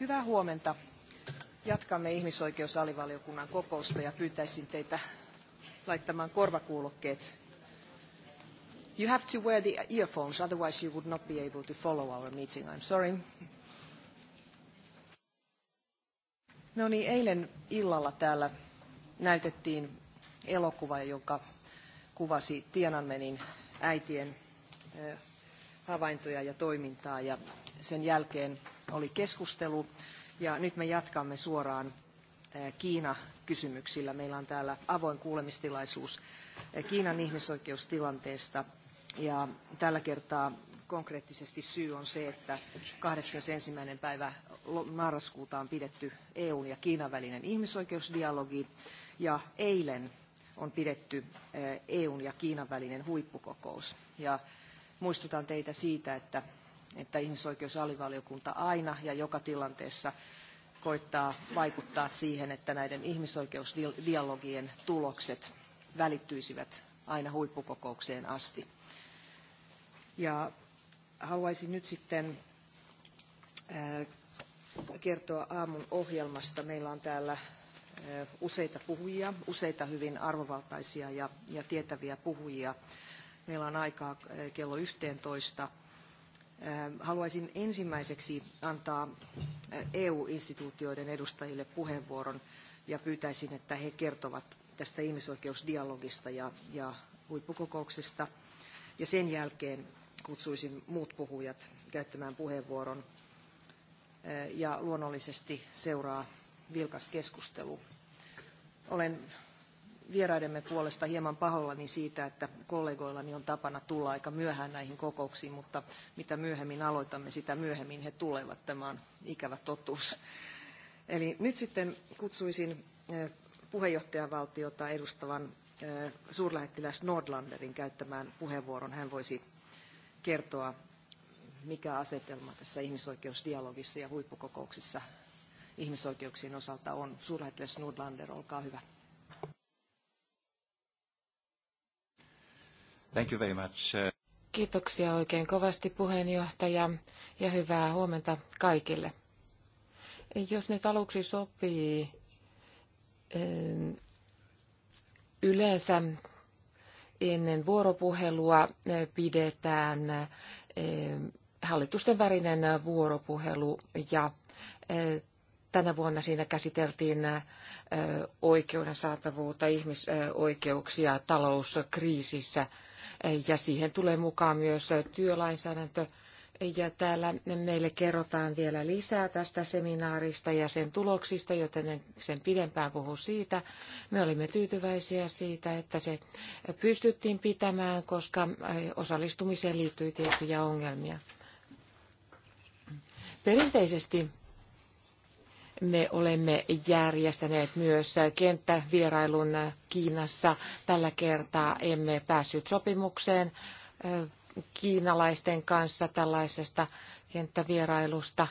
Hyvää huomenta. Jatkamme ihmisoikeusalivaliokunnan kokousta ja pyytäisin teitä laittamaan korvakuulokkeet. You have to wear the earphones, otherwise you would not be able to follow our meeting. I'm sorry. No niin, eilen illalla täällä näytettiin elokuva, joka kuvasi Tiananmenin äitien havaintoja ja toimintaa. Ja sen jälkeen oli keskustelu ja nyt me jatkamme suoraan eh, Kiina-kysymyksillä. Meillä on täällä avoin kuulemistilaisuus eh, Kiinan ihmisoikeustilanteesta ja tällä kertaa konkreettisesti syy on se, että 21. päivä marraskuuta on pidetty EUn ja Kiinan välinen ihmisoikeusdialogi ja eilen on pidetty EUn eh, e ja Kiinan välinen huippukokous. Ja muistutan teitä siitä, että että ihmisoikeusalivaliokunta aina ja joka tilanteessa koittaa vaikuttaa siihen, että näiden ihmisoikeusdialogien tulokset välittyisivät aina huippukokoukseen asti. Ja haluaisin nyt sitten äh, kertoa aamun ohjelmasta. Meillä on täällä äh, useita puhujia, useita hyvin arvovaltaisia ja, ja tietäviä puhujia. Meillä on aikaa äh, kello 11 Äh, haluaisin ensimmäiseksi antaa äh, EU-instituutioiden edustajille puheenvuoron ja pyytäisin, että he kertovat tästä ihmisoikeusdialogista ja, ja huippukokouksesta. Ja sen jälkeen kutsuisin muut puhujat käyttämään puheenvuoron. Äh, ja luonnollisesti seuraa vilkas keskustelu. Olen vieraidemme puolesta hieman pahoillani siitä, että kollegoillani on tapana tulla aika myöhään näihin kokouksiin, mutta mitä myöhemmin aloitamme, sitä myöhemmin he tulevat. Tämä on ikävä totuus. Eli nyt sitten kutsuisin puheenjohtajavaltiota edustavan suurlähettiläs Nordlanderin käyttämään puheenvuoron. Hän voisi kertoa, mikä asetelma tässä ihmisoikeusdialogissa ja huippukokouksissa ihmisoikeuksien osalta on. Suurlähettiläs Nordlander, olkaa hyvä. Thank you very much. Uh, Kiitoksia oikein kovasti puheenjohtaja ja hyvää huomenta kaikille. Jos nyt aluksi sopii, eh, yleensä ennen vuoropuhelua eh, pidetään eh, hallitusten värinen vuoropuhelu ja tänä vuonna siinä käsiteltiin oikeuden saatavuutta, ihmisoikeuksia talouskriisissä – ja siihen tulee mukaan myös työlainsäädäntö. Ja täällä meille kerrotaan vielä lisää tästä seminaarista ja sen tuloksista, joten en sen pidempään puhu siitä. Me olimme tyytyväisiä siitä, että se pystyttiin pitämään, koska osallistumiseen liittyi tiettyjä ongelmia. Perinteisesti me olemme järjestäneet myös kenttävierailun Kiinassa. Tällä kertaa emme päässyt sopimukseen kiinalaisten kanssa tällaisesta kenttävierailusta.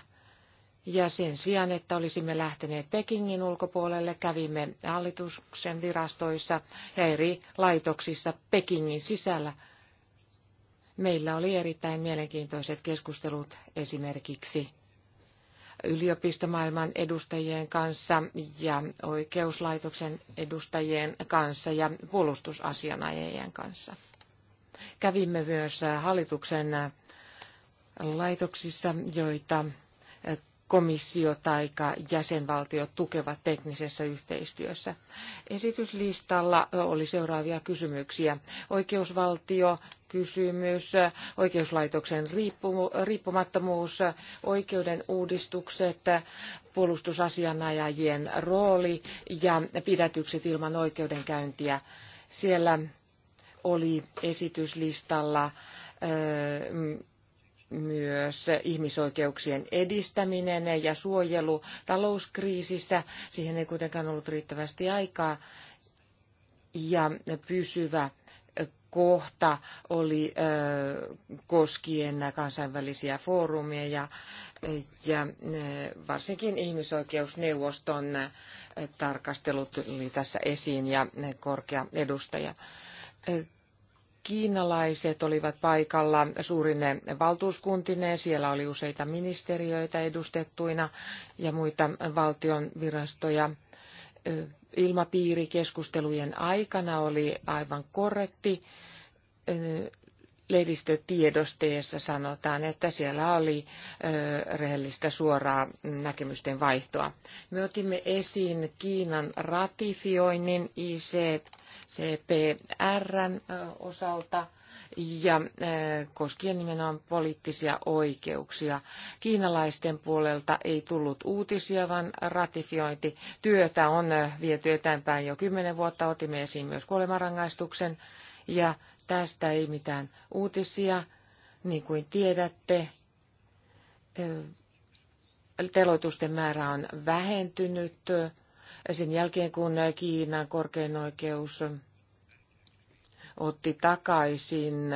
Ja sen sijaan, että olisimme lähteneet Pekingin ulkopuolelle, kävimme hallituksen virastoissa ja eri laitoksissa Pekingin sisällä. Meillä oli erittäin mielenkiintoiset keskustelut esimerkiksi yliopistomaailman edustajien kanssa ja oikeuslaitoksen edustajien kanssa ja puolustusasianajajien kanssa. Kävimme myös hallituksen laitoksissa, joita komissio tai jäsenvaltiot tukevat teknisessä yhteistyössä. Esityslistalla oli seuraavia kysymyksiä. Oikeusvaltio, kysymys, oikeuslaitoksen riippumattomuus, oikeuden uudistukset, puolustusasianajajien rooli ja pidätykset ilman oikeudenkäyntiä. Siellä oli esityslistalla myös ihmisoikeuksien edistäminen ja suojelu talouskriisissä. Siihen ei kuitenkaan ollut riittävästi aikaa. Ja pysyvä kohta oli koskien kansainvälisiä foorumia ja, ja varsinkin ihmisoikeusneuvoston tarkastelut tuli tässä esiin ja korkea edustaja Kiinalaiset olivat paikalla suurine valtuuskuntineen. Siellä oli useita ministeriöitä edustettuina ja muita valtion virastoja. Ilmapiiri keskustelujen aikana oli aivan korrekti lehdistötiedosteessa sanotaan, että siellä oli rehellistä suoraa näkemysten vaihtoa. Me otimme esiin Kiinan ratifioinnin ICPRn osalta ja koskien nimenomaan poliittisia oikeuksia. Kiinalaisten puolelta ei tullut uutisia, vaan ratifiointityötä on viety eteenpäin jo kymmenen vuotta. Otimme esiin myös kuolemanrangaistuksen ja Tästä ei mitään uutisia, niin kuin tiedätte. Teloitusten määrä on vähentynyt sen jälkeen, kun Kiinan korkein oikeus otti takaisin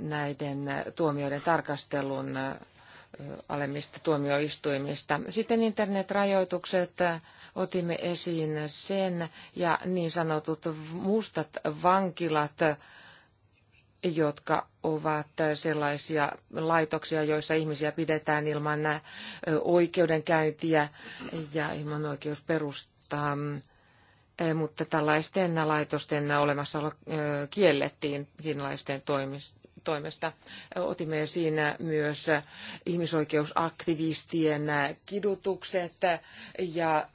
näiden tuomioiden tarkastelun alemmista tuomioistuimista. Sitten internetrajoitukset otimme esiin sen ja niin sanotut mustat vankilat, jotka ovat sellaisia laitoksia, joissa ihmisiä pidetään ilman äh, oikeudenkäyntiä ja ilman oikeusperustaa. Äh, mutta tällaisten laitosten olemassaolo äh, kiellettiin kiinalaisten toimista toimesta. Otimme siinä myös ihmisoikeusaktivistien kidutukset ja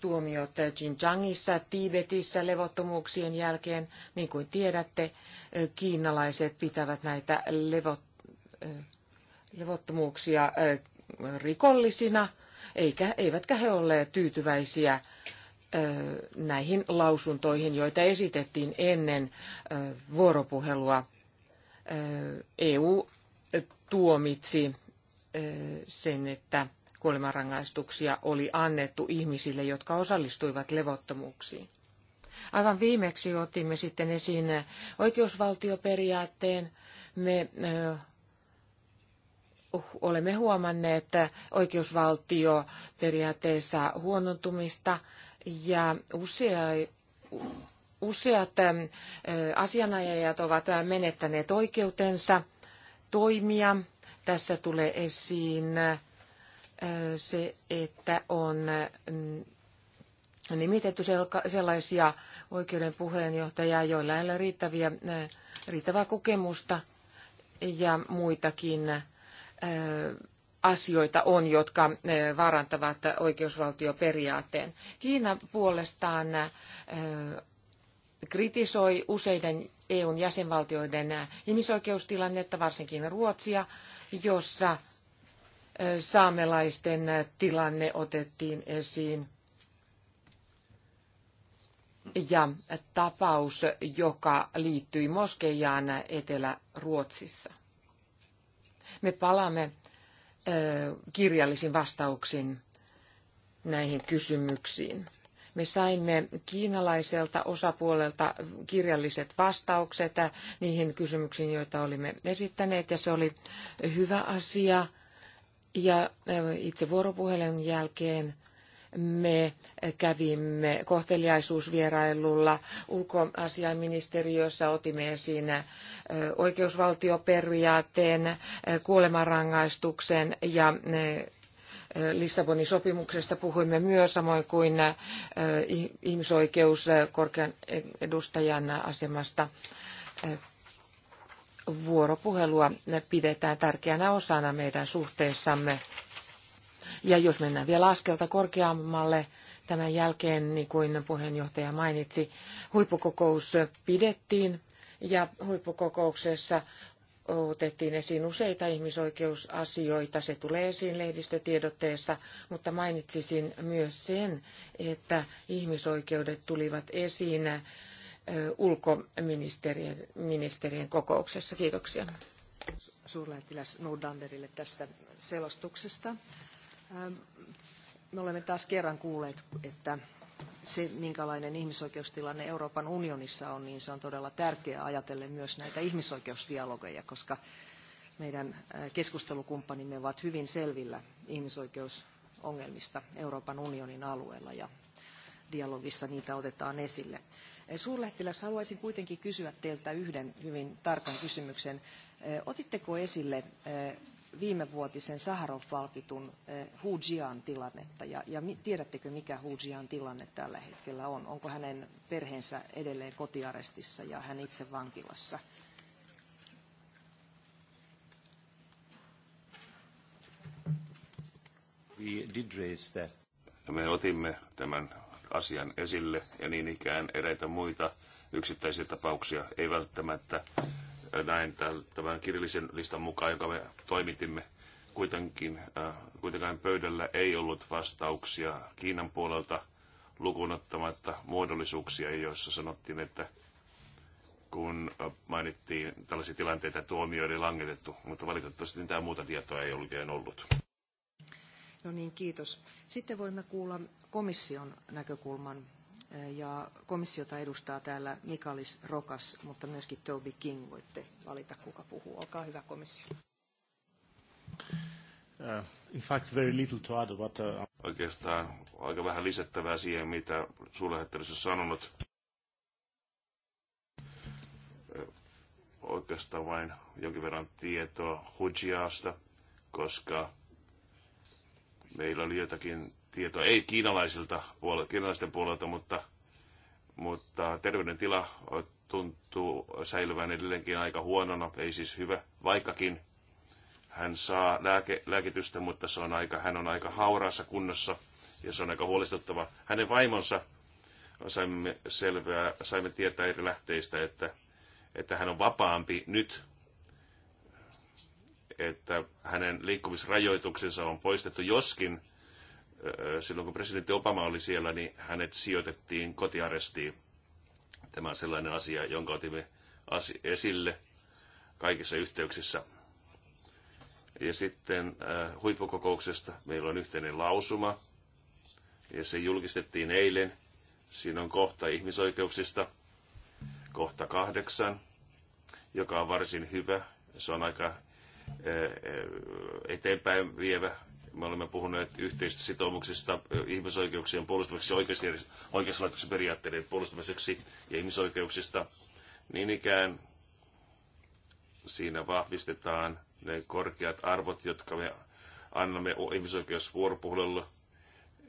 tuomiot Xinjiangissa, Tiibetissä levottomuuksien jälkeen. Niin kuin tiedätte, kiinalaiset pitävät näitä levot, levottomuuksia rikollisina, eikä, eivätkä he ole tyytyväisiä näihin lausuntoihin, joita esitettiin ennen vuoropuhelua EU tuomitsi sen, että kuolemanrangaistuksia oli annettu ihmisille, jotka osallistuivat levottomuuksiin. Aivan viimeksi otimme sitten esiin oikeusvaltioperiaatteen. Me olemme huomanneet oikeusvaltioperiaatteessa huonontumista ja usea, Useat ähm, äh, asianajajat ovat äh, menettäneet oikeutensa toimia. Tässä tulee esiin äh, se, että on nimitetty sellaisia oikeuden puheenjohtajia, joilla ei ole riittäviä, riittävää kokemusta ja muitakin asioita on, jotka vaarantavat oikeusvaltioperiaatteen. Kiina puolestaan kritisoi useiden EUn jäsenvaltioiden äh, ihmisoikeustilannetta, varsinkin Ruotsia, jossa äh, saamelaisten äh, tilanne otettiin esiin. Ja tapaus, joka liittyi moskeijaan Etelä-Ruotsissa. Me palaamme kirjallisin vastauksin näihin kysymyksiin. Me saimme kiinalaiselta osapuolelta kirjalliset vastaukset niihin kysymyksiin, joita olimme esittäneet, ja se oli hyvä asia. Ja itse vuoropuhelun jälkeen me kävimme kohteliaisuusvierailulla ulkoasiainministeriössä, otimme esiin oikeusvaltioperiaatteen, kuolemanrangaistuksen ja Lissabonin sopimuksesta puhuimme myös, samoin kuin ihmisoikeus korkean edustajan asemasta vuoropuhelua pidetään tärkeänä osana meidän suhteessamme. Ja jos mennään vielä askelta korkeammalle tämän jälkeen, niin kuin puheenjohtaja mainitsi, huippukokous pidettiin ja huippukokouksessa otettiin esiin useita ihmisoikeusasioita. Se tulee esiin lehdistötiedotteessa, mutta mainitsisin myös sen, että ihmisoikeudet tulivat esiin ulkoministerien kokouksessa. Kiitoksia. Suurlähettiläs Nordanderille tästä selostuksesta. Me olemme taas kerran kuulleet, että se, minkälainen ihmisoikeustilanne Euroopan unionissa on, niin se on todella tärkeää ajatellen myös näitä ihmisoikeusdialogeja, koska meidän keskustelukumppanimme ovat hyvin selvillä ihmisoikeusongelmista Euroopan unionin alueella ja dialogissa niitä otetaan esille. Suurlähettiläs, haluaisin kuitenkin kysyä teiltä yhden hyvin tarkan kysymyksen. Otitteko esille viimevuotisen Saharov-palkitun eh, Hu Jian tilannetta. Ja, ja tiedättekö, mikä Hu Jian tilanne tällä hetkellä on? Onko hänen perheensä edelleen kotiarestissa ja hän itse vankilassa? Me otimme tämän asian esille ja niin ikään eräitä muita yksittäisiä tapauksia, ei välttämättä näin tämän kirjallisen listan mukaan, jonka me toimitimme. Kuitenkin, äh, kuitenkaan pöydällä ei ollut vastauksia Kiinan puolelta lukunottamatta muodollisuuksia, joissa sanottiin, että kun äh, mainittiin tällaisia tilanteita, tuomio oli langetettu, mutta valitettavasti mitään muuta tietoa ei oikein ollut. No niin, kiitos. Sitten voimme kuulla komission näkökulman Eh, ja komissiota edustaa täällä Mikalis Rokas, mutta myöskin Toby King. Voitte valita, kuka puhuu. Olkaa hyvä komissio. Uh, in fact, very little to add, but, uh... Oikeastaan aika vähän lisättävää siihen, mitä suurlähettiläs on sanonut. Uh, oikeastaan vain jonkin verran tietoa Hujiasta, koska meillä oli jotakin tietoa, ei kiinalaisilta puolelta, kiinalaisten puolelta, mutta, mutta terveydentila tuntuu säilyvän edelleenkin aika huonona, ei siis hyvä, vaikkakin hän saa lääke, lääkitystä, mutta se on aika, hän on aika hauraassa kunnossa ja se on aika huolestuttava. Hänen vaimonsa saimme selvää, saimme tietää eri lähteistä, että, että hän on vapaampi nyt, että hänen liikkumisrajoituksensa on poistettu, joskin silloin kun presidentti Obama oli siellä, niin hänet sijoitettiin kotiarestiin. Tämä on sellainen asia, jonka otimme esille kaikissa yhteyksissä. Ja sitten huippukokouksesta meillä on yhteinen lausuma, ja se julkistettiin eilen. Siinä on kohta ihmisoikeuksista, kohta kahdeksan, joka on varsin hyvä. Se on aika eteenpäin vievä me olemme puhuneet yhteisistä sitoumuksista ihmisoikeuksien puolustamiseksi, oikeuslaitoksen periaatteiden puolustamiseksi ja ihmisoikeuksista. Niin ikään siinä vahvistetaan ne korkeat arvot, jotka me annamme ihmisoikeusvuoropuhelulle,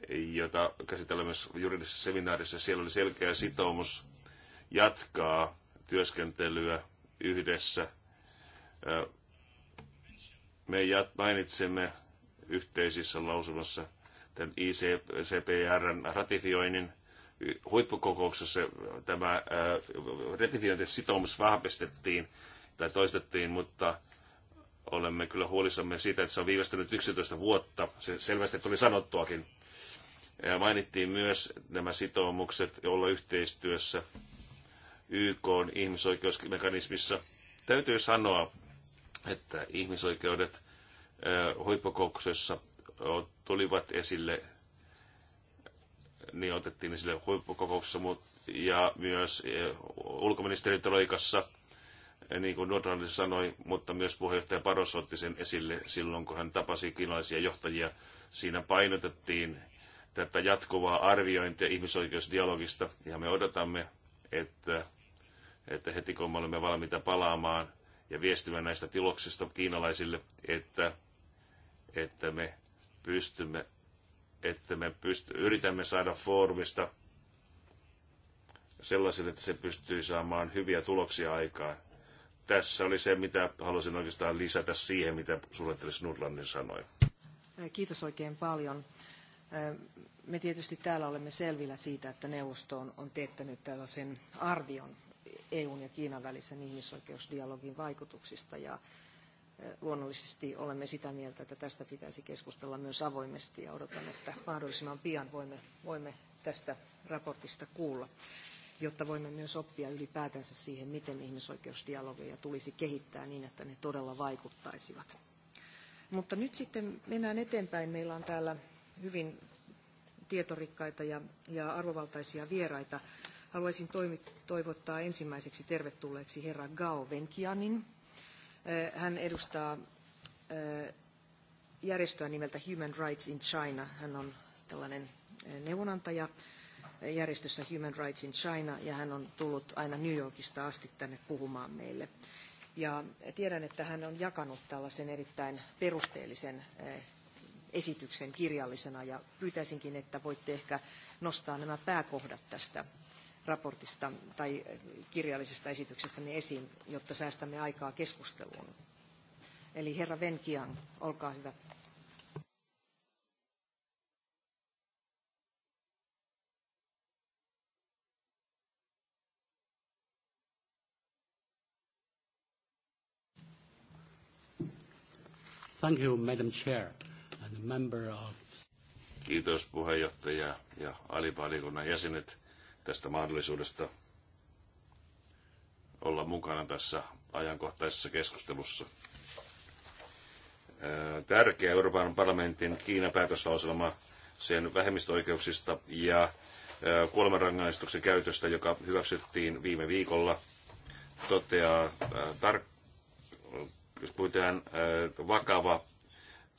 jota käsitellään myös juridisessa seminaarissa. Siellä oli selkeä sitoumus jatkaa työskentelyä yhdessä. Me mainitsemme yhteisissä lausunnossa tämän ICPRn ratifioinnin huippukokouksessa tämä äh, ratifiointisitoumus vahvistettiin tai toistettiin, mutta olemme kyllä huolissamme siitä, että se on viivästynyt 11 vuotta. Se selvästi tuli sanottuakin. Ja mainittiin myös nämä sitoumukset olla yhteistyössä YK ihmisoikeusmekanismissa. Täytyy sanoa, että ihmisoikeudet huippukokouksessa tulivat esille, niin otettiin esille huippukokouksessa ja myös ulkoministerin loikassa, niin kuin Nordrand sanoi, mutta myös puheenjohtaja Paros otti sen esille silloin, kun hän tapasi kiinalaisia johtajia. Siinä painotettiin tätä jatkuvaa arviointia ihmisoikeusdialogista, ja me odotamme, että, että heti kun me olemme valmiita palaamaan ja viestimään näistä tiloksista kiinalaisille, että että me pystymme, että me pysty, yritämme saada foorumista sellaisen, että se pystyy saamaan hyviä tuloksia aikaan. Tässä oli se, mitä halusin oikeastaan lisätä siihen, mitä suunnittelis Nurlannin sanoi. Kiitos oikein paljon. Me tietysti täällä olemme selvillä siitä, että neuvosto on, on teettänyt tällaisen arvion EUn ja Kiinan välisen ihmisoikeusdialogin vaikutuksista. Ja luonnollisesti olemme sitä mieltä, että tästä pitäisi keskustella myös avoimesti ja odotan, että mahdollisimman pian voimme, voimme tästä raportista kuulla, jotta voimme myös oppia ylipäätänsä siihen, miten ihmisoikeusdialogeja tulisi kehittää niin, että ne todella vaikuttaisivat. Mutta nyt sitten mennään eteenpäin. Meillä on täällä hyvin tietorikkaita ja, ja arvovaltaisia vieraita. Haluaisin toivottaa ensimmäiseksi tervetulleeksi herra Gao Venkianin, Äh, hän edustaa äh, järjestöä nimeltä Human Rights in China. Hän on tällainen äh, neuvonantaja järjestössä Human Rights in China ja hän on tullut aina New Yorkista asti tänne puhumaan meille. Ja tiedän, että hän on jakanut tällaisen erittäin perusteellisen esityksen kirjallisena ja pyytäisinkin, että voitte ehkä nostaa nämä pääkohdat tästä raportista tai eh, kirjallisesta esityksestäni niin esiin, jotta säästämme aikaa keskusteluun. Eli herra Venkian, olkaa hyvä. Thank you, Madam Chair, and member of... Kiitos puheenjohtaja ja alivalikunnan jäsenet tästä mahdollisuudesta olla mukana tässä ajankohtaisessa keskustelussa. Tärkeä Euroopan parlamentin Kiinan päätöslauselma sen vähemmistöoikeuksista ja kuolemanrangaistuksen käytöstä, joka hyväksyttiin viime viikolla, toteaa tar- kuitenkin vakava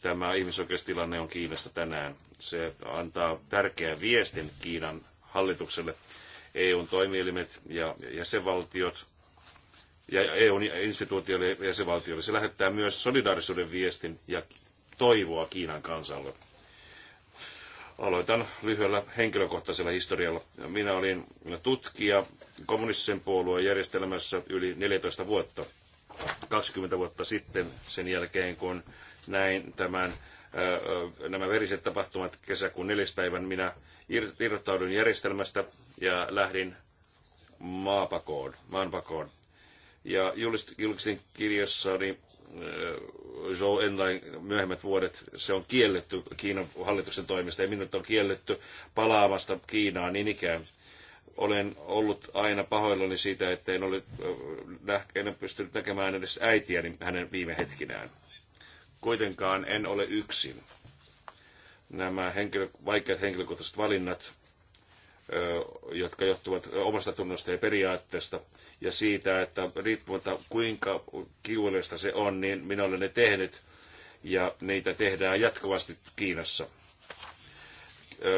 tämä ihmisoikeustilanne on Kiinasta tänään. Se antaa tärkeän viestin Kiinan hallitukselle. EUn toimielimet ja jäsenvaltiot ja EUn instituutioille ja jäsenvaltioille. Se lähettää myös solidaarisuuden viestin ja toivoa Kiinan kansalle. Aloitan lyhyellä henkilökohtaisella historialla. Minä olin tutkija kommunistisen puolueen järjestelmässä yli 14 vuotta. 20 vuotta sitten sen jälkeen, kun näin tämän nämä veriset tapahtumat kesäkuun neljäs päivän minä irrottaudun järjestelmästä ja lähdin maapakoon, maanpakoon. Ja julkisin kirjassani Zhou Enlain myöhemmät vuodet, se on kielletty Kiinan hallituksen toimesta ja minut on kielletty palaamasta Kiinaan niin ikään. Olen ollut aina pahoillani siitä, että en ole en pystynyt näkemään edes äitiäni hänen viime hetkinään. Kuitenkaan en ole yksin. Nämä henkilö, vaikeat henkilökohtaiset valinnat, jotka johtuvat omasta tunnosta ja periaatteesta ja siitä, että riippumatta kuinka kiuleista se on, niin minä olen ne tehnyt ja niitä tehdään jatkuvasti Kiinassa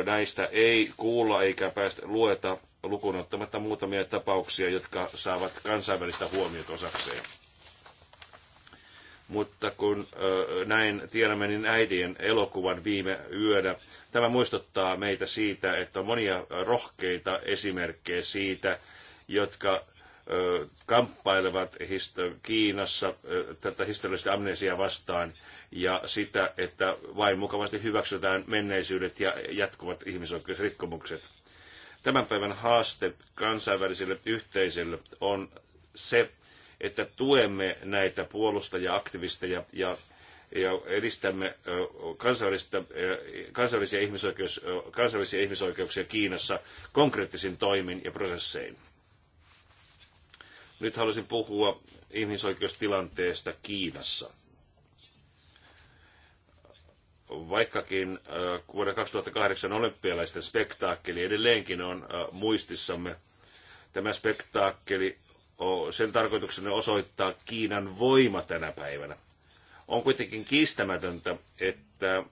näistä ei kuulla eikä päästä lueta lukuun ottamatta muutamia tapauksia, jotka saavat kansainvälistä huomiota osakseen mutta kun näin Tiananmenin äidien elokuvan viime yönä, tämä muistuttaa meitä siitä, että on monia rohkeita esimerkkejä siitä, jotka kamppailevat Kiinassa tätä historiallista amnesiaa vastaan ja sitä, että vain mukavasti hyväksytään menneisyydet ja jatkuvat ihmisoikeusrikkomukset. Tämän päivän haaste kansainväliselle yhteisölle on se, että tuemme näitä puolustaja-aktivisteja ja ja edistämme kansainvälisiä, ihmisoikeus, kansainvälisiä ihmisoikeuksia Kiinassa konkreettisin toimin ja prosessein. Nyt haluaisin puhua ihmisoikeustilanteesta Kiinassa. Vaikkakin vuoden 2008 olympialaisten spektaakkeli edelleenkin on muistissamme, tämä spektaakkeli sen tarkoituksena osoittaa Kiinan voima tänä päivänä. On kuitenkin kiistämätöntä, että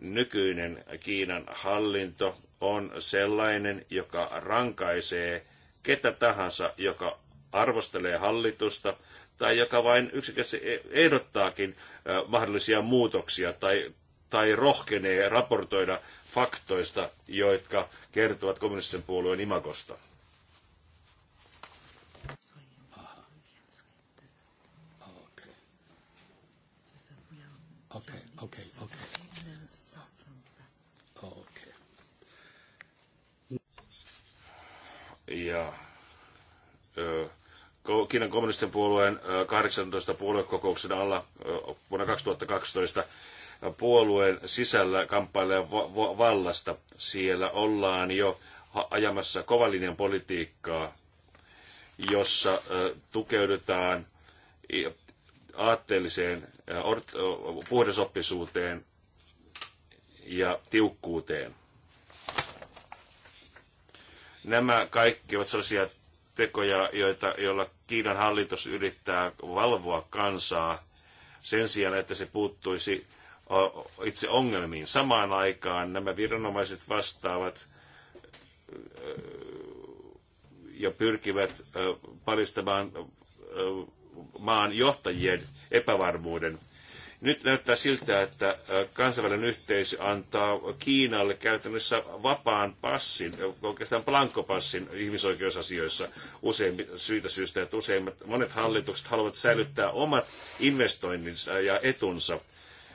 nykyinen Kiinan hallinto on sellainen, joka rankaisee ketä tahansa, joka arvostelee hallitusta tai joka vain yksinkertaisesti e-, ehdottaakin mahdollisia muutoksia tai, tai rohkenee raportoida faktoista, jotka kertovat kommunistisen puolueen imagosta. Okay, okay. Okay. Ja Kiinan kommunistisen puolueen 18 puoluekokouksen alla vuonna 2012 puolueen sisällä kamppailee vallasta. Siellä ollaan jo ajamassa kovalinjan politiikkaa, jossa tukeudutaan aatteelliseen puhdasoppisuuteen ja tiukkuuteen. Nämä kaikki ovat sellaisia tekoja, joita, joilla Kiinan hallitus yrittää valvoa kansaa sen sijaan, että se puuttuisi itse ongelmiin. Samaan aikaan nämä viranomaiset vastaavat ja pyrkivät paljastamaan maan johtajien epävarmuuden. Nyt näyttää siltä, että äh, kansainvälinen yhteisö antaa Kiinalle käytännössä vapaan passin, äh, oikeastaan blankopassin ihmisoikeusasioissa usein syytä syystä, että useimmat, monet hallitukset haluavat säilyttää omat investoinninsa ja etunsa.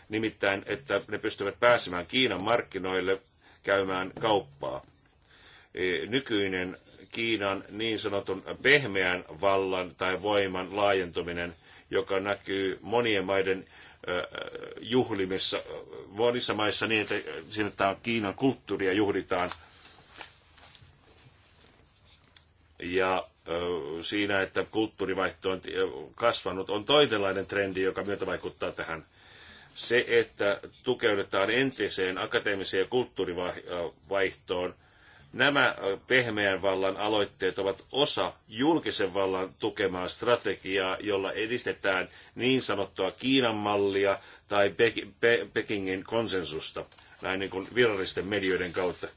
Nimittäin, että ne pystyvät pääsemään Kiinan markkinoille käymään kauppaa. E, nykyinen Kiinan niin sanotun pehmeän vallan tai voiman laajentuminen, joka näkyy monien maiden juhlimissa, monissa maissa niin, että siinä tämä on Kiinan kulttuuria juhlitaan. Ja siinä, että kulttuurivaihto on kasvanut, on toinenlainen trendi, joka myötä vaikuttaa tähän. Se, että tukeudutaan entiseen akateemiseen kulttuurivaihtoon, Nämä pehmeän vallan aloitteet ovat osa julkisen vallan tukemaa strategiaa, jolla edistetään niin sanottua Kiinan mallia tai Pek- Pe- Pekingin konsensusta, näin niin kuin virallisten medioiden kautta.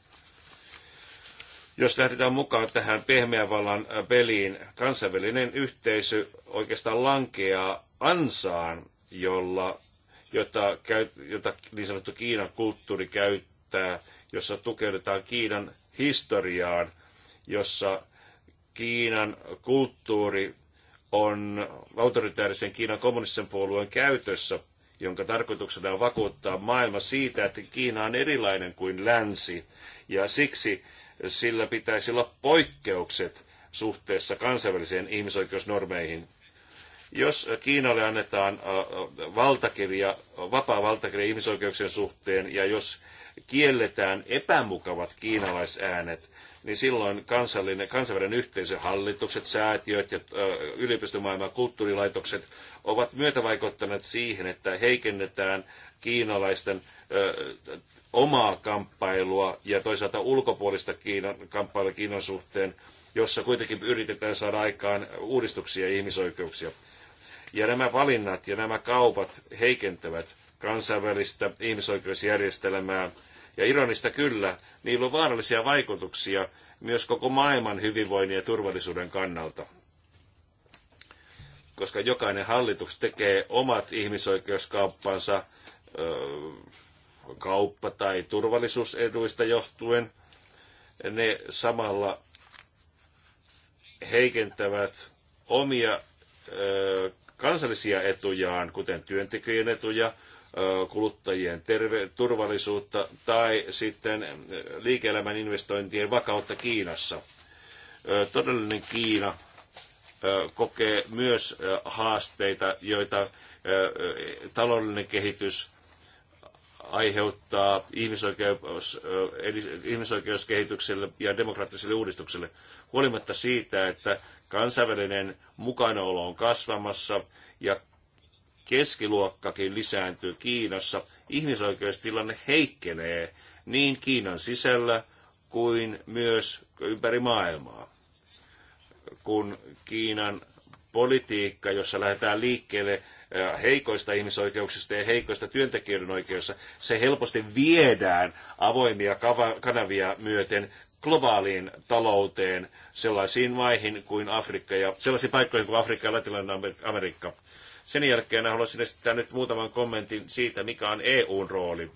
Jos lähdetään mukaan tähän pehmeän vallan äh, peliin, kansainvälinen yhteisö oikeastaan lankeaa ansaan, jolla, jota, jota niin sanottu Kiinan kulttuuri käyttää, jossa tukeudutaan Kiinan historiaan, jossa Kiinan kulttuuri on autoritäärisen Kiinan kommunistisen puolueen käytössä, jonka tarkoituksena on vakuuttaa maailma siitä, että Kiina on erilainen kuin länsi, ja siksi sillä pitäisi olla poikkeukset suhteessa kansainvälisiin ihmisoikeusnormeihin. Jos Kiinalle annetaan valtakirja, vapaa valtakirja ihmisoikeuksien suhteen, ja jos kielletään epämukavat kiinalaisäänet, niin silloin kansallinen, kansainvälinen yhteisö, hallitukset, säätiöt ja yliopistomaailman kulttuurilaitokset ovat myötävaikuttaneet siihen, että heikennetään kiinalaisten ö, omaa kamppailua ja toisaalta ulkopuolista Kiinan, kamppailua Kiinan suhteen, jossa kuitenkin yritetään saada aikaan uudistuksia ja ihmisoikeuksia. Ja nämä valinnat ja nämä kaupat heikentävät kansainvälistä ihmisoikeusjärjestelmää ja ironista kyllä, niillä on vaarallisia vaikutuksia myös koko maailman hyvinvoinnin ja turvallisuuden kannalta. Koska jokainen hallitus tekee omat ihmisoikeuskauppansa kauppa- tai turvallisuuseduista johtuen, ne samalla heikentävät omia kansallisia etujaan, kuten työntekijöiden etuja, kuluttajien terve- turvallisuutta tai sitten liike-elämän investointien vakautta Kiinassa. Todellinen Kiina kokee myös haasteita, joita taloudellinen kehitys aiheuttaa ihmisoikeus, ihmisoikeuskehitykselle ja demokraattiselle uudistukselle. Huolimatta siitä, että kansainvälinen mukanaolo on kasvamassa ja keskiluokkakin lisääntyy Kiinassa, ihmisoikeustilanne heikkenee niin Kiinan sisällä kuin myös ympäri maailmaa. Kun Kiinan politiikka, jossa lähdetään liikkeelle äh, heikoista ihmisoikeuksista ja heikoista työntekijöiden oikeuksista, se helposti viedään avoimia kanavia myöten globaaliin talouteen sellaisiin maihin kuin Afrikka ja sellaisiin paikkoihin kuin Afrikka ja Latinalainen Amerikka. Sen jälkeen haluaisin esittää nyt muutaman kommentin siitä, mikä on EUn rooli.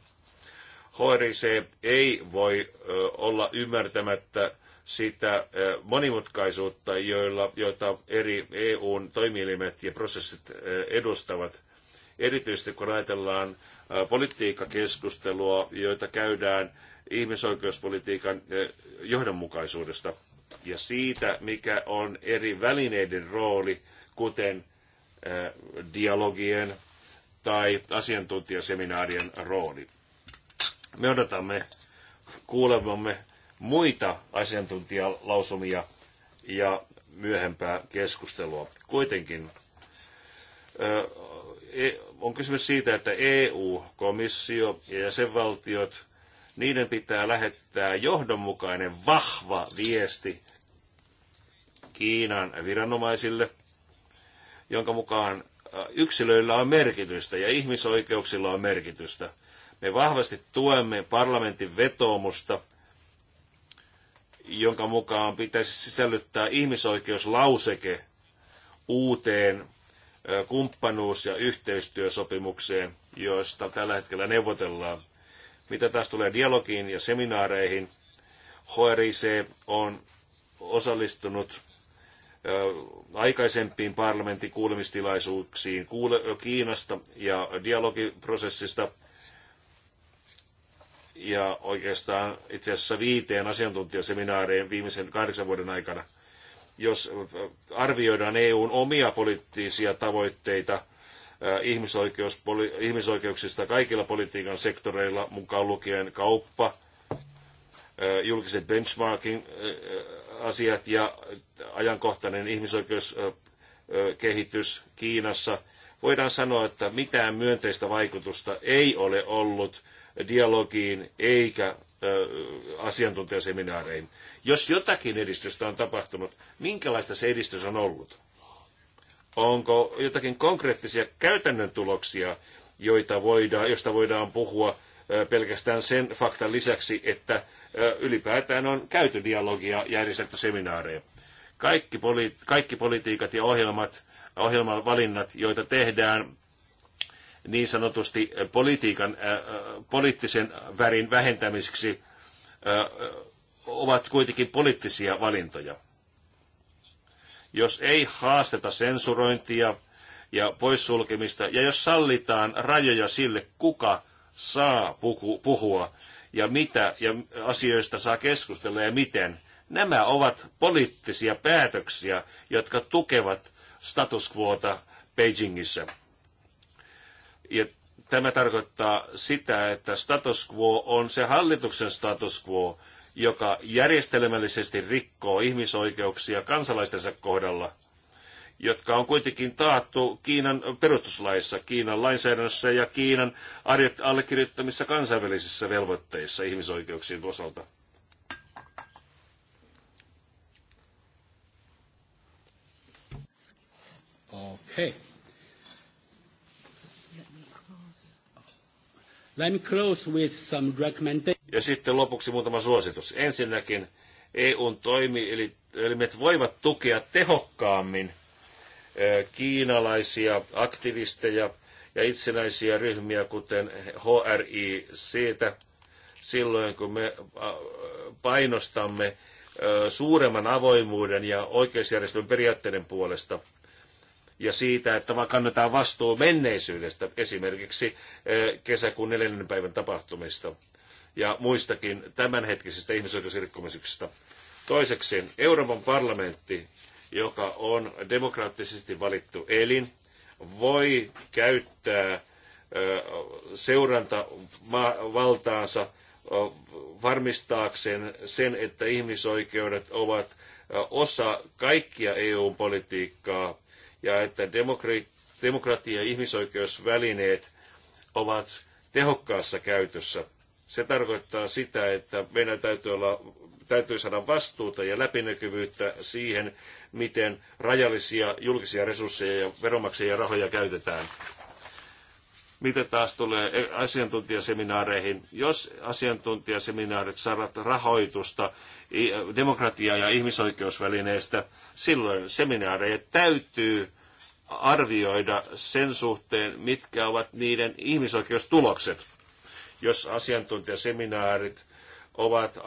HRC ei voi olla ymmärtämättä sitä monimutkaisuutta, joilla, joita eri EUn toimielimet ja prosessit edustavat. Erityisesti kun ajatellaan politiikkakeskustelua, joita käydään ihmisoikeuspolitiikan johdonmukaisuudesta ja siitä, mikä on eri välineiden rooli, kuten Eh, dialogien tai asiantuntijaseminaarien rooli. Me odotamme kuulevamme muita asiantuntijalausumia ja myöhempää keskustelua. Kuitenkin eh, e, on kysymys siitä, että EU-komissio ja jäsenvaltiot, niiden pitää lähettää johdonmukainen vahva viesti Kiinan viranomaisille – jonka mukaan yksilöillä on merkitystä ja ihmisoikeuksilla on merkitystä. Me vahvasti tuemme parlamentin vetoomusta, jonka mukaan pitäisi sisällyttää ihmisoikeuslauseke uuteen kumppanuus- ja yhteistyösopimukseen, joista tällä hetkellä neuvotellaan. Mitä taas tulee dialogiin ja seminaareihin, HRIC on osallistunut aikaisempiin parlamentin kuulemistilaisuuksiin Kiinasta ja dialogiprosessista ja oikeastaan itse asiassa viiteen asiantuntijaseminaariin viimeisen kahdeksan vuoden aikana. Jos arvioidaan EUn omia poliittisia tavoitteita ihmisoikeuksista kaikilla politiikan sektoreilla, mukaan lukien kauppa, julkiset benchmarking asiat ja ajankohtainen ihmisoikeuskehitys Kiinassa. Voidaan sanoa, että mitään myönteistä vaikutusta ei ole ollut dialogiin eikä asiantuntijaseminaareihin. Jos jotakin edistystä on tapahtunut, minkälaista se edistys on ollut? Onko jotakin konkreettisia käytännön tuloksia, joita voidaan, josta voidaan puhua pelkästään sen faktan lisäksi, että ylipäätään on käyty dialogia ja järjestetty seminaareja. Kaikki, poli- kaikki politiikat ja ohjelmat, ohjelman valinnat, joita tehdään niin sanotusti politiikan, poliittisen värin vähentämiseksi, ovat kuitenkin poliittisia valintoja. Jos ei haasteta sensurointia ja poissulkemista, ja jos sallitaan rajoja sille, kuka saa puhua ja mitä ja asioista saa keskustella ja miten. Nämä ovat poliittisia päätöksiä, jotka tukevat status quota Beijingissä. Ja tämä tarkoittaa sitä, että status quo on se hallituksen status quo, joka järjestelmällisesti rikkoo ihmisoikeuksia kansalaistensa kohdalla – jotka on kuitenkin taattu Kiinan perustuslaissa, Kiinan lainsäädännössä ja Kiinan allekirjoittamissa kansainvälisissä velvoitteissa ihmisoikeuksien osalta. Okay. Let me close with some recommendations. Ja sitten lopuksi muutama suositus. Ensinnäkin EUn toimielimet voivat tukea tehokkaammin kiinalaisia aktivisteja ja itsenäisiä ryhmiä, kuten HRI, siitä silloin, kun me painostamme suuremman avoimuuden ja oikeusjärjestelmän periaatteiden puolesta ja siitä, että vaan kannetaan vastuu menneisyydestä, esimerkiksi kesäkuun neljännen päivän tapahtumista ja muistakin tämänhetkisistä ihmisoikeusrikkomuksista. Toiseksi Euroopan parlamentti joka on demokraattisesti valittu elin, voi käyttää seurantavaltaansa varmistaakseen sen, että ihmisoikeudet ovat osa kaikkia EU-politiikkaa ja että demokratia- ja ihmisoikeusvälineet ovat tehokkaassa käytössä se tarkoittaa sitä, että meidän täytyy, olla, täytyy saada vastuuta ja läpinäkyvyyttä siihen, miten rajallisia julkisia resursseja ja veronmaksajia rahoja käytetään. Mitä taas tulee asiantuntijaseminaareihin? Jos asiantuntijaseminaarit saavat rahoitusta demokratia- ja ihmisoikeusvälineistä, silloin seminaareja täytyy arvioida sen suhteen, mitkä ovat niiden ihmisoikeustulokset jos asiantuntijaseminaarit ovat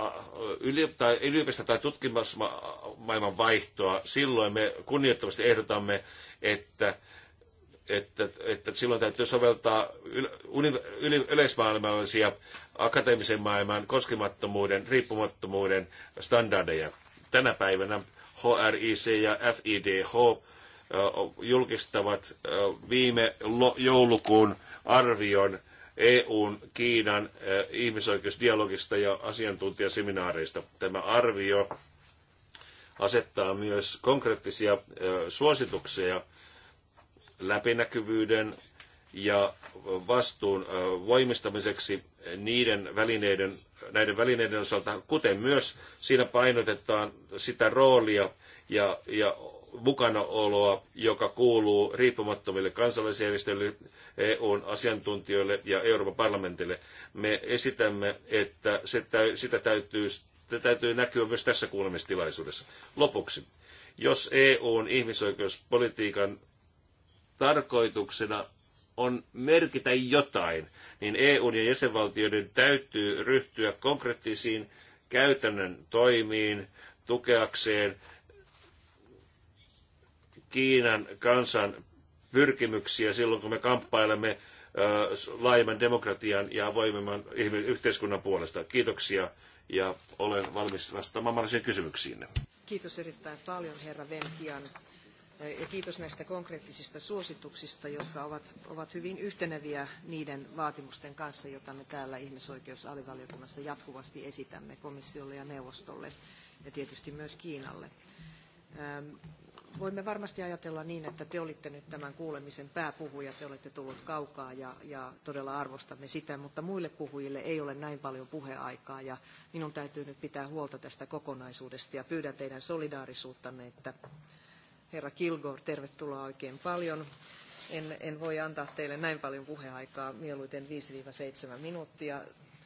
tai yliopisto- tai tutkimusmaailman vaihtoa, silloin me kunnioittavasti ehdotamme, että että, että silloin täytyy soveltaa yleismaailmallisia akateemisen maailman koskemattomuuden, riippumattomuuden standardeja. Tänä päivänä HRIC ja FIDH julkistavat viime joulukuun arvion EUn, Kiinan eh, ihmisoikeusdialogista ja asiantuntijaseminaareista. Tämä arvio asettaa myös konkreettisia eh, suosituksia läpinäkyvyyden ja vastuun eh, voimistamiseksi niiden välineiden, näiden välineiden osalta, kuten myös siinä painotetaan sitä roolia ja, ja mukanaoloa, joka kuuluu riippumattomille kansalaisjärjestöille, EUn asiantuntijoille ja Euroopan parlamentille. Me esitämme, että sitä täytyy, sitä täytyy näkyä myös tässä kuulemistilaisuudessa. Lopuksi, jos EUn ihmisoikeuspolitiikan tarkoituksena on merkitä jotain, niin EUn ja jäsenvaltioiden täytyy ryhtyä konkreettisiin käytännön toimiin tukeakseen Kiinan kansan pyrkimyksiä silloin, kun me kamppailemme laajemman demokratian ja voimemman yhteiskunnan puolesta. Kiitoksia ja olen valmis vastaamaan mahdollisiin kysymyksiinne. Kiitos erittäin paljon herra Venkian ja kiitos näistä konkreettisista suosituksista, jotka ovat, ovat hyvin yhteneviä niiden vaatimusten kanssa, joita me täällä ihmisoikeusalivaliokunnassa jatkuvasti esitämme komissiolle ja neuvostolle ja tietysti myös Kiinalle voimme varmasti ajatella niin, että te olitte nyt tämän kuulemisen pääpuhuja, te olette tullut kaukaa ja, ja todella arvostamme sitä, mutta muille puhujille ei ole näin paljon puheaikaa ja minun täytyy nyt pitää huolta tästä kokonaisuudesta ja pyydän teidän solidaarisuuttanne, että herra Kilgore, tervetuloa oikein paljon. En, en voi antaa teille näin paljon puheaikaa, mieluiten 5-7 minuuttia.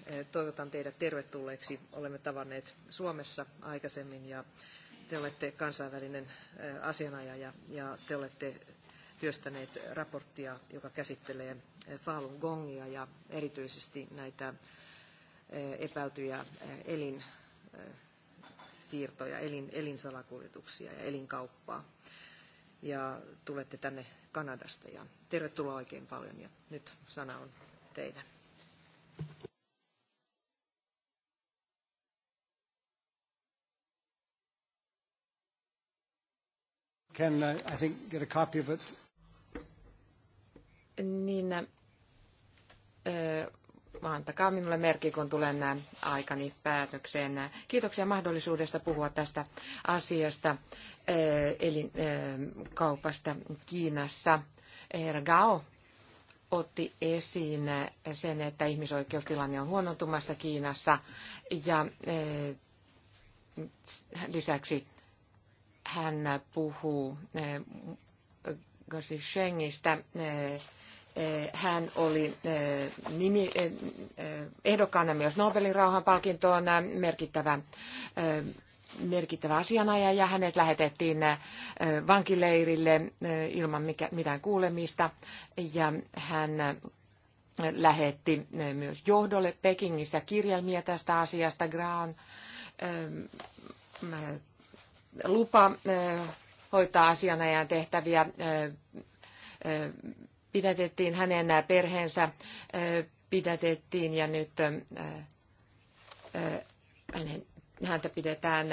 Eh, toivotan teidät tervetulleeksi. Olemme tavanneet Suomessa aikaisemmin ja te olette kansainvälinen asianajaja ja te olette työstäneet raporttia, joka käsittelee Falun Gongia ja erityisesti näitä epäiltyjä elin siirtoja, elin, elinsalakuljetuksia ja elinkauppaa. Ja tulette tänne Kanadasta ja tervetuloa oikein paljon ja nyt sana on teidän. can, uh, I think, get a copy of it? Niin, äh, antakaa minulle merkki, kun tulen äh, aikani päätökseen. Kiitoksia mahdollisuudesta puhua tästä asiasta, äh, eli äh, kaupasta Kiinassa. Herra Gao otti esiin sen, että ihmisoikeustilanne on huonontumassa Kiinassa ja äh, lisäksi hän puhuu eh, Garci Schengistä. Eh, eh, hän oli nimi, ehdokkaana myös Nobelin rauhanpalkintoon merkittävä merkittävä asianajaja ja hänet lähetettiin vankileirille ilman mitään kuulemista ja hän lähetti myös johdolle Pekingissä kirjelmiä tästä asiasta Graan lupa hoitaa asianajan tehtäviä pidätettiin, hänen perheensä pidätettiin ja nyt häntä pidetään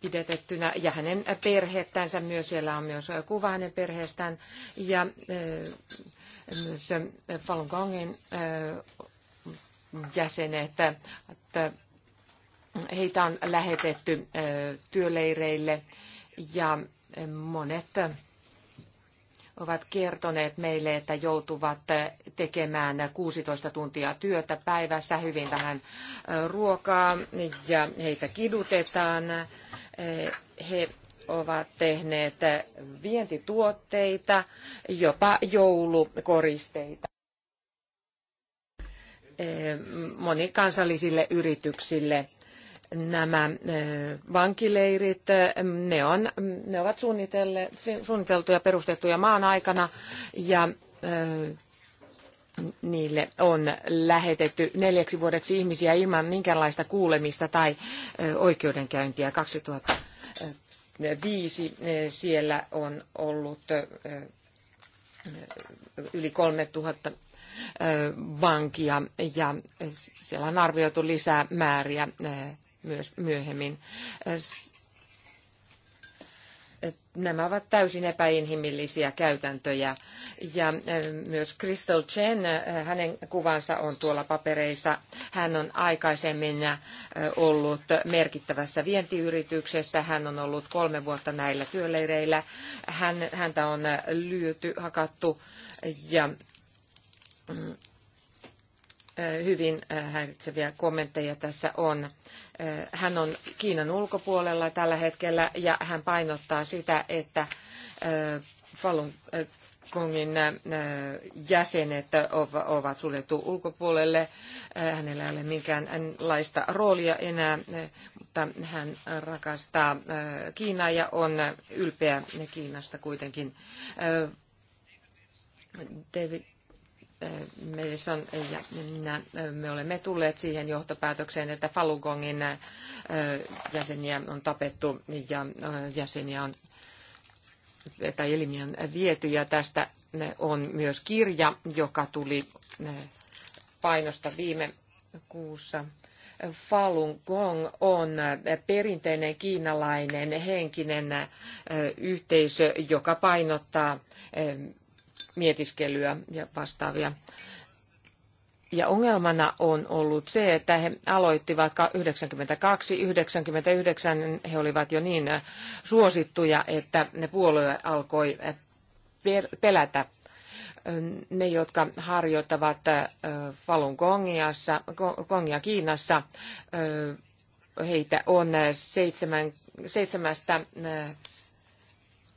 pidetettynä ja hänen perhettänsä myös. Siellä on myös kuva hänen perheestään ja myös Falun Gongin jäsenet, Heitä on lähetetty työleireille ja monet ovat kertoneet meille, että joutuvat tekemään 16 tuntia työtä päivässä, hyvin vähän ruokaa ja heitä kidutetaan. He ovat tehneet vientituotteita, jopa joulukoristeita monikansallisille yrityksille nämä äh, vankileirit, äh, ne, on, ne ovat suunniteltuja perustettuja maan aikana ja äh, niille on lähetetty neljäksi vuodeksi ihmisiä ilman minkäänlaista kuulemista tai oikeudenkäyntiä 2005. Siellä on ollut yli 3000 vankia ja siellä on arvioitu lisää määriä myös myöhemmin. Äh, nämä ovat täysin epäinhimillisiä käytäntöjä. Ja äh, myös Crystal Chen, äh, hänen kuvansa on tuolla papereissa. Hän on aikaisemmin ollut merkittävässä vientiyrityksessä. Hän on ollut kolme vuotta näillä työleireillä. Hän, häntä on lyöty, hakattu ja mm, hyvin häiritseviä kommentteja tässä on. Hän on Kiinan ulkopuolella tällä hetkellä ja hän painottaa sitä, että Falun Kongin jäsenet ovat suljettu ulkopuolelle. Hänellä ei ole minkäänlaista roolia enää, mutta hän rakastaa Kiinaa ja on ylpeä Kiinasta kuitenkin. David Madison ja minä, me olemme tulleet siihen johtopäätökseen, että Falugongin jäseniä on tapettu ja jäseniä on tai elimiä on viety ja tästä on myös kirja, joka tuli painosta viime kuussa. Falun Gong on perinteinen kiinalainen henkinen yhteisö, joka painottaa mietiskelyä ja vastaavia. Ja ongelmana on ollut se, että he aloittivat 92-99, he olivat jo niin äh, suosittuja, että ne puolue alkoi äh, pelätä äh, ne, jotka harjoittavat Falun Gongiassa, Gongia Kiinassa, heitä on seitsemän, seitsemästä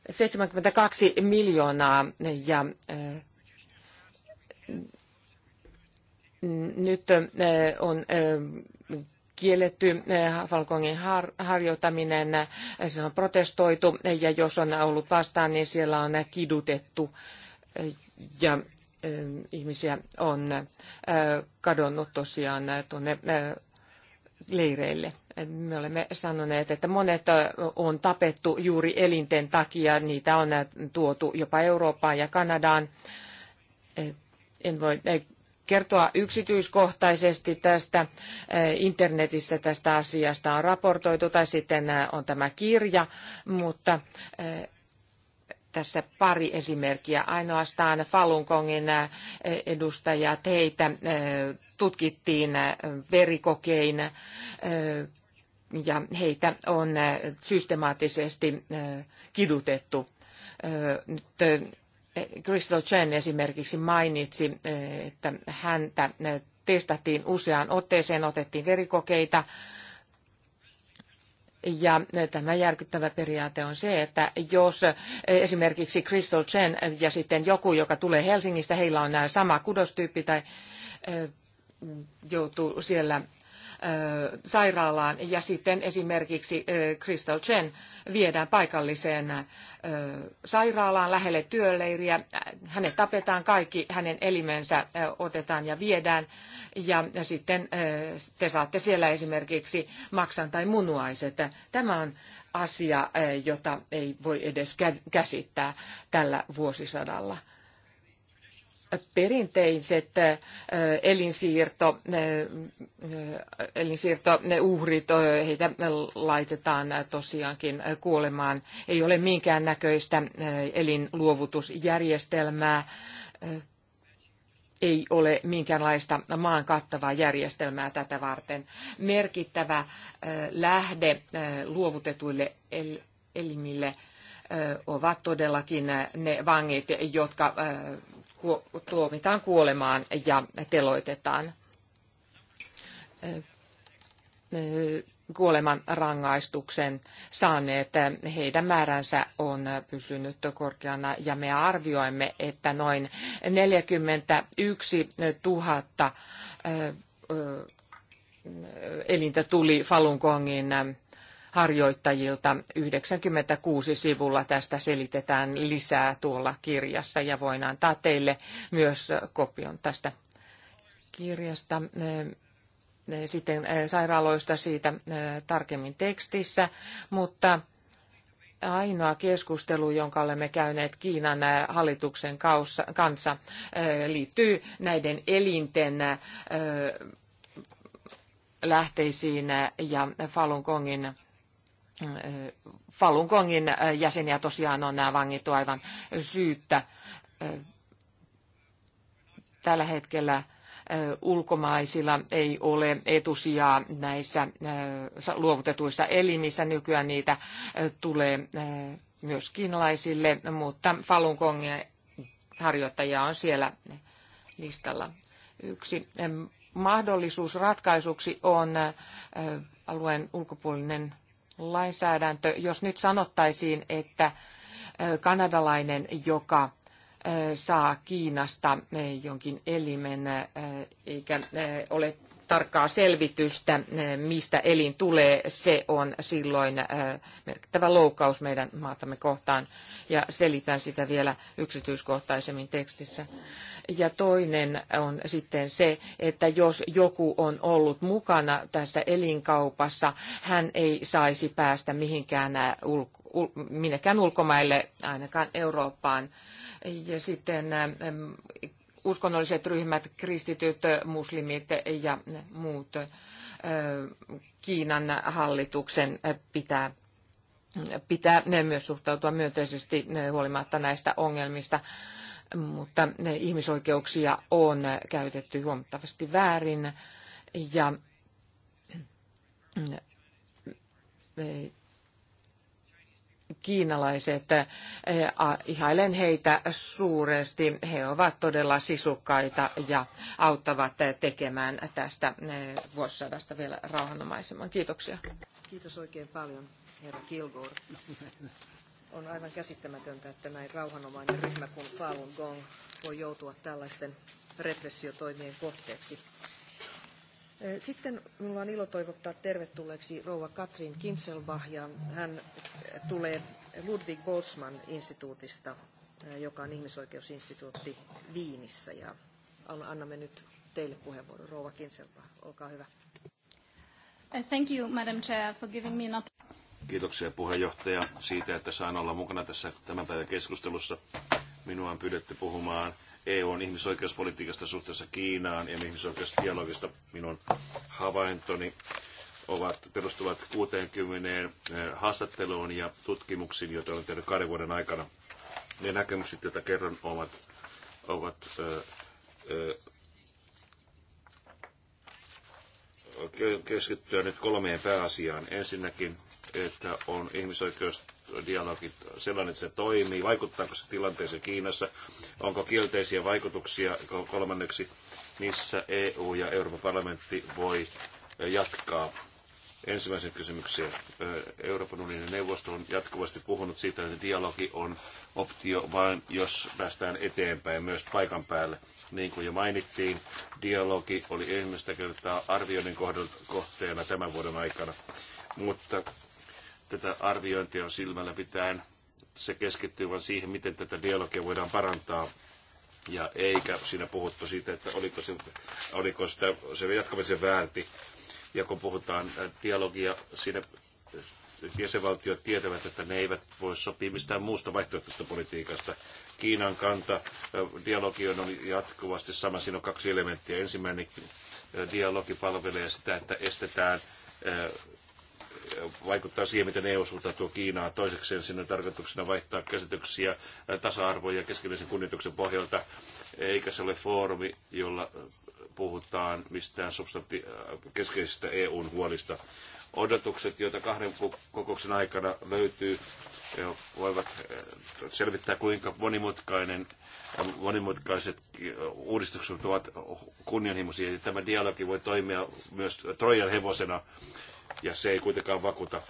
72 miljoonaa ja eh, nyt eh, on eh, kielletty Falkongin harjoittaminen, se on protestoitu ja jos on ollut vastaan, niin siellä on kidutettu ja ihmisiä on kadonnut tosiaan tuonne leireille. Me olemme sanoneet, että monet on tapettu juuri elinten takia. Niitä on tuotu jopa Eurooppaan ja Kanadaan. E, en voi e, kertoa yksityiskohtaisesti tästä. E, internetissä tästä asiasta on raportoitu tai sitten on tämä kirja, mutta tässä pari esimerkkiä. Ainoastaan Falun Gongin edustajat, heitä tutkittiin verikokein ja heitä on äh, systemaattisesti äh, kidutettu. Äh, nyt Crystal Chen esimerkiksi mainitsi, että häntä testattiin useaan otteeseen, otettiin verikokeita. Ja tämä järkyttävä periaate on se, että jos esimerkiksi Crystal Chen ja sitten joku, joka tulee Helsingistä, heillä on sama kudostyyppi tai joutuu siellä sairaalaan ja sitten esimerkiksi Crystal Chen viedään paikalliseen sairaalaan lähelle työleiriä. Hänet tapetaan kaikki, hänen elimensä otetaan ja viedään ja sitten te saatte siellä esimerkiksi maksan tai munuaiset. Tämä on asia, jota ei voi edes käsittää tällä vuosisadalla perinteiset elinsiirto, elinsiirto ne uhrit, heitä laitetaan tosiaankin kuolemaan. Ei ole minkään näköistä elinluovutusjärjestelmää, ei ole minkäänlaista maan kattavaa järjestelmää tätä varten. Merkittävä lähde luovutetuille elimille ovat todellakin ne vangit, jotka tuomitaan kuolemaan ja teloitetaan kuoleman rangaistuksen saaneet, heidän määränsä on pysynyt korkeana ja me arvioimme, että noin 41 000 elintä tuli Falun Gongin harjoittajilta. 96 sivulla tästä selitetään lisää tuolla kirjassa ja voin antaa teille myös kopion tästä kirjasta. Eh, eh, sitten eh, sairaaloista siitä tarkemmin tekstissä, mutta ainoa keskustelu, jonka olemme käyneet Kiinan hallituksen kanssa, liittyy näiden elinten lähteisiin ja Falun Gongin Äh, Falun Gongin äh, jäseniä tosiaan on nämä vangittu aivan syyttä. Äh, tällä hetkellä ulkomaisilla ei ole etusijaa näissä luovutetuissa elimissä. Nykyään niitä tulee myös kiinalaisille, mutta Falun Gongin harjoittajia on siellä listalla. Yksi mahdollisuus ratkaisuksi on alueen ulkopuolinen lainsäädäntö, jos nyt sanottaisiin, että kanadalainen, joka saa Kiinasta jonkin elimen eikä ole tarkkaa selvitystä, eh, mistä elin tulee, se on silloin eh, merkittävä loukkaus meidän maatamme kohtaan. Ja selitän sitä vielä yksityiskohtaisemmin tekstissä. Ja toinen on sitten se, että jos joku on ollut mukana tässä elinkaupassa, hän ei saisi päästä mihinkään eh, ulko- minnekään ulkomaille, ainakaan Eurooppaan. Ja sitten uskonnolliset ryhmät, kristityt, muslimit ja muut. Kiinan hallituksen pitää pitää myös suhtautua myönteisesti huolimatta näistä ongelmista, mutta ihmisoikeuksia on käytetty huomattavasti väärin ja mm, kiinalaiset, eh, ihailen heitä suuresti. He ovat todella sisukkaita ja auttavat tekemään tästä eh, vuosisadasta vielä rauhanomaisemman. Kiitoksia. Kiitos oikein paljon, herra Kilgore. On aivan käsittämätöntä, että näin rauhanomainen ryhmä kuin Falun Gong voi joutua tällaisten repressiotoimien kohteeksi. Eh, sitten minulla on ilo toivottaa tervetulleeksi rouva Katrin Kinselbach ja hän eh, tulee Ludwig Boltzmann instituutista, eh, joka on ihmisoikeusinstituutti Viinissä. Ja annamme nyt teille puheenvuoron. Rouva Kinselbach, olkaa hyvä. Thank you, Madam Chair, for giving me an Kiitoksia puheenjohtaja siitä, että saan olla mukana tässä tämän päivän keskustelussa. Minua on pyydetty puhumaan EUn ihmisoikeuspolitiikasta suhteessa Kiinaan ja ihmisoikeusdialogista. Minun havaintoni ovat, perustuvat 60 eh, haastatteluun ja tutkimuksiin, joita olen tehnyt kahden vuoden aikana. Ne näkemykset, joita kerron, ovat, ovat ö, eh, ö, eh, keskittyä nyt kolmeen pääasiaan. Ensinnäkin, että on ihmisoikeus dialogi sellainen, että se toimii, vaikuttaako se tilanteeseen Kiinassa, onko kielteisiä vaikutuksia kolmanneksi, missä EU ja Euroopan parlamentti voi jatkaa. Ensimmäisen kysymyksen. Euroopan unionin neuvosto on jatkuvasti puhunut siitä, että dialogi on optio vain, jos päästään eteenpäin myös paikan päälle. Niin kuin jo mainittiin, dialogi oli ensimmäistä kertaa arvioinnin kohteena tämän vuoden aikana. Mutta tätä arviointia on silmällä pitäen. Se keskittyy vain siihen, miten tätä dialogia voidaan parantaa. Ja eikä siinä puhuttu siitä, että oliko se, oliko sitä, se jatkamisen väänti. Ja kun puhutaan dialogia, siinä jäsenvaltiot tietävät, että ne eivät voi sopia mistään muusta vaihtoehtoista politiikasta. Kiinan kanta, dialogi on jatkuvasti sama, siinä on kaksi elementtiä. Ensimmäinen dialogi palvelee sitä, että estetään vaikuttaa siihen, miten EU suhtautuu Kiinaan. Toisekseen on tarkoituksena vaihtaa käsityksiä tasa-arvo- ja keskinäisen kunnioituksen pohjalta, eikä se ole foorumi, jolla puhutaan mistään substantti- keskeisistä EUn huolista. Odotukset, joita kahden kokouksen aikana löytyy, voivat selvittää, kuinka monimutkainen, monimutkaiset uudistukset ovat kunnianhimoisia. Tämä dialogi voi toimia myös Trojan hevosena ja se ei kuitenkaan vakuuta.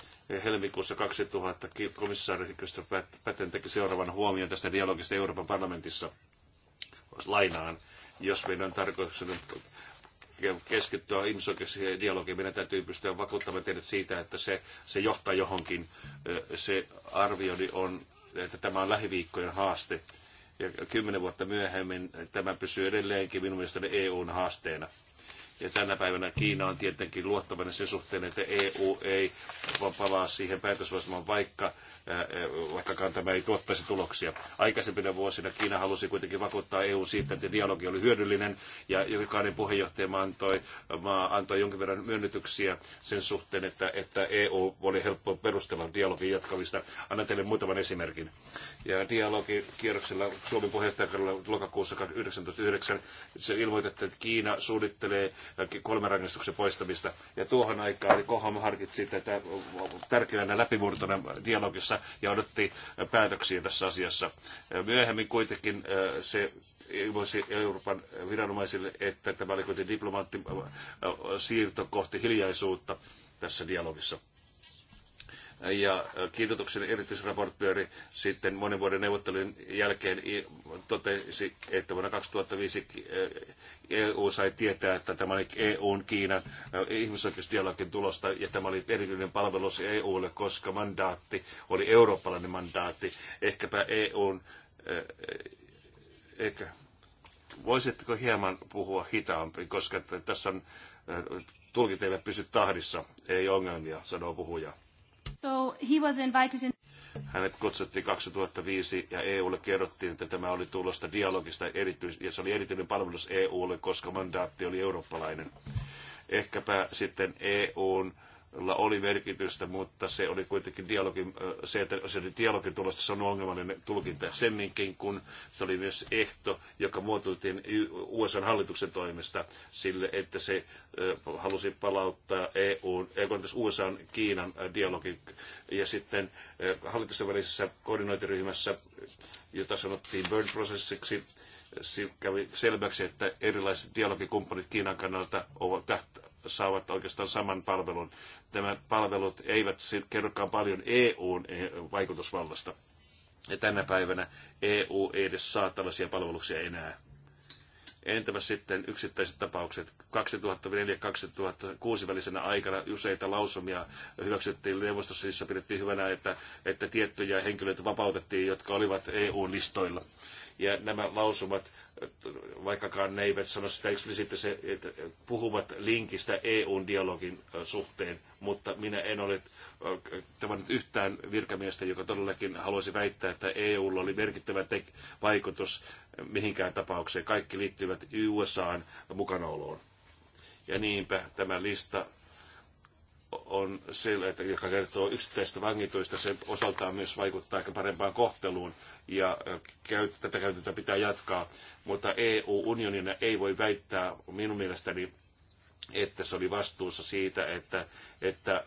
Helmikuussa 2000 komissaari Päten teki seuraavan huomion tästä dialogista Euroopan parlamentissa lainaan. Jos meidän on tarkoituksena keskittyä ihmisoikeuksien dialogiin, meidän täytyy pystyä vakuuttamaan teidät siitä, että se, se johtaa johonkin. Se arvioni on, että tämä on lähiviikkojen haaste. Ja kymmenen vuotta myöhemmin tämä pysyy edelleenkin minun mielestäni EUn haasteena. Ja tänä päivänä Kiina on tietenkin luottavainen sen suhteen, että EU ei palaa siihen päätösvastamaan, vaikka, vaikkakaan tämä ei tuottaisi tuloksia. Aikaisempina vuosina Kiina halusi kuitenkin vakuuttaa EU siitä, että dialogi oli hyödyllinen ja jokainen puheenjohtaja antoi, maa antoi jonkin verran myönnytyksiä sen suhteen, että, että EU oli helppo perustella dialogin jatkamista. Annan teille muutaman esimerkin. Ja dialogikierroksella Suomen puheenjohtajakaudella lokakuussa 1999 se ilmoitettiin, että Kiina suunnittelee rangaistuksen poistamista. Ja tuohon aikaan Koham harkitsi tätä tärkeänä läpimurtona dialogissa ja odotti päätöksiä tässä asiassa. Myöhemmin kuitenkin se ilmoisi Euroopan viranomaisille, että tämä oli kuitenkin diplomaattisiirto kohti hiljaisuutta tässä dialogissa ja kiitotuksen erityisraportööri sitten monen vuoden neuvottelujen jälkeen totesi, että vuonna 2005 EU sai tietää, että tämä oli EUn Kiinan ihmisoikeusdialogin tulosta ja tämä oli erityinen palvelus EUlle, koska mandaatti oli eurooppalainen mandaatti. Ehkäpä EUn, ehkä, voisitteko hieman puhua hitaampi, koska tässä on tulkit eivät pysy tahdissa, ei ongelmia, sanoo puhuja So he was invited in... Hänet kutsuttiin 2005 ja EUlle kerrottiin, että tämä oli tulosta dialogista erityis- ja se oli erityinen palvelus EUlle, koska mandaatti oli eurooppalainen. Ehkäpä sitten EUn oli merkitystä, mutta se oli kuitenkin dialogin, se, että se oli dialogin tulosta, se on ongelmallinen tulkinta semminkin, kun se oli myös ehto, joka muotoiltiin USA hallituksen toimesta sille, että se halusi palauttaa EUn, USA Kiinan dialogin. Ja sitten hallitusten välisessä koordinointiryhmässä, jota sanottiin Burn Processiksi, kävi selväksi, että erilaiset dialogikumppanit Kiinan kannalta ovat saavat oikeastaan saman palvelun. Nämä palvelut eivät kerrokaan paljon EUn eh, vaikutusvallasta. Ja tänä päivänä EU ei edes saa tällaisia palveluksia enää. Entäpä sitten yksittäiset tapaukset? 2004-2006 välisenä aikana useita lausumia hyväksyttiin neuvostossa, jossa pidettiin hyvänä, että, että tiettyjä henkilöitä vapautettiin, jotka olivat EU-listoilla. Ja nämä lausumat, vaikkakaan ne eivät sano sitä eksplisiittisesti, että puhuvat linkistä EU-dialogin suhteen, mutta minä en ole tavannut yhtään virkamiestä, joka todellakin haluaisi väittää, että EUlla oli merkittävä tek- vaikutus mihinkään tapaukseen. Kaikki liittyvät USAan mukanaoloon. Ja niinpä tämä lista on sellainen, että joka kertoo yksittäistä vangituista, se osaltaan myös vaikuttaa ehkä parempaan kohteluun ja tätä käytäntöä pitää jatkaa. Mutta EU-unionina ei voi väittää minun mielestäni että se oli vastuussa siitä, että, että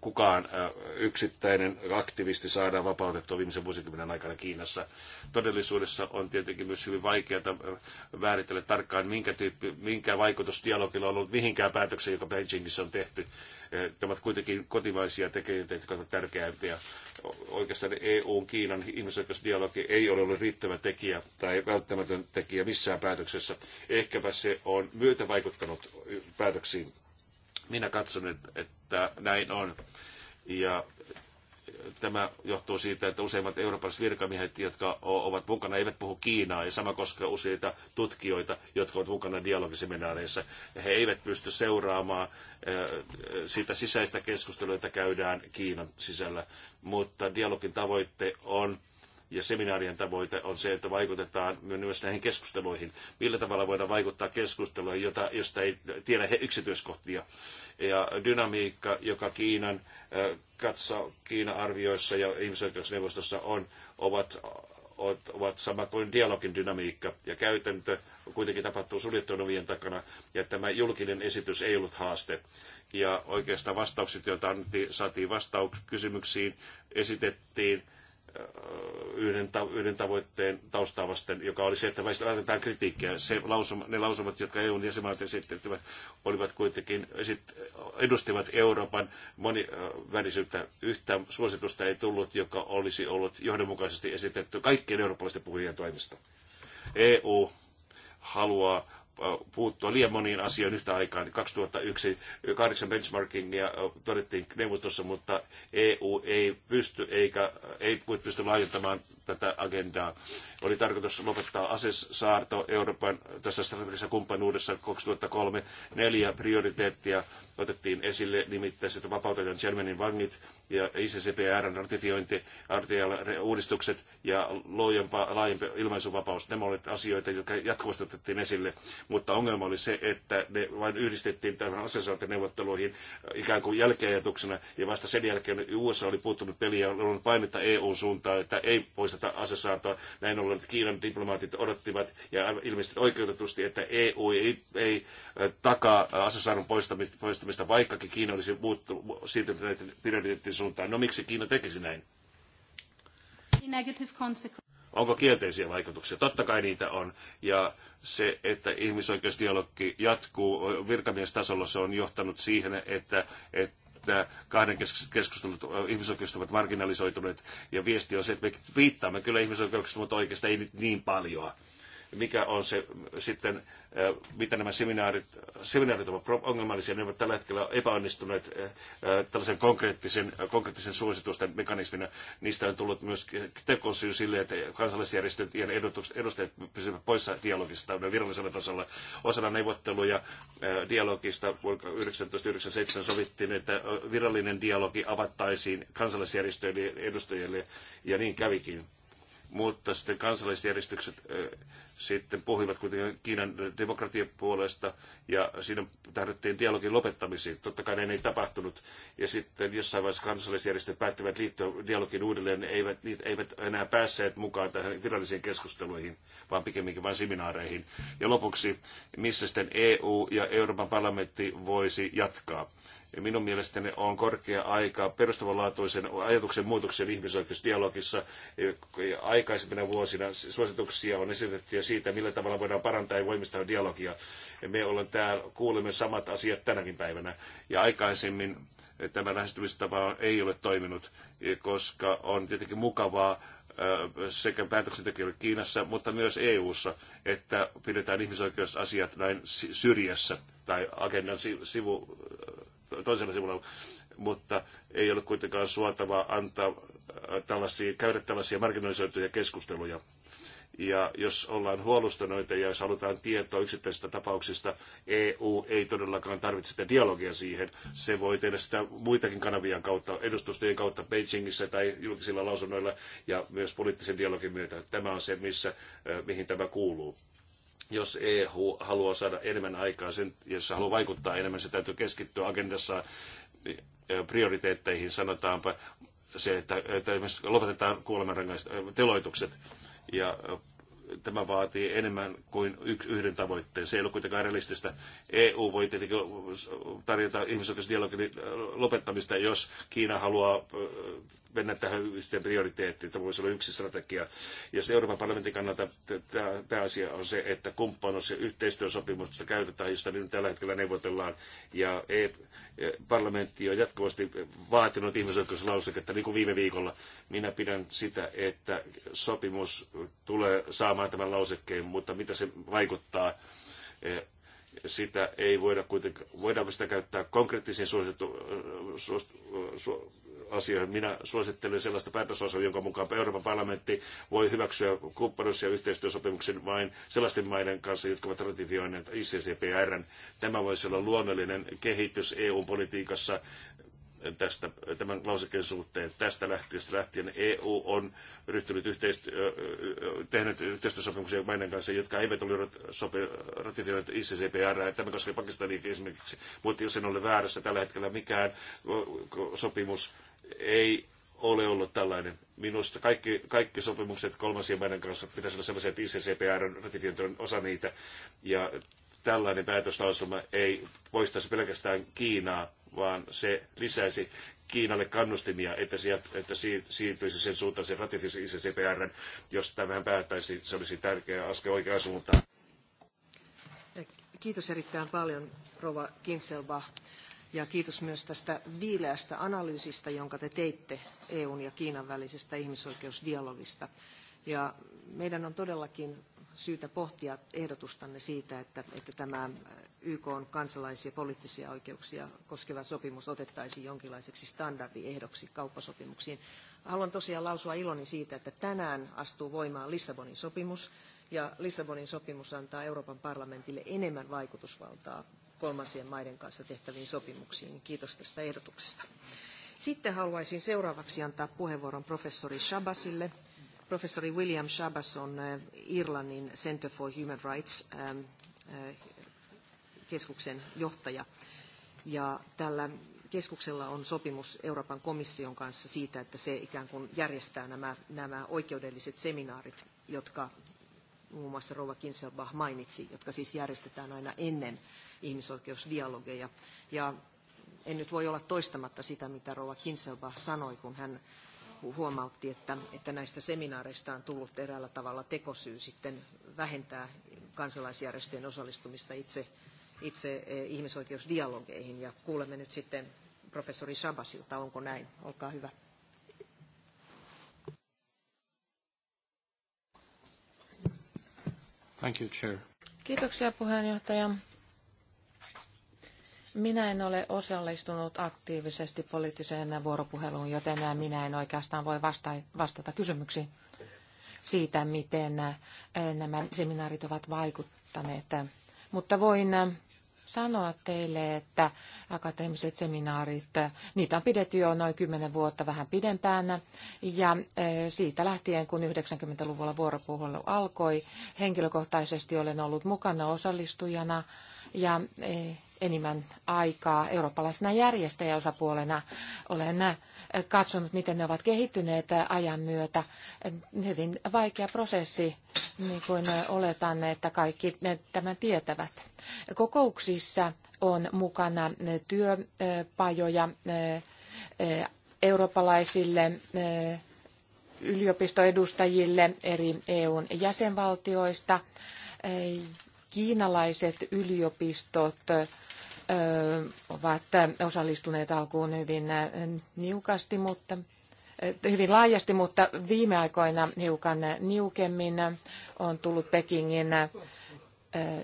kukaan yksittäinen aktivisti saadaan vapautettua viimeisen vuosikymmenen aikana Kiinassa. Todellisuudessa on tietenkin myös hyvin vaikeaa määritellä tarkkaan, minkä, tyyppi, minkä vaikutus dialogilla on ollut mihinkään päätökseen, joka Beijingissä on tehty. Ne ovat kuitenkin kotimaisia tekijöitä, jotka ovat tärkeämpiä. oikeastaan EU-Kiinan ihmisoikeusdialogi ei ole ollut riittävä tekijä tai välttämätön tekijä missään päätöksessä. Ehkäpä se on myötä vaikuttanut päätöksiin. Minä katson, että näin on. Ja Tämä johtuu siitä, että useimmat Euroopan virkamiehet, jotka ovat mukana, eivät puhu Kiinaa, ja sama koskee useita tutkijoita, jotka ovat mukana dialogiseminaareissa. He eivät pysty seuraamaan eh, sitä sisäistä keskustelua, jota käydään Kiinan sisällä, mutta dialogin tavoitte on ja seminaarien tavoite on se, että vaikutetaan myös näihin keskusteluihin. Millä tavalla voidaan vaikuttaa keskusteluun, jota, josta ei tiedä he yksityiskohtia. Ja dynamiikka, joka Kiinan katso Kiina-arvioissa ja ihmisoikeusneuvostossa on, ovat ovat sama kuin dialogin dynamiikka ja käytäntö kuitenkin tapahtuu suljettujen ovien takana ja tämä julkinen esitys ei ollut haaste. Ja oikeastaan vastaukset, joita annettiin, saatiin vastaukset kysymyksiin, esitettiin yhden, yhden tavoitteen taustaa vasten, joka oli se, että vältetään kritiikkiä. Se lausuma, ne lausumat, jotka EUn jäsenmaat esittivät, olivat kuitenkin esit, edustivat Euroopan monivärisyyttä. Yhtä suositusta ei tullut, joka olisi ollut johdonmukaisesti esitetty kaikkien eurooppalaisten puhujien toimesta. EU haluaa puuttua liian moniin asioihin yhtä aikaa. 2001 niin kahdeksan benchmarkingia todettiin neuvostossa, mutta EU ei pysty, eikä, ei pysty laajentamaan tätä agendaa. Oli tarkoitus lopettaa asessaarto Euroopan tässä strategisessa kumppanuudessa 2003 neljä prioriteettia otettiin esille, nimittäin että vapautetaan Germanin vangit ja ICCPRn ratifiointi, RTL-uudistukset ja laajempi, laajempi ilmaisuvapaus. Nämä olivat asioita, jotka jatkuvasti otettiin esille, mutta ongelma oli se, että ne vain yhdistettiin tämän asesaateneuvotteluihin äh, ikään kuin jälkiajatuksena ja vasta sen jälkeen USA oli puuttunut peliin ja ollut painetta EU-suuntaan, että ei poisteta asesaantoa. Näin ollen Kiinan diplomaatit odottivat ja ilmeisesti oikeutetusti, että EU ei, ei äh, takaa asesaannon poistamista lähestymistä, vaikkakin Kiina olisi muuttu, näiden prioriteettien suuntaan. No miksi Kiina tekisi näin? Onko kielteisiä vaikutuksia? Totta kai niitä on. Ja se, että ihmisoikeusdialogi jatkuu virkamiestasolla, se on johtanut siihen, että, että kahden kahdenkeskiset keskustelut, ihmisoikeudet ovat marginalisoituneet ja viesti on se, että me viittaamme kyllä ihmisoikeuksista, mutta oikeastaan ei nyt niin paljon mikä on se sitten, mitä nämä seminaarit, seminaarit ovat ongelmallisia, ne ovat tällä hetkellä epäonnistuneet tällaisen konkreettisen, konkreettisen suositusten mekanismina. Niistä on tullut myös tekosyy sille, että kansalaisjärjestöt ja edustajat pysyvät poissa dialogista virallisella tasolla. Osana neuvotteluja dialogista vuonna 1997 sovittiin, että virallinen dialogi avattaisiin kansalaisjärjestöille ja edustajille, ja niin kävikin mutta sitten kansallisjärjestykset sitten puhuivat kuitenkin Kiinan demokratian puolesta ja siinä tähdettiin dialogin lopettamisiin. Totta kai näin ei tapahtunut. Ja sitten jossain vaiheessa kansalaisjärjestöt päättivät liittyä dialogin uudelleen, ne eivät, niitä eivät enää päässeet mukaan tähän virallisiin keskusteluihin, vaan pikemminkin vain seminaareihin. Ja lopuksi, missä sitten EU ja Euroopan parlamentti voisi jatkaa. Ja minun mielestäni on korkea aika perustavanlaatuisen ajatuksen muutoksen ihmisoikeusdialogissa. Aikaisempina vuosina suosituksia on esitetty ja siitä, millä tavalla voidaan parantaa ja voimistaa dialogia. Me olemme täällä, kuulemme samat asiat tänäkin päivänä. Ja aikaisemmin tämä lähestymistapa ei ole toiminut, e, koska on tietenkin mukavaa e, sekä päätöksentekijöille Kiinassa, mutta myös EU:ssa, että pidetään ihmisoikeusasiat näin syrjässä tai agendan sivu, e, toisella sivulla, mutta ei ole kuitenkaan suotavaa antaa tällaisia, käydä tällaisia marginalisoituja keskusteluja. Ja jos ollaan huolustuneita ja jos halutaan tietoa yksittäisistä tapauksista, EU ei todellakaan tarvitse sitä dialogia siihen. Se voi tehdä sitä muitakin kanavien kautta, edustustojen kautta Beijingissä tai julkisilla lausunnoilla ja myös poliittisen dialogin myötä. Tämä on se, missä, mihin tämä kuuluu jos EU haluaa saada enemmän aikaa, sen, jos haluaa vaikuttaa enemmän, se täytyy keskittyä agendassa prioriteetteihin, sanotaanpa se, että, että lopetetaan kuolemanrangaistukset, teloitukset ja tämä vaatii enemmän kuin yhden tavoitteen. Se ei ole kuitenkaan realistista. EU voi tietenkin tarjota ihmisoikeusdialogin lopettamista, jos Kiina haluaa mennä tähän yhteen prioriteettiin, että voisi olla yksi strategia. Ja se Euroopan parlamentin kannalta pääasia on se, että kumppanuus- ja yhteistyösopimusta käytetään, josta nyt tällä hetkellä neuvotellaan. Ja e- e- parlamentti on jatkuvasti vaatinut ihmisoikeuslauseketta, niin kuin viime viikolla. Minä pidän sitä, että sopimus tulee saamaan tämän lausekkeen, mutta mitä se vaikuttaa e- sitä ei voida kuitenkaan, voidaan sitä käyttää konkreettisiin suositu, suost, su, asioihin. Minä suosittelen sellaista päätösosaa, jonka mukaan Euroopan parlamentti voi hyväksyä kumppanuus- ja yhteistyösopimuksen vain sellaisten maiden kanssa, jotka ovat ratifioineet ICCPR. Tämä voisi olla luonnollinen kehitys EU-politiikassa tästä, tämän lausekkeen suhteen. Tästä lähtien, lähtien EU on ryhtynyt yhteistyö, tehnyt yhteistyösopimuksia maiden kanssa, jotka eivät ole sopi, ratifioineet ICCPR. Tämä koskee Pakistania esimerkiksi, mutta jos en ole väärässä tällä hetkellä mikään sopimus ei ole ollut tällainen. Minusta kaikki, kaikki sopimukset kolmansien maiden kanssa pitäisi olla sellaisia, että ICCPR on ratifiointi osa niitä. Ja tällainen päätöslauselma ei poistaisi pelkästään Kiinaa, vaan se lisäisi Kiinalle kannustimia, että, se, että siirtyisi sen suuntaisen ratifioisi ICCPR, jos tämähän päättäisi, se olisi tärkeä askel oikeaan suuntaan. Kiitos erittäin paljon, Rova Kinselbach. Ja kiitos myös tästä viileästä analyysistä, jonka te teitte EUn ja Kiinan välisestä ihmisoikeusdialogista. Ja meidän on todellakin syytä pohtia ehdotustanne siitä, että, että tämä YK on kansalaisia poliittisia oikeuksia koskeva sopimus otettaisiin jonkinlaiseksi standardiehdoksi kauppasopimuksiin. Haluan tosiaan lausua iloni siitä, että tänään astuu voimaan Lissabonin sopimus, ja Lissabonin sopimus antaa Euroopan parlamentille enemmän vaikutusvaltaa kolmansien maiden kanssa tehtäviin sopimuksiin. Kiitos tästä ehdotuksesta. Sitten haluaisin seuraavaksi antaa puheenvuoron professori Shabasille. Professori William Shabas on äh, Irlannin Center for Human Rights ähm, äh, keskuksen johtaja. Ja tällä keskuksella on sopimus Euroopan komission kanssa siitä, että se ikään kuin järjestää nämä, nämä oikeudelliset seminaarit, jotka muun muassa Rova Kinselbach mainitsi, jotka siis järjestetään aina ennen ihmisoikeusdialogeja. Ja en nyt voi olla toistamatta sitä, mitä Rova Kinselba sanoi, kun hän huomautti, että, että näistä seminaareista on tullut eräällä tavalla tekosyy sitten vähentää kansalaisjärjestöjen osallistumista itse, itse e, ihmisoikeusdialogeihin. Ja kuulemme nyt sitten professori Shabasilta, onko näin? Olkaa hyvä. Thank you, Chair. Kiitoksia puheenjohtaja. Minä en ole osallistunut aktiivisesti poliittiseen vuoropuheluun, joten minä en oikeastaan voi vastata kysymyksiin siitä, miten äh, nämä seminaarit ovat vaikuttaneet. Mutta voin äh, sanoa teille, että akateemiset seminaarit, äh, niitä on pidetty jo noin kymmenen vuotta vähän pidempään. Ja siitä lähtien, kun 90-luvulla vuoropuhelu alkoi, henkilökohtaisesti olen ollut mukana osallistujana ja eh, enimmän aikaa eurooppalaisena järjestäjäosapuolena. Olen katsonut, miten ne ovat kehittyneet ajan myötä. Hyvin vaikea prosessi, niin kuin oletan, että kaikki tämän tietävät. Kokouksissa on mukana työpajoja eurooppalaisille yliopistoedustajille eri EUn jäsenvaltioista kiinalaiset yliopistot ovat osallistuneet alkuun hyvin niukasti, mutta hyvin laajasti, mutta viime aikoina hiukan niukemmin on tullut Pekingin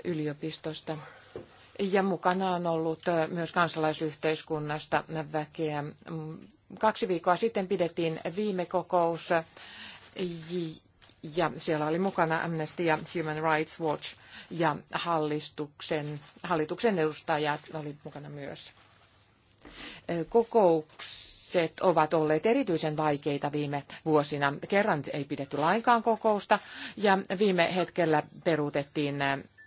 yliopistosta. Ja mukana on ollut myös kansalaisyhteiskunnasta väkeä. Kaksi viikkoa sitten pidettiin viime kokous ja siellä oli mukana Amnesty ja Human Rights Watch ja hallituksen, hallituksen edustajat oli mukana myös. Kokoukset ovat olleet erityisen vaikeita viime vuosina. Kerran ei pidetty lainkaan kokousta ja viime hetkellä peruutettiin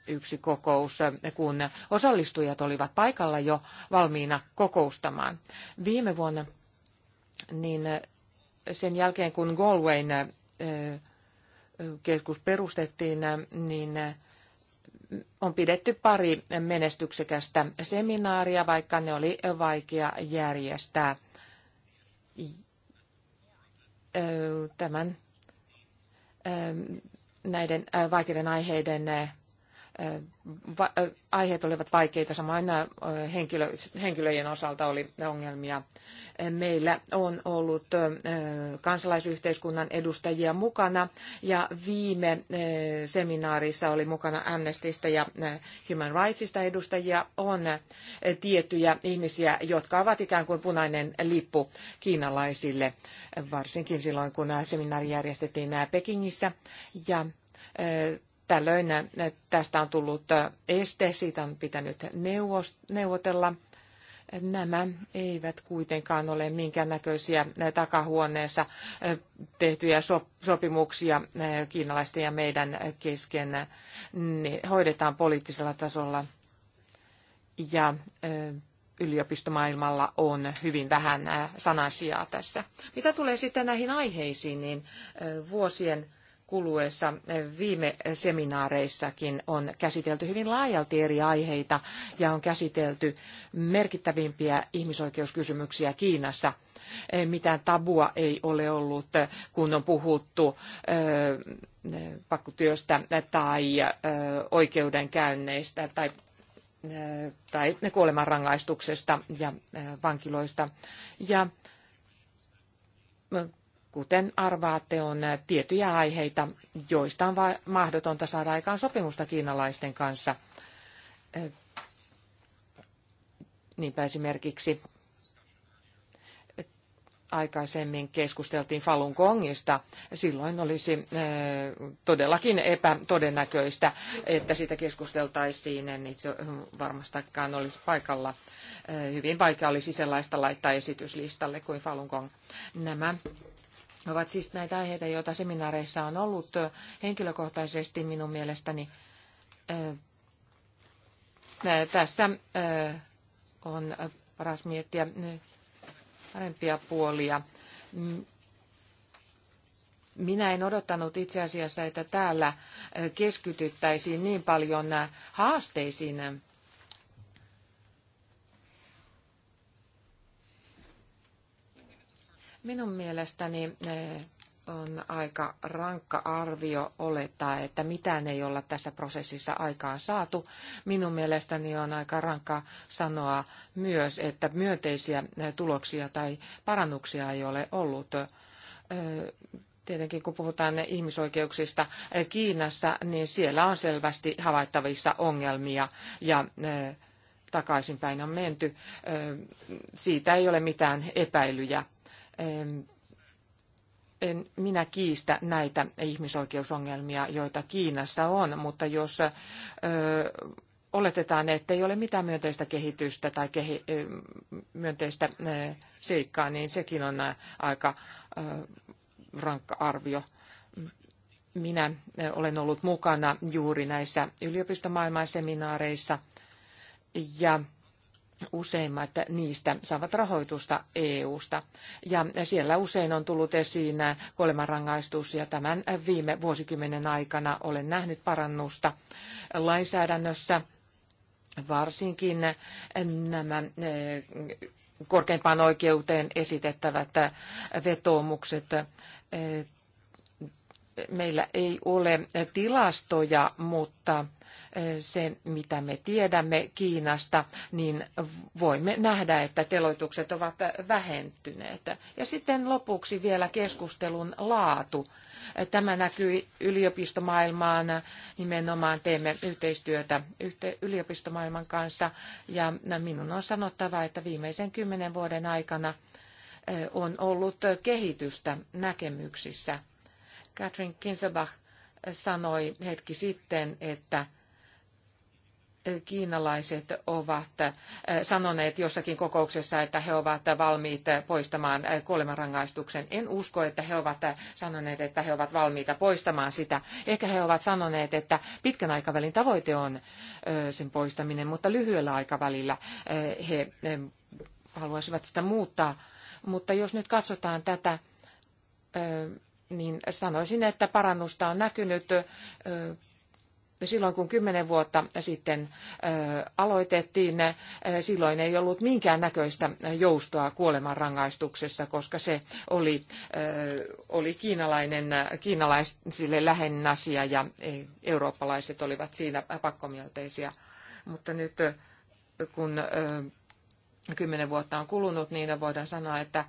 yksi kokous, kun osallistujat olivat paikalla jo valmiina kokoustamaan. Viime vuonna, niin sen jälkeen kun Galwayn keskus perustettiin, niin on pidetty pari menestyksekästä seminaaria, vaikka ne oli vaikea järjestää. Tämän, näiden vaikeiden aiheiden aiheet olivat vaikeita, samoin henkilö, henkilöjen osalta oli ongelmia. Meillä on ollut kansalaisyhteiskunnan edustajia mukana ja viime seminaarissa oli mukana Amnestystä ja Human Rightsista edustajia. On tiettyjä ihmisiä, jotka ovat ikään kuin punainen lippu kiinalaisille, varsinkin silloin kun seminaari järjestettiin Pekingissä. Ja Tällöin eh, tästä on tullut eh, este, siitä on pitänyt neuvotella. Nämä eivät kuitenkaan ole minkäännäköisiä eh, takahuoneessa tehtyjä sopimuksia kiinalaisten ja meidän kesken. Ne hoidetaan poliittisella tasolla ja yliopistomaailmalla on hyvin vähän sanansijaa tässä. Mitä tulee sitten näihin aiheisiin, niin vuosien kuluessa viime seminaareissakin on käsitelty hyvin laajalti eri aiheita ja on käsitelty merkittävimpiä ihmisoikeuskysymyksiä Kiinassa. Eh, mitään tabua ei ole ollut, eh, kun on puhuttu eh, pakkotyöstä tai oikeudenkäynneistä tai tai kuolemanrangaistuksesta ja vankiloista. Ja Kuten arvaatte, on tiettyjä aiheita, joista on mahdotonta saada aikaan sopimusta kiinalaisten kanssa. Niinpä esimerkiksi aikaisemmin keskusteltiin Falun Gongista, silloin olisi todellakin epätodennäköistä, että sitä keskusteltaisiin, en itse varmastakaan olisi paikalla. Hyvin vaikea olisi sellaista laittaa esityslistalle kuin Falun Gong. Nämä ovat siis näitä aiheita, joita seminaareissa on ollut henkilökohtaisesti minun mielestäni. Tässä on paras miettiä parempia puolia. Minä en odottanut itse asiassa, että täällä keskityttäisiin niin paljon haasteisiin Minun mielestäni eh, on aika rankka arvio olettaa, että mitään ei olla tässä prosessissa aikaan saatu. Minun mielestäni on aika rankka sanoa myös, että myönteisiä eh, tuloksia tai parannuksia ei ole ollut. Eh, tietenkin kun puhutaan ihmisoikeuksista Kiinassa, niin siellä on selvästi havaittavissa ongelmia ja takaisinpäin on menty. Siitä ei ole mitään epäilyjä en minä kiistä näitä ihmisoikeusongelmia, joita Kiinassa on, mutta jos ö, oletetaan, että ei ole mitään myönteistä kehitystä tai kehi, ö, myönteistä ö, seikkaa, niin sekin on aika ö, rankka arvio. Minä olen ollut mukana juuri näissä yliopistomaailman seminaareissa ja useimmat niistä saavat rahoitusta EU-sta. Ja siellä usein on tullut esiin kuolemanrangaistus ja tämän viime vuosikymmenen aikana olen nähnyt parannusta lainsäädännössä. Varsinkin nämä eh, korkeimpaan oikeuteen esitettävät vetoomukset eh, meillä ei ole tilastoja, mutta e, se, mitä me tiedämme Kiinasta, niin voimme nähdä, että teloitukset ovat vähentyneet. Ja sitten lopuksi vielä keskustelun laatu. Tämä näkyy yliopistomaailmaan, nimenomaan teemme yhteistyötä yliopistomaailman kanssa, ja minun on sanottava, että viimeisen kymmenen vuoden aikana e, on ollut kehitystä näkemyksissä – Katrin Kinselbach sanoi hetki sitten, että e, kiinalaiset ovat e, sanoneet jossakin kokouksessa, että he ovat valmiit poistamaan e, kuolemanrangaistuksen. En usko, että he ovat sanoneet, että he ovat valmiita poistamaan sitä. Ehkä he ovat sanoneet, että pitkän aikavälin tavoite on sen poistaminen, mutta lyhyellä aikavälillä he haluaisivat sitä muuttaa. Mutta jos nyt katsotaan tätä niin sanoisin, että parannusta on näkynyt silloin kun kymmenen vuotta sitten aloitettiin, silloin ei ollut minkään näköistä joustoa kuolemanrangaistuksessa, koska se oli, oli kiinalainen, kiinalaisille lähinnä asia ja e, eurooppalaiset olivat siinä pakkomielteisiä. Mutta nyt kun kymmenen vuotta on kulunut, niin voidaan sanoa, että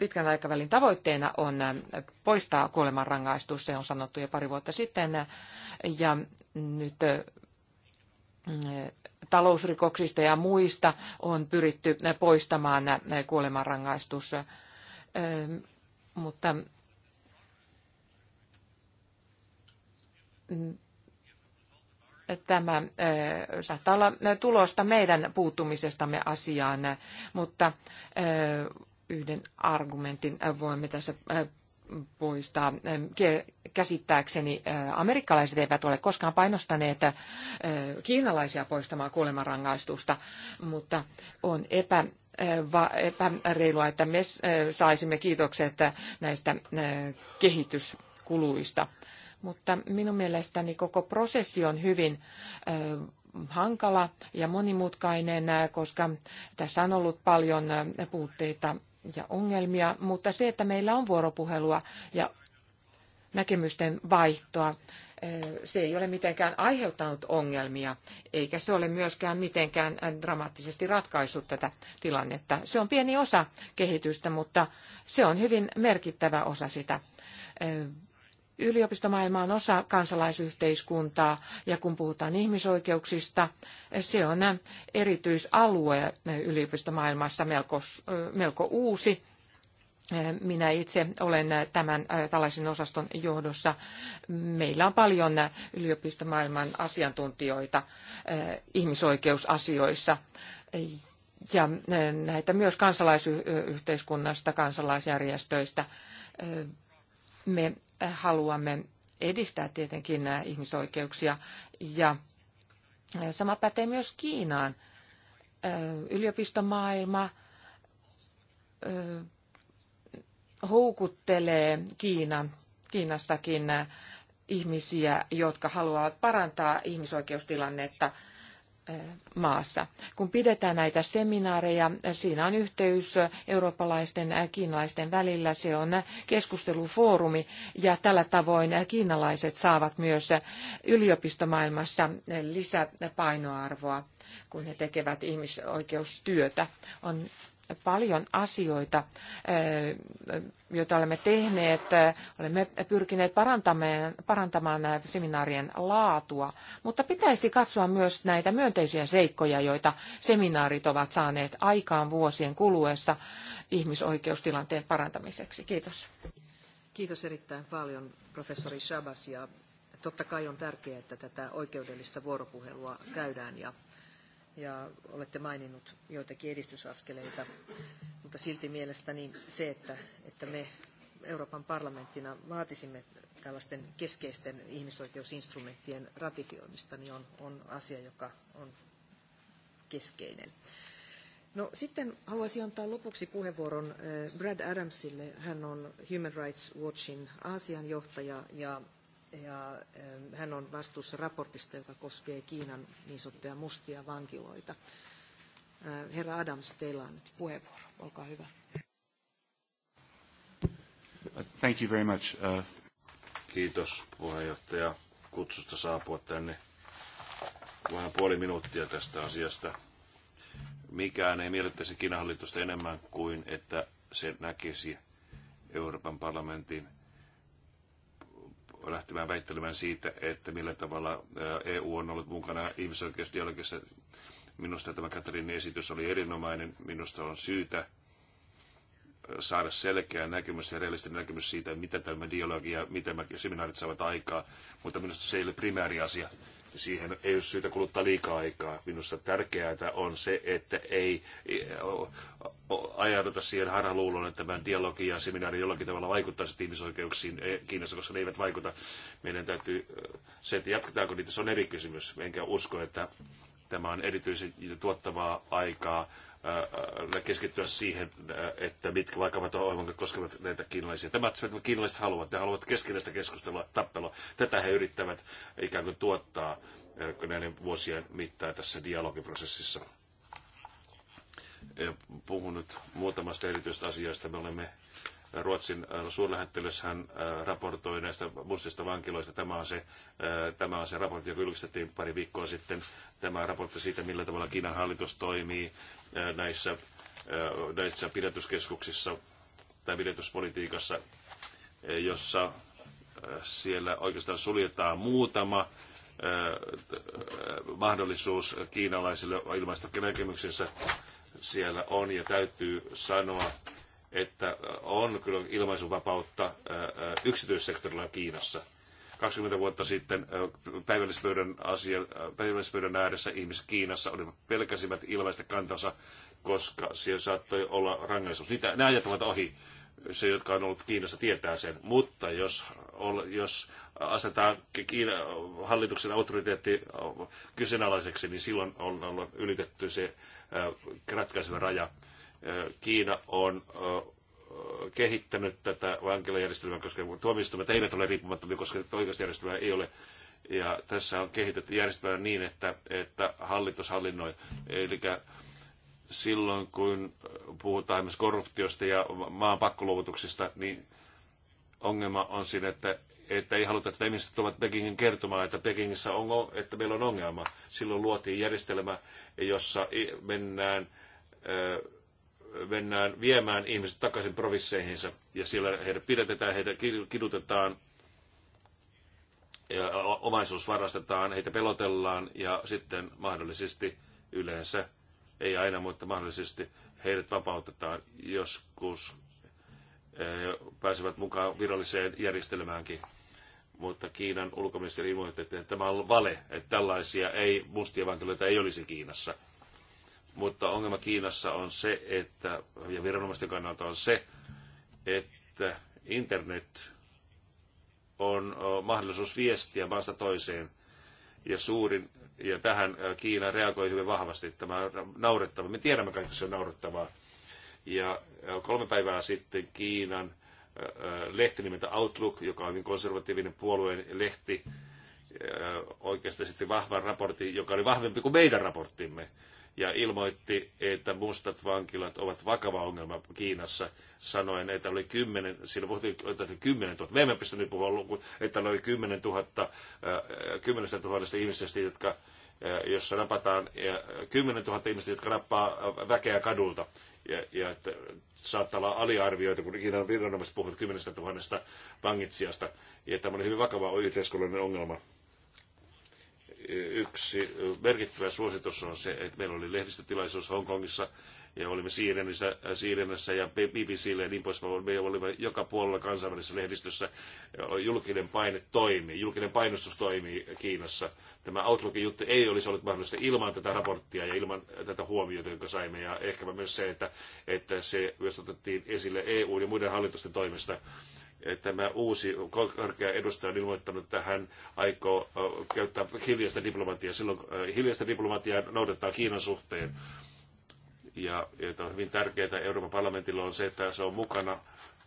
pitkän aikavälin tavoitteena on äh, poistaa kuolemanrangaistus, se on sanottu jo pari vuotta sitten, ja nyt äh, mm, talousrikoksista ja muista on pyritty äh, poistamaan kuolemanrangaistus, mutta mm, tämä saattaa olla tulosta meidän puuttumisestamme asiaan, mutta yhden argumentin äh, voimme tässä äh, poistaa. Äh, käsittääkseni amerikkalaiset eivät ole koskaan painostaneet kiinalaisia poistamaan kuolemanrangaistusta, mutta on epä epäreilua, että me saisimme kiitokset näistä kehityskuluista. Mutta minun mielestäni koko prosessi on hyvin hankala ja monimutkainen, koska tässä on ollut paljon puutteita ja ongelmia, mutta se, että meillä on vuoropuhelua ja näkemysten vaihtoa, eh, se ei ole mitenkään aiheuttanut ongelmia, eikä se ole myöskään mitenkään eh, dramaattisesti ratkaissut tätä tilannetta. Se on pieni osa kehitystä, mutta se on hyvin merkittävä osa sitä. Eh, Yliopistomaailma on osa kansalaisyhteiskuntaa ja kun puhutaan ihmisoikeuksista, se on erityisalue yliopistomaailmassa melko, melko uusi. Minä itse olen tämän äh, tällaisen osaston johdossa. Meillä on paljon yliopistomaailman asiantuntijoita äh, ihmisoikeusasioissa ja äh, näitä myös kansalaisyhteiskunnasta, kansalaisjärjestöistä. Me haluamme edistää tietenkin nämä ihmisoikeuksia. Ja sama pätee myös Kiinaan. Yliopistomaailma houkuttelee Kiinan, Kiinassakin ihmisiä, jotka haluavat parantaa ihmisoikeustilannetta – maassa. Kun pidetään näitä seminaareja, siinä on yhteys eurooppalaisten ja kiinalaisten välillä. Se on keskustelufoorumi ja tällä tavoin kiinalaiset saavat myös yliopistomaailmassa lisäpainoarvoa, kun he tekevät ihmisoikeustyötä. On paljon asioita, joita olemme tehneet. Olemme pyrkineet parantamaan, parantamaan seminaarien laatua, mutta pitäisi katsoa myös näitä myönteisiä seikkoja, joita seminaarit ovat saaneet aikaan vuosien kuluessa ihmisoikeustilanteen parantamiseksi. Kiitos. Kiitos erittäin paljon professori Shabas ja totta kai on tärkeää, että tätä oikeudellista vuoropuhelua käydään ja ja olette maininnut joitakin edistysaskeleita, mutta silti mielestäni se, että, että me Euroopan parlamenttina vaatisimme tällaisten keskeisten ihmisoikeusinstrumenttien ratifioimista, niin on, on asia, joka on keskeinen. No, sitten haluaisin antaa lopuksi puheenvuoron eh, Brad Adamsille. Hän on Human Rights Watchin Aasian johtaja ja ja ähm, hän on vastuussa raportista, joka koskee Kiinan niin sanottuja mustia vankiloita. Äh, herra Adams, teillä on nyt puheenvuoro. Olkaa hyvä. Thank you very much. Uh, Kiitos puheenjohtaja kutsusta saapua tänne vähän puoli minuuttia tästä asiasta. Mikään ei miellyttäisi Kiinan hallitusta enemmän kuin, että se näkisi Euroopan parlamentin lähtemään väittelemään siitä, että millä tavalla EU on ollut mukana ihmisoikeusdialogissa. Minusta tämä Katarin esitys oli erinomainen. Minusta on syytä saada selkeä näkemys ja realistinen näkemys siitä, mitä tämä dialogi ja mitä seminaarit saavat aikaa, mutta minusta se ei ole primääri asia siihen ei ole syytä kuluttaa liikaa aikaa. Minusta tärkeää on se, että ei ajauduta siihen harhaluuloon, että tämä dialogi ja seminaari jollakin tavalla vaikuttaisi ihmisoikeuksiin eh, Kiinassa, koska ne eivät vaikuta. Meidän täytyy, se, että jatketaanko niitä, se on eri kysymys. Enkä usko, että Tämä on erityisen tuottavaa aikaa äh, äh, keskittyä siihen, äh, että mitkä vakavat ohjelmat koskevat näitä kiinalaisia. Tämä on mitä kiinalaiset haluavat. Ne haluavat keskinäistä keskustelua, tappelua. Tätä he yrittävät ikään kuin tuottaa näiden vuosien mittaan tässä dialogiprosessissa. Puhun nyt muutamasta erityisestä asiasta. Me olemme Ruotsin äh, suurlähettiläshän äh, raportoi näistä mustista vankiloista. Tämä on, se, äh, tämä on se raportti, joka julkistettiin pari viikkoa sitten. Tämä raportti siitä, millä tavalla Kiinan hallitus toimii näissä, näissä pidätyskeskuksissa tai pidätyspolitiikassa, jossa siellä oikeastaan suljetaan muutama mahdollisuus kiinalaisille ilmaista näkemyksensä siellä on ja täytyy sanoa, että on kyllä ilmaisuvapautta yksityissektorilla Kiinassa. 20 vuotta sitten päivällispöydän, asia, päivällispöydän ääressä ihmiset Kiinassa olivat pelkäsivät ilmaista kantansa, koska siellä saattoi olla rangaistus. Niitä, nämä ajat ovat ohi. Se, jotka on ollut Kiinassa, tietää sen. Mutta jos, jos asetetaan Kiina, hallituksen autoriteetti kyseenalaiseksi, niin silloin on, on ylitetty se ratkaiseva raja. Kiina on kehittänyt tätä vankilajärjestelmää, koska tuomioistuimet eivät ole riippumattomia, koska oikeusjärjestelmää ei ole. Ja tässä on kehitetty järjestelmää niin, että, että hallitus hallinnoi. Eli silloin, kun puhutaan esimerkiksi korruptiosta ja maan pakkoluovutuksista, niin ongelma on siinä, että, että ei haluta, että ihmiset tulevat Pekingin kertomaan, että Pekingissä on, että meillä on ongelma. Silloin luotiin järjestelmä, jossa mennään ö, mennään viemään ihmiset takaisin provisseihinsa ja siellä heidät pidätetään, heitä kidutetaan, ja omaisuus varastetaan, heitä pelotellaan ja sitten mahdollisesti yleensä, ei aina, mutta mahdollisesti heidät vapautetaan joskus eh, pääsevät mukaan viralliseen järjestelmäänkin. Mutta Kiinan ulkoministeri ilmoitti, että tämä on vale, että tällaisia ei, mustia vankiloita ei olisi Kiinassa. Mutta ongelma Kiinassa on se, että, ja viranomaisten kannalta on se, että internet on mahdollisuus viestiä maasta toiseen. Ja suurin, ja tähän Kiina reagoi hyvin vahvasti. Tämä on naurettava. Me tiedämme kaikki, se on naurettavaa. Ja kolme päivää sitten Kiinan lehti nimeltä Outlook, joka on hyvin konservatiivinen puolueen lehti, oikeastaan sitten vahvan raportin, joka oli vahvempi kuin meidän raporttimme ja ilmoitti, että mustat vankilat ovat vakava ongelma Kiinassa, sanoen, että oli kymmenen, siinä puhuttiin, että oli kymmenen tuhatta, me emme nyt puhua luku, että oli kymmenen tuhatta, äh, kymmenestä tuhannesta ihmisestä, jotka, äh, jossa napataan kymmenen tuhatta ihmistä, jotka nappaa väkeä kadulta. Ja, ja että saattaa olla aliarvioita, kun Kiinan viranomaiset puhuvat kymmenestä tuhannesta vangitsijasta. Ja tämä oli hyvin vakava yhteiskunnallinen ongelma yksi merkittävä suositus on se, että meillä oli lehdistötilaisuus Hongkongissa ja olimme Siirennässä äh, ja BBClle ja niin poispäin. Me olimme joka puolella kansainvälisessä lehdistössä. Julkinen paine toimii, julkinen painostus toimii Kiinassa. Tämä Outlookin juttu ei olisi ollut mahdollista ilman tätä raporttia ja ilman äh, tätä huomiota, jonka saimme. Ja ehkäpä myös se, että, että se myös otettiin esille EU ja muiden hallitusten toimesta tämä uusi korkea edustaja on ilmoittanut, että hän aikoo käyttää hiljaista diplomatiaa. Silloin hiljaista diplomatiaa noudattaa Kiinan suhteen. Ja, ja on hyvin tärkeää Euroopan parlamentilla on se, että se on mukana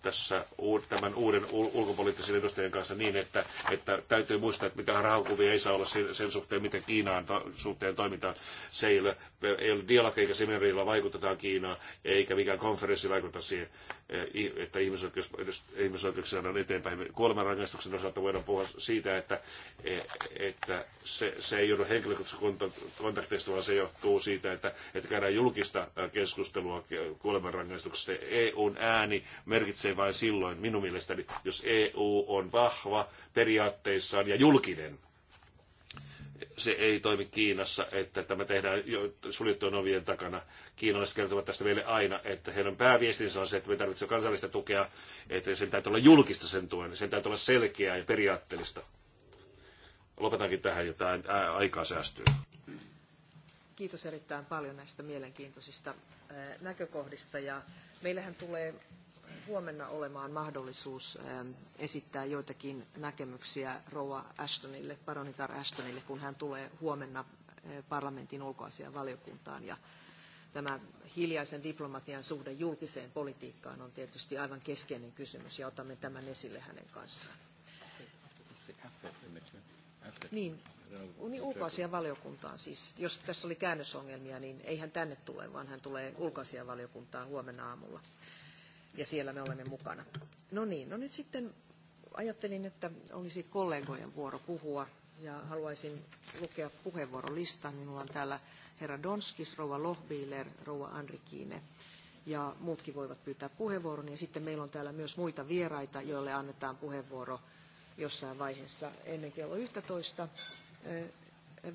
tässä tämän uuden ulkopoliittisen edustajan kanssa niin, että, että täytyy muistaa, että mitään rahakuvia ei saa olla sen, sen suhteen, miten Kiinaan to, suhteen toimitaan. Se ei ole, ei ole dialogi eikä seminaarilla vaikutetaan Kiinaan, eikä mikään konferenssi vaikuta siihen. Eh, että ihmisoikeus, ihmisoikeuksia on eteenpäin. Kuolemanrangaistuksen osalta voidaan puhua siitä, että, eh, että se, se ei joudu henkilökohtaisista kontakteista, vaan se johtuu siitä, että, että käydään julkista eh, keskustelua kuolemanrangaistuksesta. EUn ääni merkitsee vain silloin, minun mielestäni, jos EU on vahva periaatteissaan ja julkinen se ei toimi Kiinassa, että tämä tehdään suljettujen ovien takana. Kiinalaiset kertovat tästä meille aina, että heidän pääviestinsä on se, että me tarvitsemme kansallista tukea, että sen täytyy olla julkista sen tuen, sen täytyy olla selkeää ja periaatteellista. Lopetankin tähän, jotta aikaa säästyy. Kiitos erittäin paljon näistä mielenkiintoisista näkökohdista ja meillähän tulee huomenna olemaan mahdollisuus ähm, esittää joitakin näkemyksiä Rouva Ashtonille, paronitar Ashtonille, kun hän tulee huomenna äh, parlamentin ulkoasian valiokuntaan. Ja tämä hiljaisen diplomatian suhde julkiseen politiikkaan on tietysti aivan keskeinen kysymys ja otamme tämän esille hänen kanssaan. Niin, niin valiokuntaan, siis. Jos tässä oli käännösongelmia, niin ei hän tänne tule, vaan hän tulee valiokuntaan huomenna aamulla ja siellä me olemme mukana. No niin, no nyt sitten ajattelin, että olisi kollegojen vuoro puhua ja haluaisin lukea puheenvuorolistan. Minulla on täällä herra Donskis, rouva Lohbiiler, rouva Andrikiine ja muutkin voivat pyytää puheenvuoron. Ja sitten meillä on täällä myös muita vieraita, joille annetaan puheenvuoro jossain vaiheessa ennen kello 11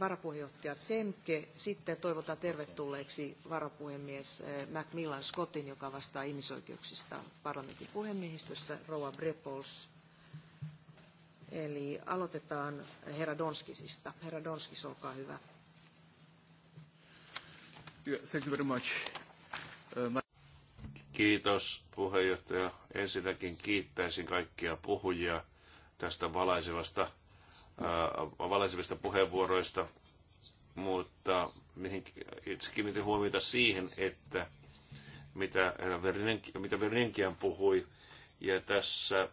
varapuheenjohtaja Tsemke. Sitten toivotan tervetulleeksi varapuhemies eh, Macmillan Scottin, joka vastaa ihmisoikeuksista parlamentin puhemiehistössä, Roa Brepols. Eli aloitetaan herra Donskisista. Herra Donskis, olkaa hyvä. Thank you very much. Uh, Kiitos puheenjohtaja. Ensinnäkin kiittäisin kaikkia puhujia tästä valaisevasta valaisevista puheenvuoroista, mutta mihin itse kiinnitin huomiota siihen, että mitä mitä Verinenkiän puhui, ja tässä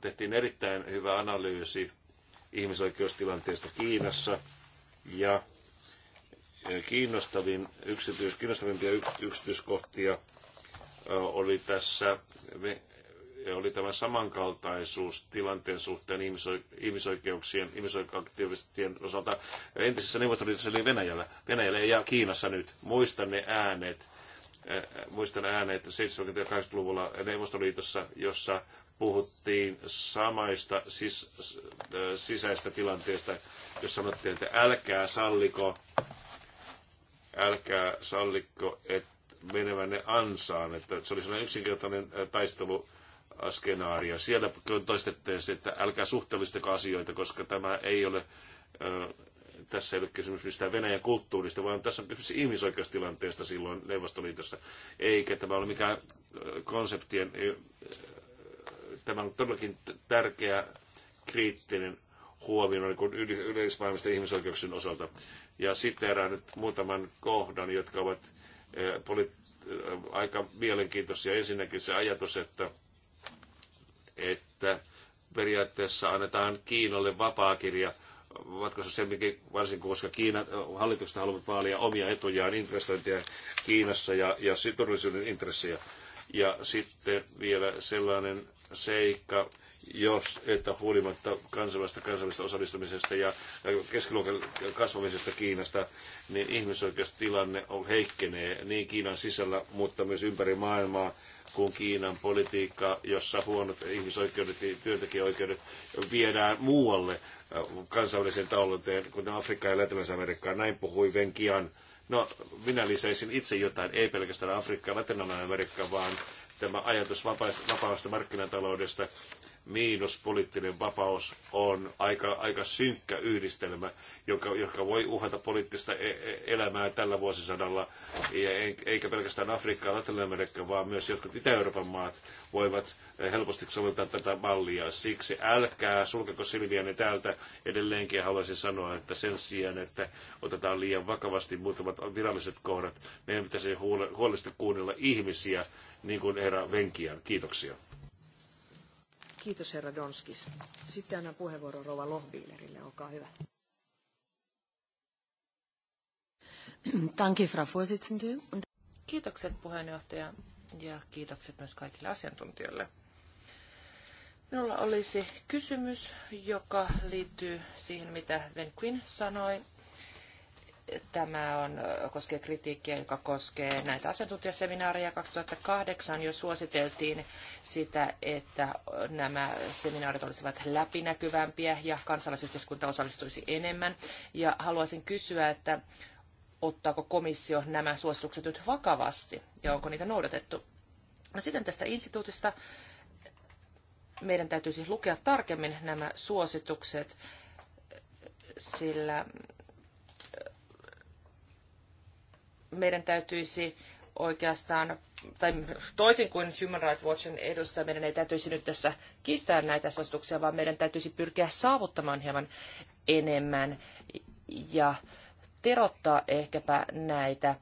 tehtiin erittäin hyvä analyysi ihmisoikeustilanteesta Kiinassa, ja kiinnostavin, yksityis, kiinnostavimpia yksityiskohtia oli tässä oli tämä samankaltaisuus tilanteen suhteen ihmisoikeuksien, ihmisoikeuksien osalta entisessä neuvostoliitossa eli Venäjällä, Venäjällä ja Kiinassa nyt. Muistan ne äänet, eh, muistan äänet 70- 80-luvulla Neuvostoliitossa, jossa puhuttiin samaista sis, eh, sisäistä tilanteesta, jos sanottiin, että älkää salliko, älkää sallikko, että menevänne ansaan. Että se oli sellainen yksinkertainen eh, taistelu skenaario. Siellä toistettiin, että älkää suhteellistako asioita, koska tämä ei ole, tässä ei ole kysymys mistään Venäjän kulttuurista, vaan tässä on kysymys ihmisoikeustilanteesta silloin Neuvostoliitossa, eikä tämä ole mikään konseptien, tämä on todellakin tärkeä kriittinen huomio niin kuin yleismaailmasta ihmisoikeuksien osalta. Ja erään nyt muutaman kohdan, jotka ovat aika mielenkiintoisia. Ensinnäkin se ajatus, että että periaatteessa annetaan Kiinalle vapaakirja matkassa semminkin, varsinkin koska Kiina, hallitukset haluavat vaalia omia etujaan, investointeja Kiinassa ja, ja turvallisuuden intressejä. Ja sitten vielä sellainen seikka, jos, että huolimatta kansainvälistä kansainvälistä osallistumisesta ja keskiluokan kasvamisesta Kiinasta, niin ihmisoikeustilanne on, heikkenee niin Kiinan sisällä, mutta myös ympäri maailmaa kuin Kiinan politiikka, jossa huonot ihmisoikeudet ja työntekijäoikeudet viedään muualle äh, kansainväliseen talouteen, kuten Afrikkaan ja Latinalais-Amerikkaan. Näin puhui Venkian. No, minä lisäisin itse jotain, ei pelkästään Afrikkaa ja Latinalais-Amerikkaa, vaan tämä ajatus vapaasta markkinataloudesta miinus poliittinen vapaus on aika, aika synkkä yhdistelmä, joka, joka voi uhata poliittista e, e, elämää tällä vuosisadalla, ja eikä pelkästään Afrikkaa, Latinalamerikka, vaan myös jotkut Itä-Euroopan maat voivat helposti soveltaa tätä mallia. Siksi älkää sulkeko silmiänne täältä. Edelleenkin haluaisin sanoa, että sen sijaan, että otetaan liian vakavasti muutamat viralliset kohdat, meidän pitäisi huolellisesti kuunnella ihmisiä, niin kuin herra Venkian. Kiitoksia. Kiitos herra Donskis. Sitten annan puheenvuoron rouva Lohbillerille. Olkaa hyvä. Danke, Frau Vorsitzende. Kiitokset puheenjohtaja ja kiitokset myös kaikille asiantuntijoille. Minulla olisi kysymys, joka liittyy siihen, mitä Venquin sanoi Tämä on, koskee kritiikkiä, joka koskee näitä asiantuntijaseminaareja 2008, jo suositeltiin sitä, että nämä seminaarit olisivat läpinäkyvämpiä ja kansalaisyhteiskunta osallistuisi enemmän. Ja haluaisin kysyä, että ottaako komissio nämä suositukset nyt vakavasti ja onko niitä noudatettu. No sitten tästä instituutista meidän täytyy siis lukea tarkemmin nämä suositukset, sillä meidän täytyisi oikeastaan, tai toisin kuin Human Rights Watchin edustaja, meidän ei täytyisi nyt tässä kistää näitä suosituksia, vaan meidän täytyisi pyrkiä saavuttamaan hieman enemmän ja terottaa ehkäpä näitä äh,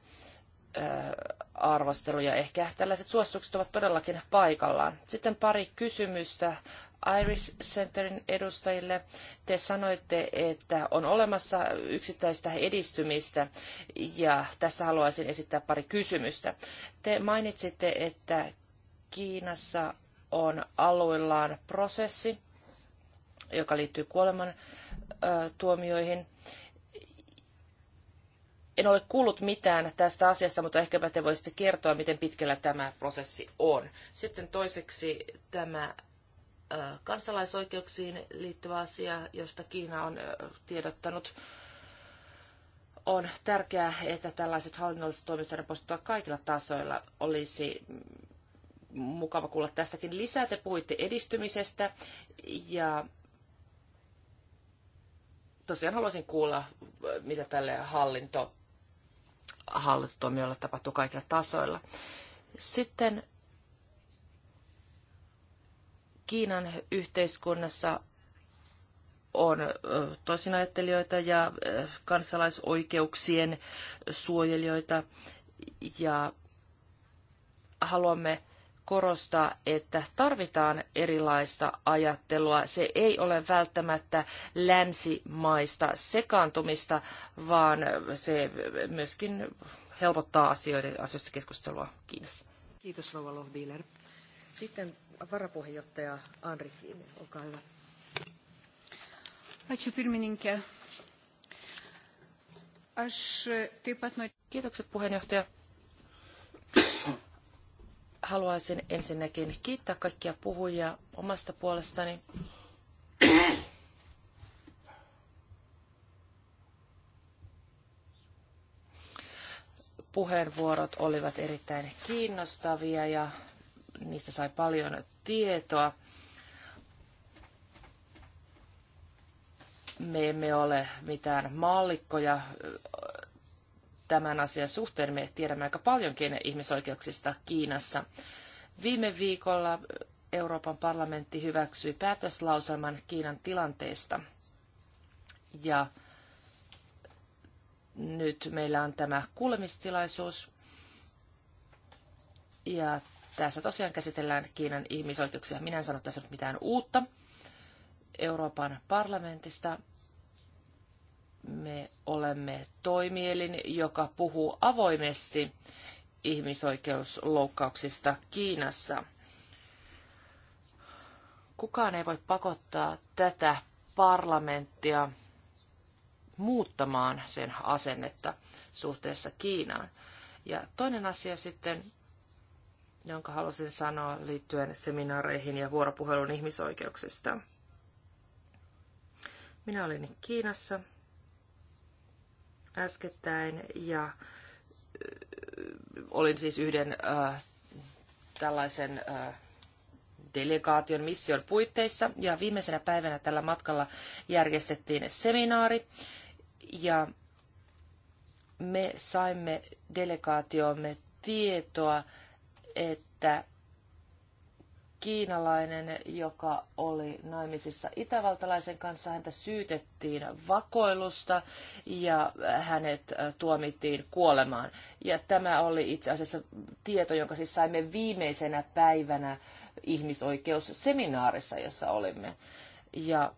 arvosteluja. Ehkä tällaiset suositukset ovat todellakin paikallaan. Sitten pari kysymystä Irish Centerin edustajille. Te sanoitte, että on olemassa yksittäistä edistymistä ja tässä haluaisin esittää pari kysymystä. Te mainitsitte, että Kiinassa on alueellaan prosessi, joka liittyy kuoleman tuomioihin. En ole kuullut mitään tästä asiasta, mutta ehkäpä te voisitte kertoa, miten pitkällä tämä prosessi on. Sitten toiseksi tämä kansalaisoikeuksiin liittyvä asia, josta Kiina on tiedottanut. On tärkeää, että tällaiset hallinnolliset toimet saadaan poistettua kaikilla tasoilla. Olisi mukava kuulla tästäkin lisää. Te puhuitte edistymisestä ja tosiaan haluaisin kuulla, mitä tälle hallinto, hallintotoimijoille tapahtuu kaikilla tasoilla. Sitten Kiinan yhteiskunnassa on tosinajattelijoita ja kansalaisoikeuksien suojelijoita ja haluamme korostaa, että tarvitaan erilaista ajattelua. Se ei ole välttämättä länsimaista sekaantumista, vaan se myöskin helpottaa asioiden, asioista keskustelua Kiinassa. Kiitos Rouva Lohbiler. Sitten varapuheenjohtaja Anrikiin. Olkaa hyvä. Ačiū Kiitokset puheenjohtaja. Haluaisin ensinnäkin kiittää kaikkia puhujia omasta puolestani. Puheenvuorot olivat erittäin kiinnostavia ja niistä sai paljon tietoa. Me emme ole mitään mallikkoja tämän asian suhteen. Me tiedämme aika paljonkin ihmisoikeuksista Kiinassa. Viime viikolla Euroopan parlamentti hyväksyi päätöslauselman Kiinan tilanteesta. Ja nyt meillä on tämä kuulemistilaisuus. Ja tässä tosiaan käsitellään Kiinan ihmisoikeuksia. Minä en sano tässä nyt mitään uutta. Euroopan parlamentista me olemme toimielin, joka puhuu avoimesti ihmisoikeusloukkauksista Kiinassa. Kukaan ei voi pakottaa tätä parlamenttia muuttamaan sen asennetta suhteessa Kiinaan. Ja toinen asia sitten jonka halusin sanoa liittyen seminaareihin ja vuoropuhelun ihmisoikeuksista. Minä olin Kiinassa äskettäin ja olin siis yhden äh, tällaisen äh, delegaation mission puitteissa ja viimeisenä päivänä tällä matkalla järjestettiin seminaari ja me saimme delegaatiomme tietoa äh, että kiinalainen, joka oli naimisissa itävaltalaisen kanssa. Häntä syytettiin vakoilusta ja hänet äh, tuomittiin kuolemaan. Ja tämä oli itse asiassa tieto, jonka siis saimme viimeisenä päivänä ihmisoikeusseminaarissa, jossa olimme. Ja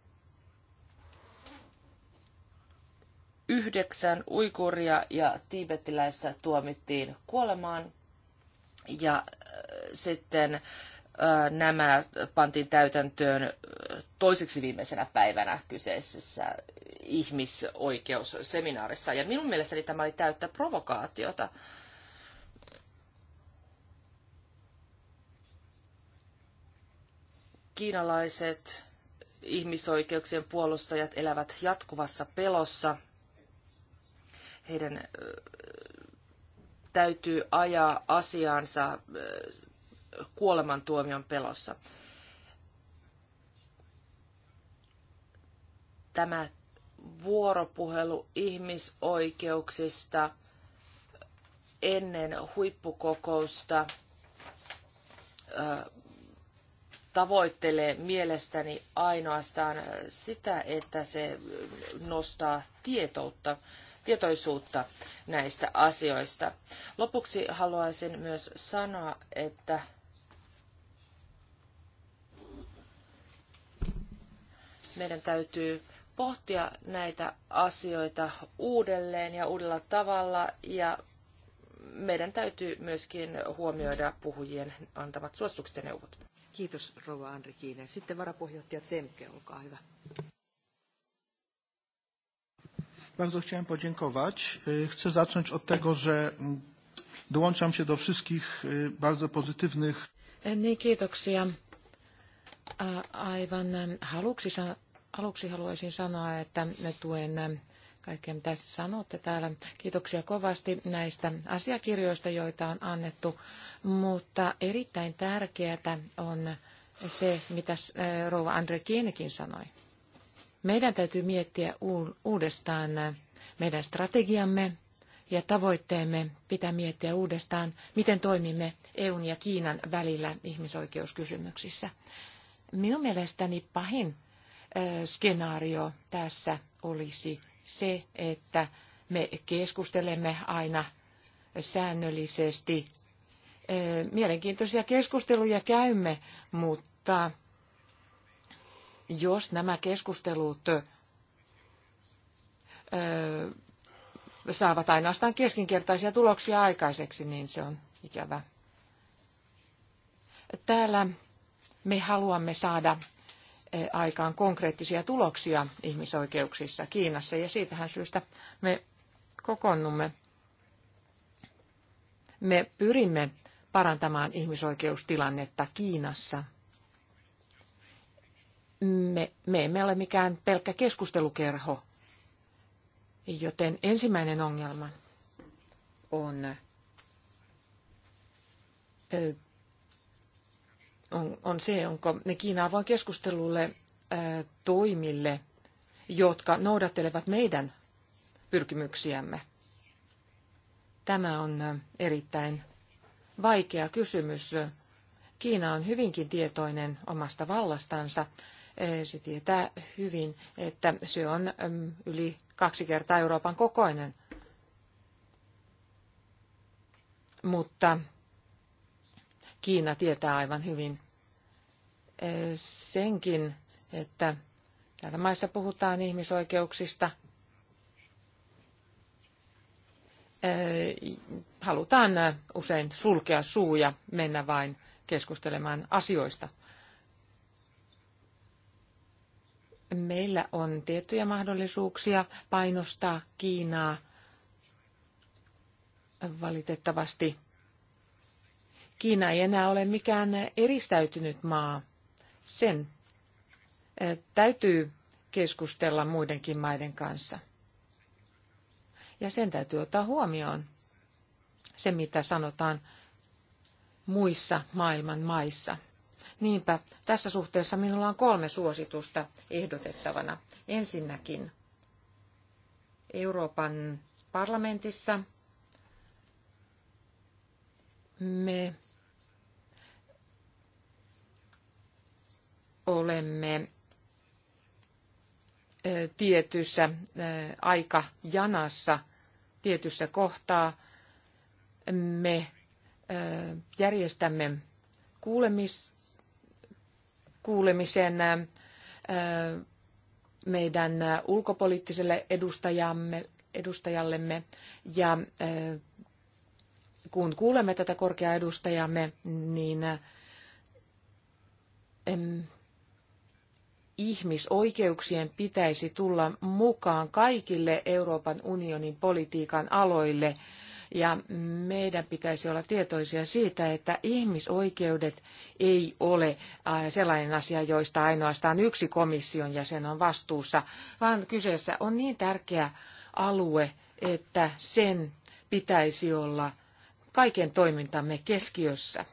yhdeksän uikuria ja tiibettiläistä tuomittiin kuolemaan ja äh, sitten äh, nämä pantiin täytäntöön äh, toiseksi viimeisenä päivänä kyseisessä ihmisoikeusseminaarissa. Ja minun mielestäni tämä oli täyttä provokaatiota. Kiinalaiset ihmisoikeuksien puolustajat elävät jatkuvassa pelossa. Heidän täytyy ajaa asiaansa äh, kuolemantuomion pelossa. Tämä vuoropuhelu ihmisoikeuksista ennen huippukokousta äh, tavoittelee mielestäni ainoastaan äh, sitä, että se nostaa tietoutta tietoisuutta näistä asioista. Lopuksi haluaisin myös sanoa, että meidän täytyy pohtia näitä asioita uudelleen ja uudella tavalla ja meidän täytyy myöskin huomioida puhujien antamat suositukset ja neuvot. Kiitos rouva Andri Kiinen. Sitten varapuheenjohtaja Tsemke, olkaa hyvä. Bardzo chciałem podziękować. Chcę zacząć od tego, że mm, dołączam się do wszystkich bardzo pozytywnych. E, niin, kiitoksia. Aivan haluksi, aluksi haluaisin sanoa, että ne tuen kaikkea, mitä sanotte täällä. Kiitoksia kovasti näistä asiakirjoista, joita on annettu, mutta erittäin tärkeää on se, mitä e, rouva Andre Kienekin sanoi. Meidän täytyy miettiä uudestaan meidän strategiamme ja tavoitteemme pitää miettiä uudestaan, miten toimimme EUn ja Kiinan välillä ihmisoikeuskysymyksissä. Minun mielestäni pahin skenaario tässä olisi se, että me keskustelemme aina säännöllisesti. Mielenkiintoisia keskusteluja käymme, mutta jos nämä keskustelut saavat ainoastaan keskinkertaisia tuloksia aikaiseksi, niin se on ikävä. Täällä me haluamme saada aikaan konkreettisia tuloksia ihmisoikeuksissa Kiinassa ja siitähän syystä me kokoonnumme. Me pyrimme parantamaan ihmisoikeustilannetta Kiinassa – me, me emme ole mikään pelkkä keskustelukerho, joten ensimmäinen ongelma on, on, on se, onko ne Kiina avoin keskustelulle toimille, jotka noudattelevat meidän pyrkimyksiämme. Tämä on erittäin vaikea kysymys. Kiina on hyvinkin tietoinen omasta vallastansa Eh, se tietää hyvin, että se on mm, yli kaksi kertaa Euroopan kokoinen. Mutta Kiina tietää aivan hyvin eh, senkin, että täällä maissa puhutaan ihmisoikeuksista. Eh, halutaan usein sulkea suu ja mennä vain keskustelemaan asioista. meillä on tiettyjä mahdollisuuksia painostaa Kiinaa. Valitettavasti Kiina ei enää ole mikään eristäytynyt maa. Sen eh, täytyy keskustella muidenkin maiden kanssa. Ja sen täytyy ottaa huomioon se, mitä sanotaan muissa maailman maissa. Niinpä tässä suhteessa minulla on kolme suositusta ehdotettavana. Ensinnäkin Euroopan parlamentissa me olemme tietyssä aikajanassa, tietyssä kohtaa. Me järjestämme kuulemis, kuulemisen meidän ulkopoliittiselle edustajamme, edustajallemme ja kun kuulemme tätä korkeaa edustajamme, niin ihmisoikeuksien pitäisi tulla mukaan kaikille Euroopan unionin politiikan aloille – ja meidän pitäisi olla tietoisia siitä, että ihmisoikeudet ei ole sellainen asia, joista ainoastaan yksi komission jäsen on vastuussa, vaan kyseessä on niin tärkeä alue, että sen pitäisi olla kaiken toimintamme keskiössä.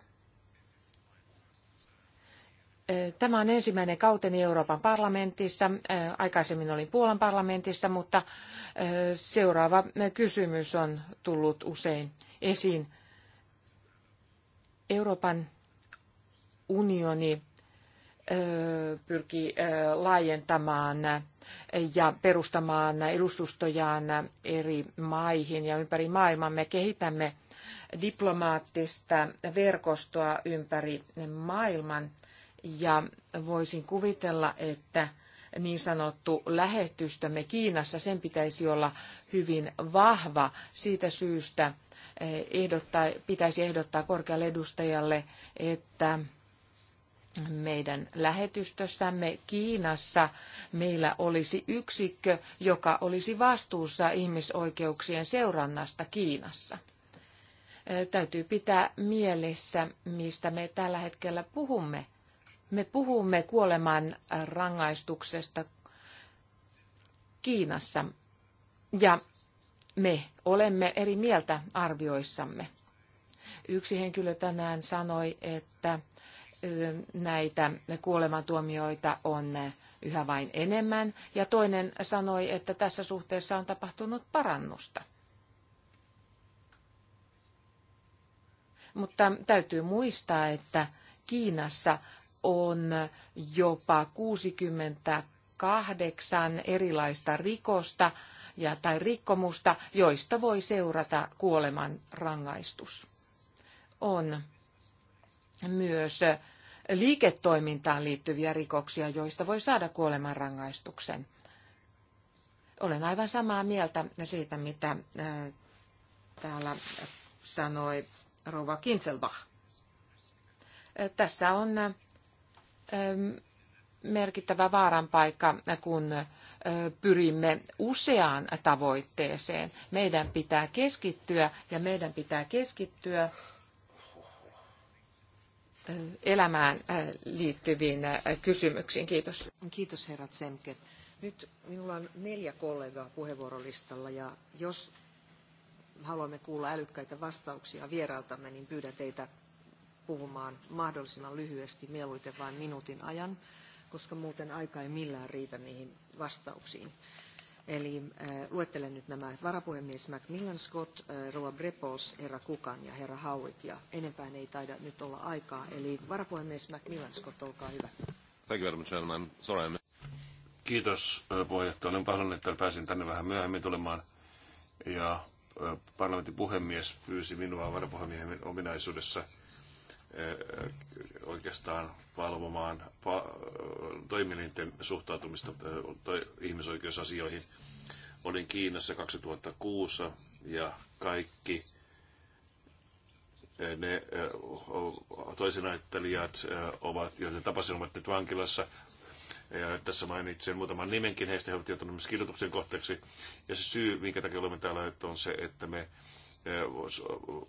Tämä on ensimmäinen kauteni Euroopan parlamentissa. Aikaisemmin olin Puolan parlamentissa, mutta seuraava kysymys on tullut usein esiin. Euroopan unioni pyrkii laajentamaan ja perustamaan edustustojaan eri maihin ja ympäri maailman. Me kehitämme diplomaattista verkostoa ympäri maailman. Ja voisin kuvitella, että niin sanottu lähetystämme Kiinassa, sen pitäisi olla hyvin vahva siitä syystä, eh, ehdottaa, pitäisi ehdottaa korkealle edustajalle, että meidän lähetystössämme Kiinassa meillä olisi yksikkö, joka olisi vastuussa ihmisoikeuksien seurannasta Kiinassa. Eh, täytyy pitää mielessä, mistä me tällä hetkellä puhumme me puhumme kuoleman rangaistuksesta Kiinassa ja me olemme eri mieltä arvioissamme. Yksi henkilö tänään sanoi, että näitä kuolemantuomioita on yhä vain enemmän, ja toinen sanoi, että tässä suhteessa on tapahtunut parannusta. Mutta täytyy muistaa, että Kiinassa on jopa 68 erilaista rikosta ja, tai rikkomusta, joista voi seurata kuoleman rangaistus. On myös liiketoimintaan liittyviä rikoksia, joista voi saada kuolemanrangaistuksen. Olen aivan samaa mieltä siitä, mitä äh, täällä sanoi Rova Kinselbach. Äh, tässä on äh, merkittävä vaaran paikka, kun pyrimme useaan tavoitteeseen. Meidän pitää keskittyä ja meidän pitää keskittyä elämään liittyviin kysymyksiin. Kiitos. Kiitos herra Tsemke. Nyt minulla on neljä kollegaa puheenvuorolistalla ja jos haluamme kuulla älykkäitä vastauksia vierailtamme, niin pyydän teitä puhumaan mahdollisimman lyhyesti, mieluiten vain minuutin ajan, koska muuten aika ei millään riitä niihin vastauksiin. Eli äh, luettelen nyt nämä varapuhemies Macmillan Scott, äh, Roa herra Kukan ja herra Howitt, ja enempään ei taida nyt olla aikaa. Eli varapuhemies Macmillan Scott, olkaa hyvä. Thank you, Madam Chairman. Kiitos äh, puheenjohtaja. Olen pahoillani, että pääsin tänne vähän myöhemmin tulemaan. Ja äh, parlamentin puhemies pyysi minua varapuhemiehen ominaisuudessa – oikeastaan valvomaan toimielinten suhtautumista ihmisoikeusasioihin. Olin Kiinassa 2006 ja kaikki ne toisenäyttelijät ovat, joiden tapasin ovat nyt vankilassa. Ja tässä mainitsen muutaman nimenkin, heistä he ovat joutuneet myös kohteeksi. Ja se syy, minkä takia olemme täällä on se, että me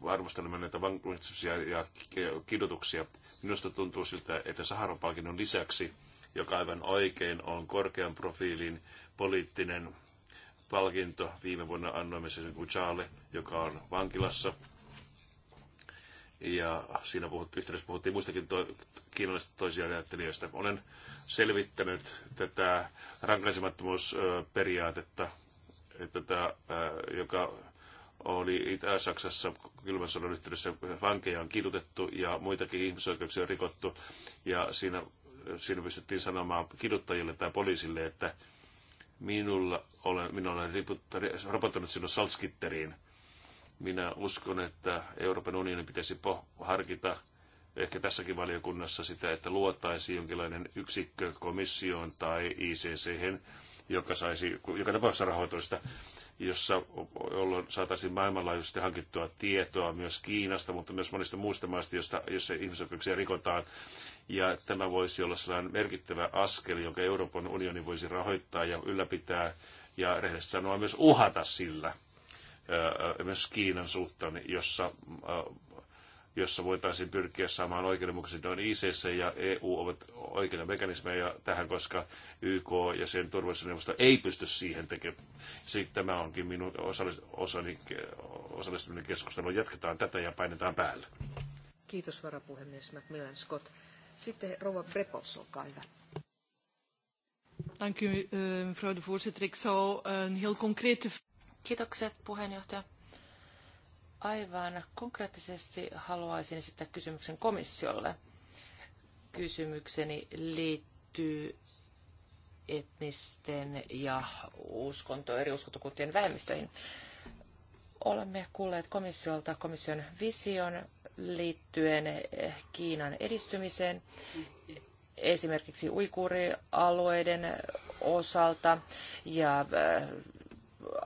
arvostelemme näitä vankilaisia ja kidutuksia. Minusta tuntuu siltä, että Saharan palkinnon lisäksi, joka aivan oikein on korkean profiilin poliittinen palkinto. Viime vuonna annoimme sen Kuchaalle, joka on vankilassa. Ja siinä puhuttiin, yhteydessä puhuttiin muistakin to, kiinalaisista toisia ajattelijoista. Olen selvittänyt tätä rankaisemattomuusperiaatetta, tämä, joka oli Itä-Saksassa kylmän sodan yhteydessä vankeja on kidutettu ja muitakin ihmisoikeuksia on rikottu. Ja siinä, siinä pystyttiin sanomaan kiduttajille tai poliisille, että minulla olen, minä olen raportoinut sinun salskitteriin. Minä uskon, että Euroopan unionin pitäisi harkita ehkä tässäkin valiokunnassa sitä, että luotaisiin jonkinlainen yksikkö komissioon tai ICC, joka saisi joka tapauksessa rahoitusta jossa jolloin saataisiin maailmanlaajuisesti hankittua tietoa myös Kiinasta, mutta myös monista muista maista, josta, jossa ihmisoikeuksia rikotaan. Ja tämä voisi olla sellainen merkittävä askel, jonka Euroopan unioni voisi rahoittaa ja ylläpitää ja rehellisesti sanoa myös uhata sillä myös Kiinan suhteen, jossa jossa voitaisiin pyrkiä saamaan oikeudenmukaisesti noin ICC ja EU ovat oikeita mekanismeja tähän, koska YK ja sen turvallisuusneuvosto ei pysty siihen tekemään. Sitten siis tämä onkin minun osallis- osani, osallistuminen keskusteluun. Jatketaan tätä ja painetaan päälle. Kiitos varapuhemies Macmillan Scott. Sitten rouva Brepos, olkaa hyvä. Dank u, eh, mevrouw de voorzitter. Ik zou een heel concrete... Kiitokset, puheenjohtaja. Aivan konkreettisesti haluaisin esittää kysymyksen komissiolle. Kysymykseni liittyy etnisten ja uskonto, eri uskontokuntien vähemmistöihin. Olemme kuulleet komissiolta komission vision liittyen Kiinan edistymiseen, esimerkiksi uikuurialueiden osalta ja äh,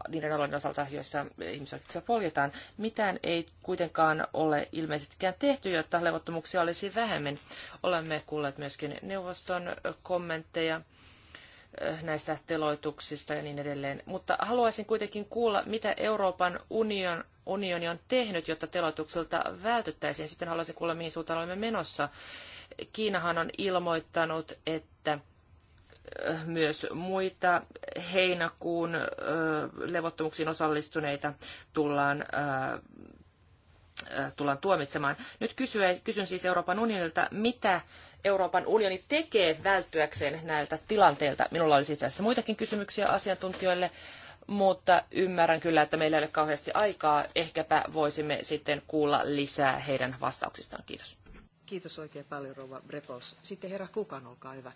niiden alojen osalta, joissa ihmisoikeuksia poljetaan. Mitään ei kuitenkaan ole ilmeisestikään tehty, jotta levottomuuksia olisi vähemmän. Olemme kuulleet myöskin neuvoston kommentteja eh, näistä teloituksista ja niin edelleen. Mutta haluaisin kuitenkin kuulla, mitä Euroopan union, unioni on tehnyt, jotta teloitukselta vältyttäisiin. Sitten haluaisin kuulla, mihin suuntaan olemme menossa. Kiinahan on ilmoittanut, että myös muita heinäkuun levottomuuksiin osallistuneita tullaan tullaan tuomitsemaan. Nyt kysyä, kysyn siis Euroopan unionilta, mitä Euroopan unioni tekee välttyäkseen näiltä tilanteilta. Minulla olisi itse asiassa muitakin kysymyksiä asiantuntijoille, mutta ymmärrän kyllä, että meillä ei ole kauheasti aikaa. Ehkäpä voisimme sitten kuulla lisää heidän vastauksistaan. Kiitos. Kiitos oikein paljon, Rova Brepos. Sitten herra Kukan, olkaa hyvä.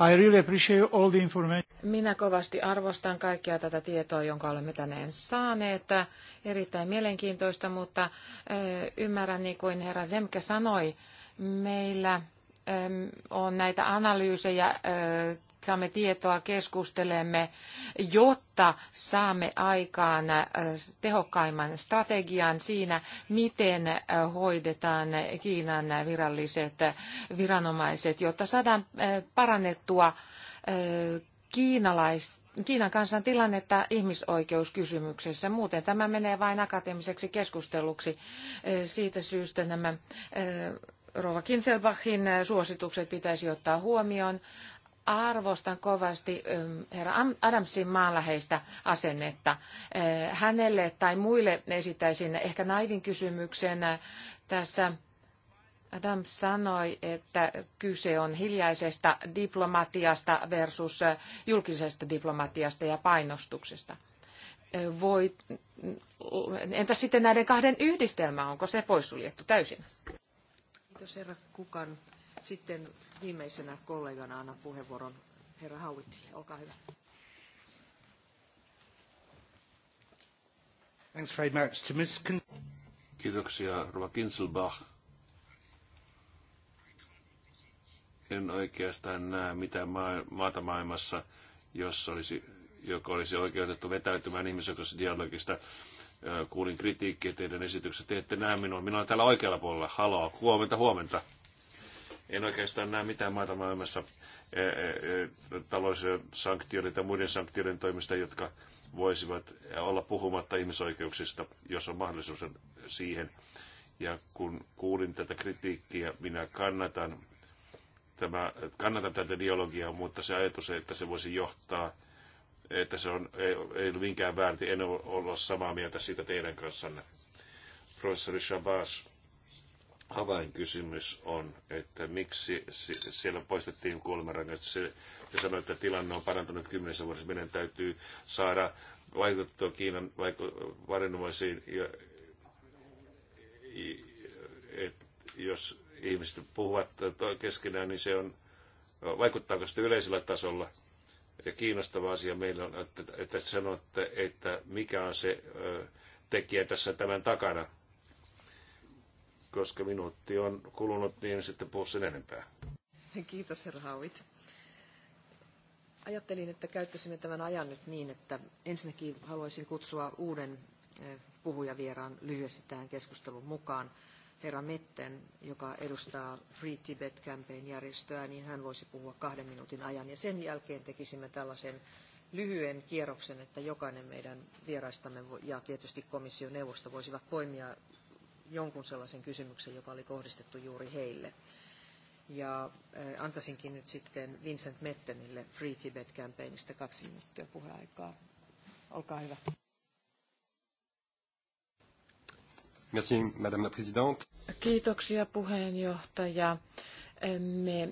I really appreciate all the information. Minä kovasti arvostan kaikkia tätä tietoa, jonka olemme tänään saaneet. Erittäin mielenkiintoista, mutta ymmärrän, niin kuin herra Zemke sanoi, meillä on näitä analyysejä saamme tietoa, keskustelemme, jotta saamme aikaan äh, tehokkaimman strategian siinä, miten äh, hoidetaan Kiinan viralliset äh, viranomaiset, jotta saadaan parannettua Kiinan kansan tilannetta ihmisoikeuskysymyksessä. Muuten tämä menee vain akateemiseksi keskusteluksi. Siitä syystä nämä Rova Kinselbachin suositukset pitäisi ottaa huomioon arvostan kovasti ähm, herra Adamsin maanläheistä asennetta. Äh, hänelle tai muille esittäisin ehkä naivin kysymyksen. Tässä Adams sanoi, että kyse on hiljaisesta diplomatiasta versus äh, julkisesta diplomatiasta ja painostuksesta. Äh, voi, mm, entä sitten näiden kahden yhdistelmä, onko se poissuljettu täysin? Kiitos herra Kukan. Sitten Viimeisenä kollegana annan puheenvuoron herra Hauittille. Olkaa hyvä. Thanks very much to Ms. Kiitoksia, Rova Kinselbach. En oikeastaan näe mitään maata maailmassa, jossa olisi, joka olisi oikeutettu vetäytymään ihmisoikeusdialogista. Kuulin kritiikkiä teidän esityksestä, Te ette näe minua. Minä olen täällä oikealla puolella. Haloo. Huomenta, huomenta. En oikeastaan näe mitään maata maailmassa taloudellisen sanktioiden tai muiden sanktioiden toimista, jotka voisivat olla puhumatta ihmisoikeuksista, jos on mahdollisuus siihen. Ja kun kuulin tätä kritiikkiä, minä kannatan, tämä, kannatan tätä dialogia, mutta se ajatus, että se voisi johtaa, että se on, ei, ei ole minkään väärin, en ole samaa mieltä siitä teidän kanssanne. Professori Shabazz avainkysymys on, että miksi siellä poistettiin kuolemanrangaistus. Ja sanoi, että tilanne on parantunut kymmenessä vuodessa. Meidän täytyy saada vaikutettua Kiinan varinomaisiin, jos ihmiset puhuvat keskenään, niin se on, vaikuttaako sitä yleisellä tasolla. Ja kiinnostava asia meillä on, että, että sanotte, että mikä on se tekijä tässä tämän takana koska minuutti on kulunut, niin sitten puhu sen enempää. Kiitos, herra Hauit. Ajattelin, että käyttäisimme tämän ajan nyt niin, että ensinnäkin haluaisin kutsua uuden eh, puhujavieraan lyhyesti tähän keskusteluun mukaan. Herra Metten, joka edustaa Free Tibet Campaign järjestöä, niin hän voisi puhua kahden minuutin ajan. Ja sen jälkeen tekisimme tällaisen lyhyen kierroksen, että jokainen meidän vieraistamme ja tietysti komission neuvosto voisivat poimia jonkun sellaisen kysymyksen, joka oli kohdistettu juuri heille. Ja eh, antaisinkin nyt sitten Vincent Mettenille Free Tibet-campaignista kaksi minuuttia puheaikaa. Olkaa hyvä. Merci, Madame la Présidente. Kiitoksia puheenjohtaja.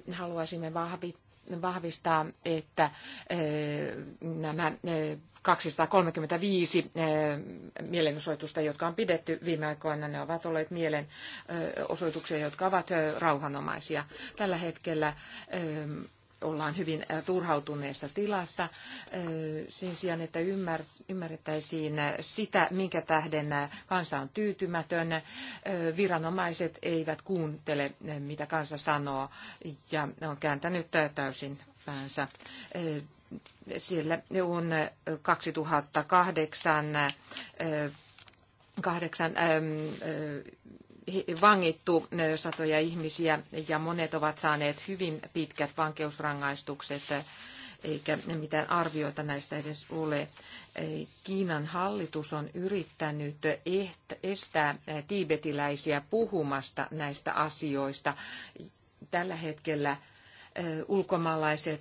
Me haluaisimme vahvistaa, että nämä 235 mielenosoitusta, jotka on pidetty viime aikoina, ne ovat olleet mielenosoituksia, jotka ovat rauhanomaisia. Tällä hetkellä ollaan hyvin turhautuneessa tilassa sen sijaan, että ymmärrettäisiin sitä, minkä tähden kansa on tyytymätön. Viranomaiset eivät kuuntele, mitä kansa sanoo ja on kääntänyt täysin päänsä. Siellä on 2008 kahdeksan vangittu satoja ihmisiä ja monet ovat saaneet hyvin pitkät vankeusrangaistukset, eikä mitään arvioita näistä edes ole. Kiinan hallitus on yrittänyt estää tiibetiläisiä puhumasta näistä asioista. Tällä hetkellä ulkomaalaiset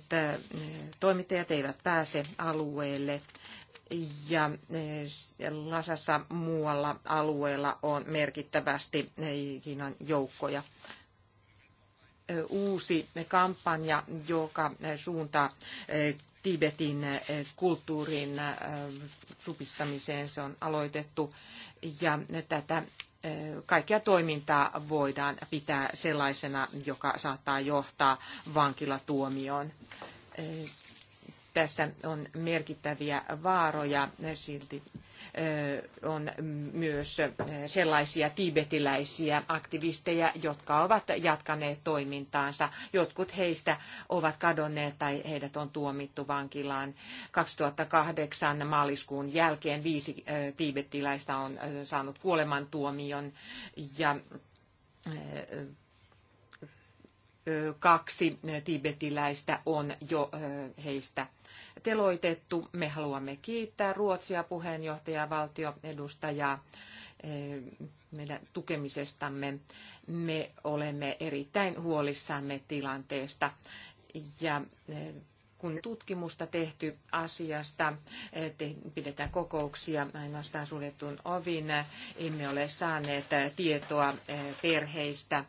toimittajat eivät pääse alueelle ja eh, Lasassa muualla alueella on merkittävästi eh, Kiinan joukkoja. Eh, uusi kampanja, joka suuntaa Tibetin kulttuurin supistamiseen, se on aloitettu ja tätä kaikkea toimintaa voidaan pitää sellaisena, joka saattaa johtaa vankilatuomioon tässä on merkittäviä vaaroja, silti on myös sellaisia tiibetiläisiä aktivisteja, jotka ovat jatkaneet toimintaansa. Jotkut heistä ovat kadonneet tai heidät on tuomittu vankilaan. 2008 maaliskuun jälkeen viisi tiibetiläistä on saanut kuolemantuomion ja kaksi tibetiläistä on jo heistä teloitettu. Me haluamme kiittää Ruotsia puheenjohtajaa, valtioedustajaa meidän tukemisestamme. Me olemme erittäin huolissamme tilanteesta ja kun tutkimusta tehty asiasta, eh, te, pidetään kokouksia ainoastaan suljettuun ovin, emme ole saaneet eh, tietoa eh, perheistä,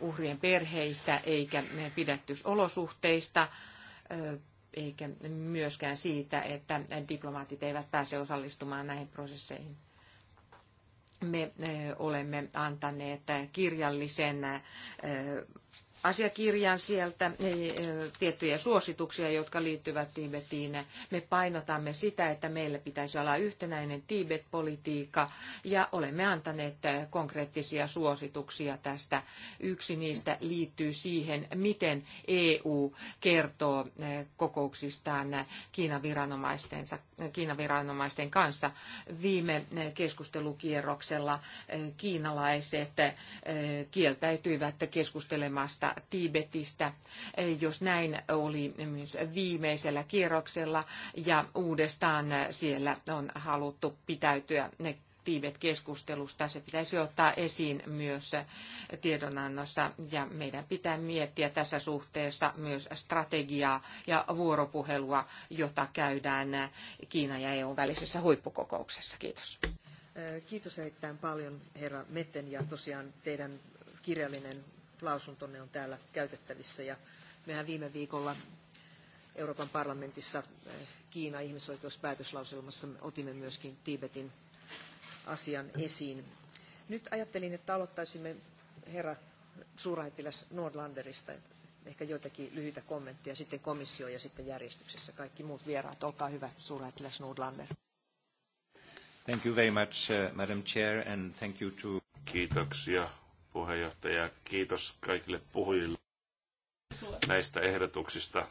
uhrien perheistä eikä pidätysolosuhteista eikä myöskään siitä, että diplomaatit eivät pääse osallistumaan näihin prosesseihin. Me olemme antaneet kirjallisen asiakirjan sieltä e, tiettyjä suosituksia, jotka liittyvät Tiibetiin. Me painotamme sitä, että meillä pitäisi olla yhtenäinen Tiibet-politiikka ja olemme antaneet e, konkreettisia suosituksia tästä. Yksi niistä liittyy siihen, miten EU kertoo e, kokouksistaan Kiinan, Kiinan viranomaisten kanssa. Viime keskustelukierroksella kiinalaiset kieltäytyivät keskustelemasta Tibetistä, Tiibetistä, jos näin oli myös viimeisellä kierroksella ja uudestaan siellä on haluttu pitäytyä Tiibet-keskustelusta. Se pitäisi ottaa esiin myös tiedonannossa ja meidän pitää miettiä tässä suhteessa myös strategiaa ja vuoropuhelua, jota käydään Kiinan ja EUn välisessä huippukokouksessa. Kiitos. Kiitos erittäin paljon herra Metten ja tosiaan teidän kirjallinen lausuntonne on täällä käytettävissä. Ja mehän viime viikolla Euroopan parlamentissa eh, Kiina ihmisoikeuspäätöslauselmassa otimme myöskin Tiibetin asian esiin. Nyt ajattelin, että aloittaisimme herra suurlähettiläs Nordlanderista. Ehkä joitakin lyhyitä kommentteja, sitten komissio ja sitten järjestyksessä kaikki muut vieraat. Olkaa hyvä, suurlähettiläs Nordlander. Thank you very much, uh, Madam Chair, and thank you to... Kiitoksia puheenjohtaja. Kiitos kaikille puhujille näistä ehdotuksista.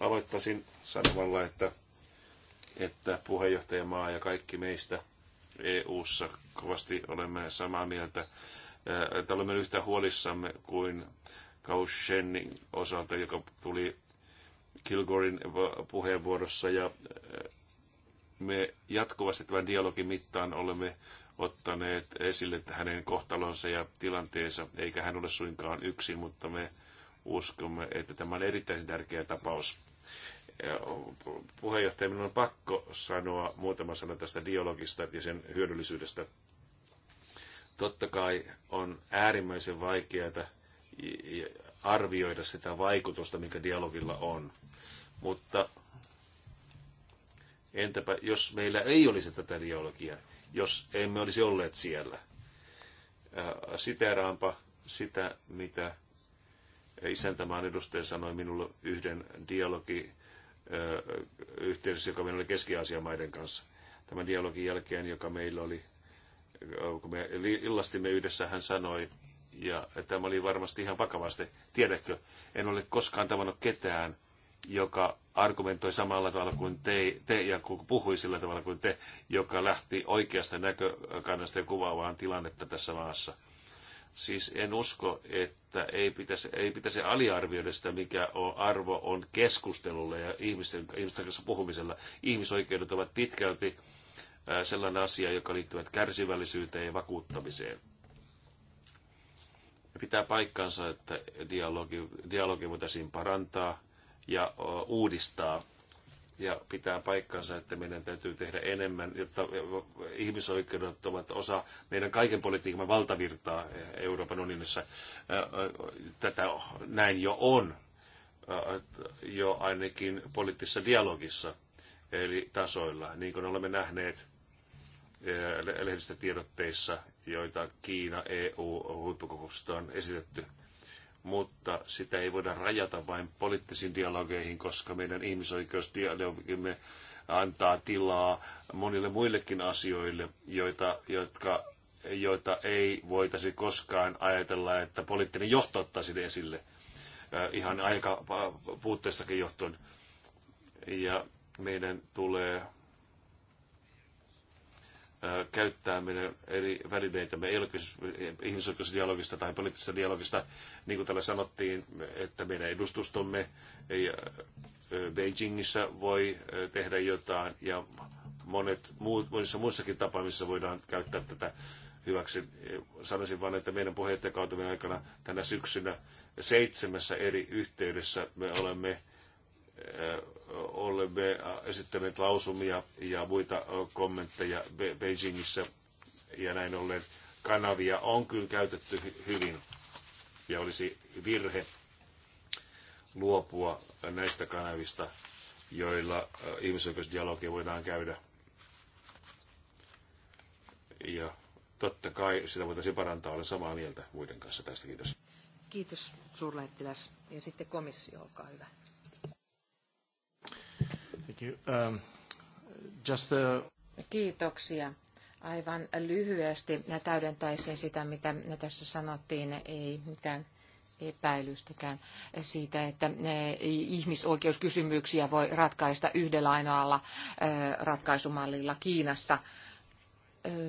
Aloittaisin sanomalla, että, että puheenjohtajamaa ja kaikki meistä EU-ssa kovasti olemme samaa mieltä, että olemme yhtä huolissamme kuin Kaushenin osalta, joka tuli Kilgorin puheenvuorossa ja me jatkuvasti tämän dialogin mittaan olemme ottaneet esille hänen kohtalonsa ja tilanteensa, eikä hän ole suinkaan yksin, mutta me uskomme, että tämä on erittäin tärkeä tapaus. Puheenjohtaja, minun on pakko sanoa muutama sana tästä dialogista ja sen hyödyllisyydestä. Totta kai on äärimmäisen vaikeaa arvioida sitä vaikutusta, mikä dialogilla on. Mutta entäpä jos meillä ei olisi tätä dialogia, jos emme olisi olleet siellä. Äh, Siteraanpa sitä, mitä isäntämaan edustaja sanoi minulle yhden dialogi äh, yhteydessä, joka meillä oli keski maiden kanssa. Tämän dialogin jälkeen, joka meillä oli, äh, kun me illastimme yhdessä, hän sanoi, ja tämä oli varmasti ihan vakavasti, tiedätkö, en ole koskaan tavannut ketään, joka argumentoi samalla tavalla kuin te, te ja puhui sillä tavalla kuin te, joka lähti oikeasta näkökannasta ja kuvaavaan tilannetta tässä maassa. Siis en usko, että ei pitäisi, ei pitäisi aliarvioida sitä, mikä on arvo on keskustelulla ja ihmisten, ihmisten kanssa puhumisella. Ihmisoikeudet ovat pitkälti sellainen asia, joka liittyy kärsivällisyyteen ja vakuuttamiseen pitää paikkansa, että dialogi, dialogi voitaisiin parantaa ja uudistaa. Ja pitää paikkansa, että meidän täytyy tehdä enemmän, jotta ihmisoikeudet ovat osa meidän kaiken politiikan valtavirtaa e, Euroopan unionissa. Tätä näin jo on, jo ainakin poliittisessa dialogissa eli tasoilla, niin kuin olemme nähneet e, lehdistötiedotteissa, joita Kiina EU-huippukokouksesta on esitetty – mutta sitä ei voida rajata vain poliittisiin dialogeihin, koska meidän ihmisoikeusdialogimme antaa tilaa monille muillekin asioille, joita, jotka, joita ei voitaisi koskaan ajatella, että poliittinen johto ottaisi ne esille ihan aika puutteestakin johtuen. Ja meidän tulee käyttäminen eri välineitä me välineitämme ihmisoikeusdialogista tai poliittisesta dialogista, niin kuin täällä sanottiin, että meidän edustustomme Beijingissä voi tehdä jotain ja monet muut, monissa muissakin tapaamissa voidaan käyttää tätä hyväksi. Sanoisin vain, että meidän puheenjohtajakautemme aikana tänä syksynä seitsemässä eri yhteydessä me olemme Äh, olemme äh, esittäneet lausumia ja muita äh, kommentteja Beijingissä ja näin ollen kanavia on kyllä käytetty hyvin ja olisi virhe luopua näistä kanavista, joilla ihmisoikeusdialogia voidaan käydä. Ja totta kai sitä voitaisiin parantaa, olen samaa mieltä muiden kanssa tästä. Kiitos. Kiitos suurlähettiläs. Ja sitten komissio, olkaa hyvä you. Um, just the... Kiitoksia. Aivan lyhyesti täydentäisin sitä, mitä tässä sanottiin, ei mitään epäilystäkään siitä, että eh, ihmisoikeuskysymyksiä voi ratkaista yhdellä ainoalla eh, ratkaisumallilla Kiinassa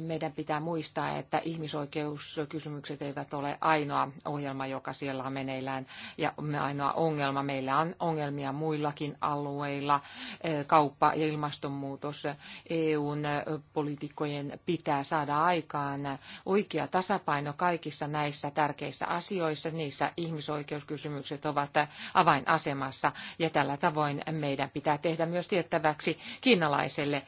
meidän pitää muistaa, että ihmisoikeuskysymykset eivät ole ainoa ohjelma, joka siellä on meneillään ja ainoa ongelma. Meillä on ongelmia muillakin alueilla, kauppa ja ilmastonmuutos. EUn poliitikkojen pitää saada aikaan oikea tasapaino kaikissa näissä tärkeissä asioissa. Niissä ihmisoikeuskysymykset ovat avainasemassa ja tällä tavoin meidän pitää tehdä myös tiettäväksi kiinalaiselle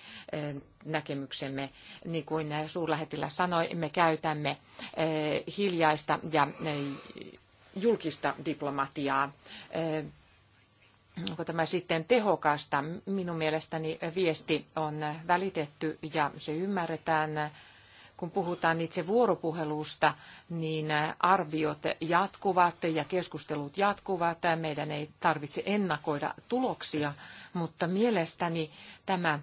näkemyksemme. Niin kuin suurlähetillä sanoi, me käytämme eh, hiljaista ja eh, julkista diplomatiaa. Eh, onko tämä sitten tehokasta? Minun mielestäni viesti on välitetty ja se ymmärretään. Kun puhutaan itse vuoropuhelusta, niin arviot jatkuvat ja keskustelut jatkuvat. Meidän ei tarvitse ennakoida tuloksia, mutta mielestäni tämä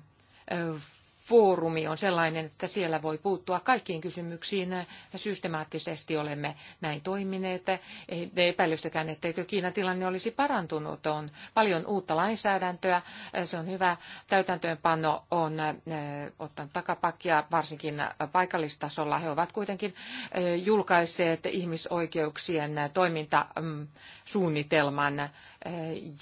foorumi on sellainen, että siellä voi puuttua kaikkiin kysymyksiin. Systemaattisesti olemme näin toimineet. Ei epäilystäkään, etteikö Kiinan tilanne olisi parantunut. On paljon uutta lainsäädäntöä. Se on hyvä. Täytäntöönpano on äh, ottanut takapakkia, varsinkin paikallistasolla. He ovat kuitenkin äh, julkaisseet ihmisoikeuksien äh, toimintasuunnitelman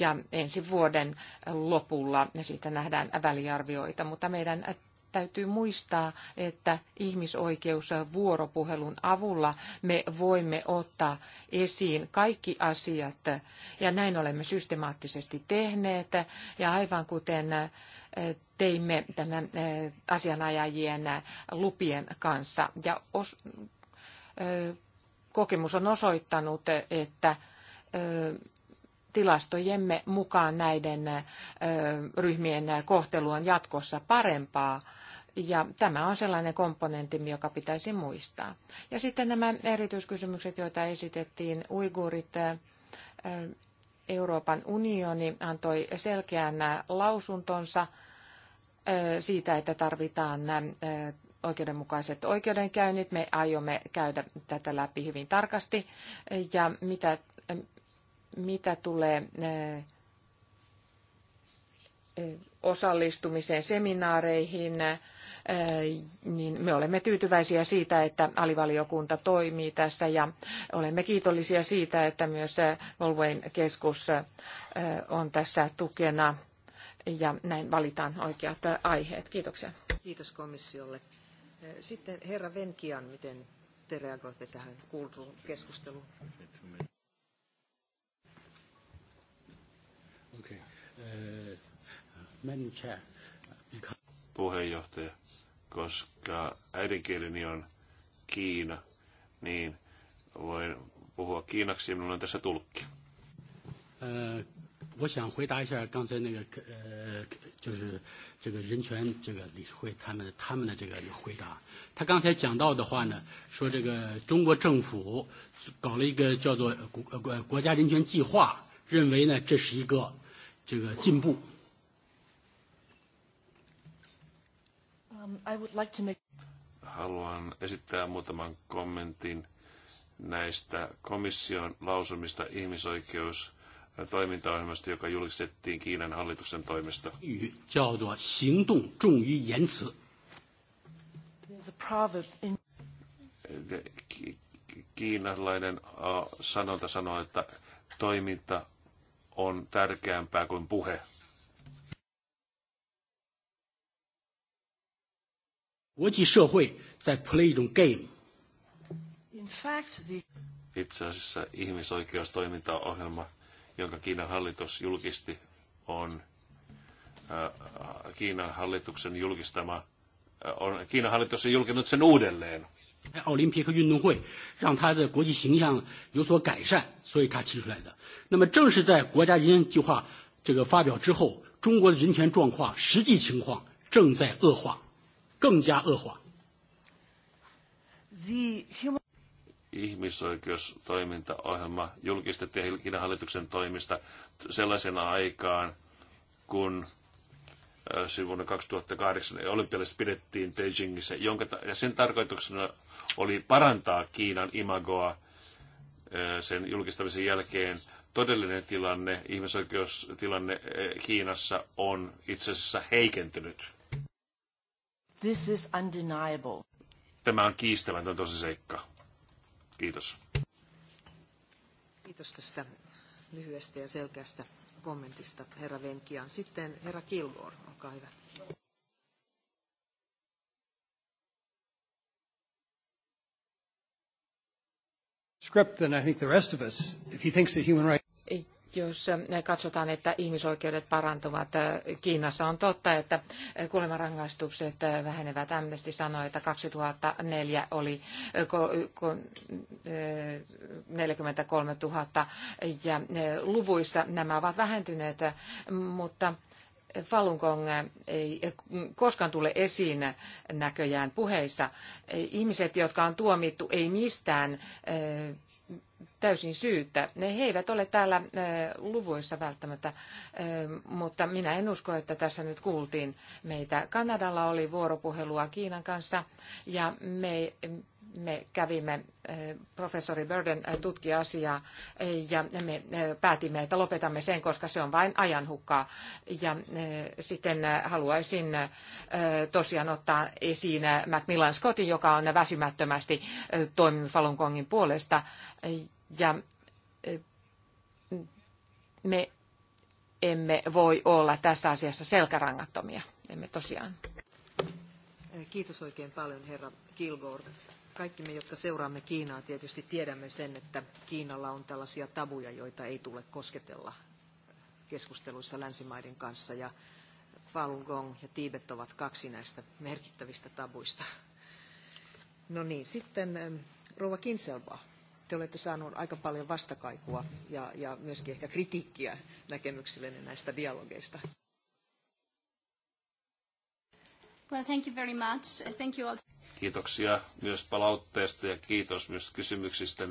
ja ensi vuoden lopulla siitä nähdään väliarvioita, mutta meidän täytyy muistaa, että ihmisoikeusvuoropuhelun avulla me voimme ottaa esiin kaikki asiat, ja näin olemme systemaattisesti tehneet, ja aivan kuten teimme tämän asianajajien lupien kanssa, ja kokemus on osoittanut, että tilastojemme mukaan näiden ryhmien kohtelu on jatkossa parempaa. Ja tämä on sellainen komponentti, joka pitäisi muistaa. Ja sitten nämä erityiskysymykset, joita esitettiin, uiguurit, Euroopan unioni antoi selkeän lausuntonsa siitä, että tarvitaan oikeudenmukaiset oikeudenkäynnit. Me aiomme käydä tätä läpi hyvin tarkasti ja mitä mitä tulee eh, eh, osallistumiseen seminaareihin, eh, niin me olemme tyytyväisiä siitä, että alivaliokunta toimii tässä ja olemme kiitollisia siitä, että myös Volvoin keskus on tässä tukena ja näin valitaan oikeat aiheet. Kiitoksia. Kiitos komissiolle. Sitten herra Venkian, miten te reagoitte tähän kuultuun keskusteluun? Puheenjohtaja, koska äidinkieleni on Kiina, niin voin puhua kiinaksi ja minulla on tässä tulkki. Äh, 我想回答一下刚才那个呃，就是这个人权这个理事会他们他们的这个回答。他刚才讲到的话呢，说这个中国政府搞了一个叫做国呃国国家人权计划，认为呢这是一个 Haluan esittää muutaman kommentin näistä komission lausumista ihmisoikeus toimintaohjelmasta, joka julistettiin Kiinan hallituksen toimesta. Kiinalainen sanonta sanoo, että toiminta on tärkeämpää kuin puhe. Itse asiassa ihmisoikeustoimintaohjelma, jonka Kiinan hallitus julkisti, on äh, Kiinan hallituksen julkistama, äh, on, Kiinan hallitus on julkinut sen uudelleen. 奥林匹克运动会，让他的国际形象有所改善，所以他提出来的。那么，正是在国家人权计划这个发表之后，中国的人权状况实际情况正在恶化，更加恶化。Ihmisoikeustoimintaohjelma julkistettiin Hilkinen hallituksen toimista sellaisena aikaan, kun Äh, sivuna 2008 olympialaiset pidettiin Beijingissä, jonka, ja sen tarkoituksena oli parantaa Kiinan imagoa äh, sen julkistamisen jälkeen. Todellinen tilanne, ihmisoikeustilanne äh, Kiinassa on itse asiassa heikentynyt. This is undeniable. Tämä on kiistämätön seikka. Kiitos. Kiitos tästä lyhyestä ja selkeästä kommentista herra Venkian. Sitten herra Kilgore, olkaa hyvä. Script I think the rest of us if he thinks that human rights jos katsotaan, että ihmisoikeudet parantuvat Kiinassa, on totta, että kuolemanrangaistukset vähenevät. Amnesty sanoi, että 2004 oli 43 000 eh, ja luvuissa nämä ovat vähentyneet, mutta Falun Gong ei koskaan tule esiin näköjään puheissa. Ihmiset, jotka on tuomittu ei mistään eh, täysin syyttä. He eivät ole täällä luvuissa välttämättä, mutta minä en usko, että tässä nyt kuultiin meitä. Kanadalla oli vuoropuhelua Kiinan kanssa ja me me kävimme, eh, professori Burden eh, tutki asiaa eh, ja me päätimme, että lopetamme sen, koska se on vain ajanhukkaa. Ja sitten haluaisin tosiaan ottaa esiin Macmillan Scottin, joka on väsymättömästi toiminut Falun Gongin puolesta. Ja me emme voi olla tässä asiassa selkärangattomia, emme tosiaan. Kiitos oikein paljon herra Kilgore kaikki me, jotka seuraamme Kiinaa, tietysti tiedämme sen, että Kiinalla on tällaisia tabuja, joita ei tule kosketella keskusteluissa länsimaiden kanssa. Ja Falun Gong ja Tiibet ovat kaksi näistä merkittävistä tabuista. No niin, sitten ähm, Rouva Kinselva, te olette saanut aika paljon vastakaikua ja, ja myöskin ehkä kritiikkiä näkemyksillenne näistä dialogeista. Well, thank you very much. Thank you Kiitoksia myös palautteesta ja kiitos myös kysymyksistä.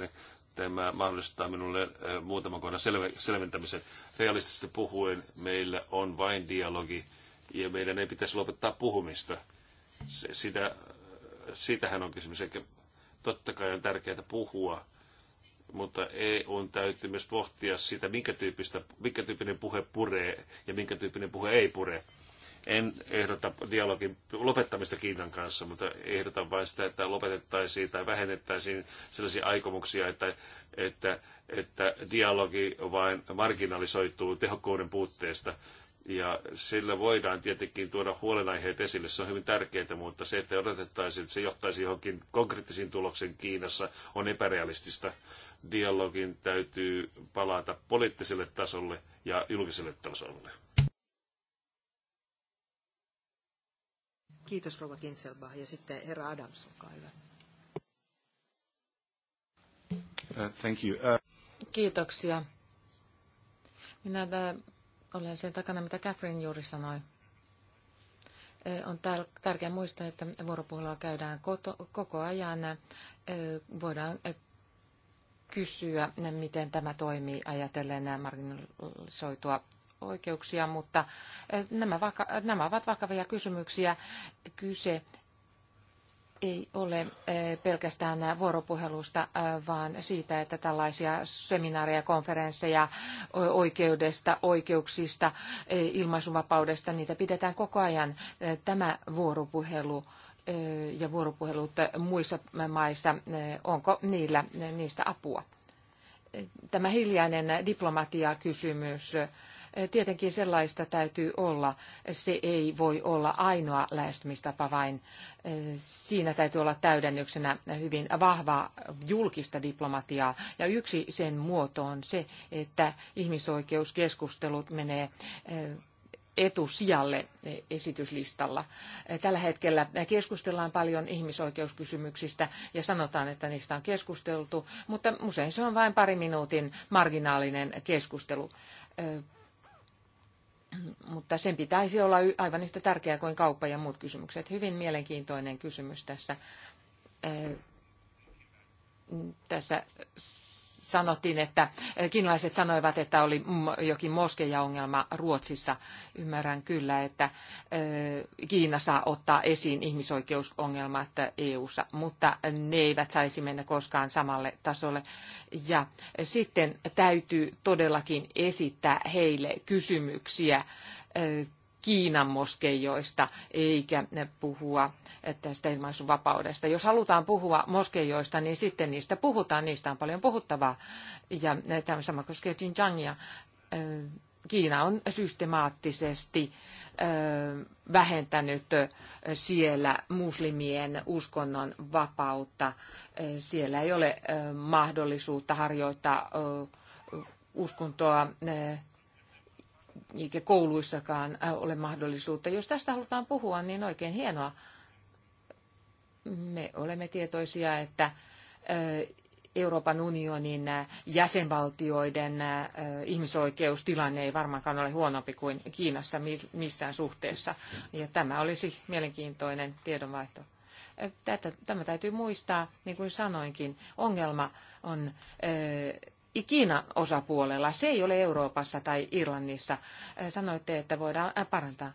Tämä mahdollistaa minulle eh, muutaman kohdan selventämisen. Realistisesti puhuen, meillä on vain dialogi ja meidän ei pitäisi lopettaa puhumista. Se, sitä, eh, siitähän on kysymys. Eikä totta kai on tärkeää puhua, mutta on e täytyy myös pohtia sitä, minkä, tyyppistä, minkä tyyppinen puhe puree ja minkä tyyppinen puhe ei puree. En ehdota dialogin lopettamista Kiinan kanssa, mutta ehdotan vain sitä, että lopetettaisiin tai vähennettäisiin sellaisia aikomuksia, että, että, että dialogi vain marginalisoituu tehokkuuden puutteesta. Ja sillä voidaan tietenkin tuoda huolenaiheet esille, se on hyvin tärkeää, mutta se, että odotettaisiin, että se johtaisi johonkin konkreettisiin tuloksiin Kiinassa, on epärealistista. Dialogin täytyy palata poliittiselle tasolle ja julkiselle tasolle. Kiitos Rova Kinselbach ja sitten herra Adams, olkaa hyvä. Uh, thank you. Uh... Kiitoksia. Minä äh, olen sen takana, mitä Catherine juuri sanoi. Äh, on tärkeää muistaa, että vuoropuhelua käydään koko ajan. Äh, voidaan kysyä, miten tämä toimii ajatellen marginalisoitua oikeuksia, mutta eh, nämä, vaka- nämä ovat vakavia kysymyksiä. Kyse ei ole eh, pelkästään vuoropuhelusta, eh, vaan siitä, että tällaisia seminaareja, konferensseja oikeudesta, oikeuksista, ilmaisuvapaudesta, niitä pidetään koko ajan. Tämä vuoropuhelu ja vuoropuhelut muissa maissa, onko niillä niistä apua? Tämä hiljainen diplomatiakysymys kysymys Tietenkin sellaista täytyy olla. Se ei voi olla ainoa lähestymistapa, vain siinä täytyy olla täydennyksenä hyvin vahva julkista diplomatiaa. Ja yksi sen muoto on se, että ihmisoikeuskeskustelut menee eh, etusijalle eh, esityslistalla. Tällä hetkellä keskustellaan paljon ihmisoikeuskysymyksistä ja sanotaan, että niistä on keskusteltu, mutta usein se on vain pari minuutin marginaalinen keskustelu. Eh, mutta sen pitäisi olla aivan yhtä tärkeää kuin kauppa ja muut kysymykset. Hyvin mielenkiintoinen kysymys tässä, tässä sanottiin, että kiinalaiset sanoivat, että oli jokin moskeja-ongelma Ruotsissa. Ymmärrän kyllä, että Kiina saa ottaa esiin ihmisoikeusongelmat EU-ssa, e mutta ne eivät saisi mennä koskaan samalle tasolle. Ja sitten täytyy todellakin esittää heille kysymyksiä Kiinan moskeijoista, eikä puhua tästä vapaudesta. Jos halutaan puhua moskeijoista, niin sitten niistä puhutaan, niistä on paljon puhuttavaa. Ja tämä sama koskee Xinjiangia. Kiina on systemaattisesti vähentänyt siellä muslimien uskonnon vapautta. Siellä ei ole mahdollisuutta harjoittaa uskontoa eikä kouluissakaan äh, ole mahdollisuutta. Jos tästä halutaan puhua, niin oikein hienoa. Me olemme tietoisia, että äh, Euroopan unionin äh, jäsenvaltioiden ihmisoikeustilanne ei varmaankaan ole huonompi kuin Kiinassa missään suhteessa. Ja tämä olisi mielenkiintoinen tiedonvaihto. Tätä, tämä täytyy muistaa, niin kuin sanoinkin, ongelma on Kiinan osapuolella. Se ei ole Euroopassa tai Irlannissa. Sanoitte, että voidaan parantaa.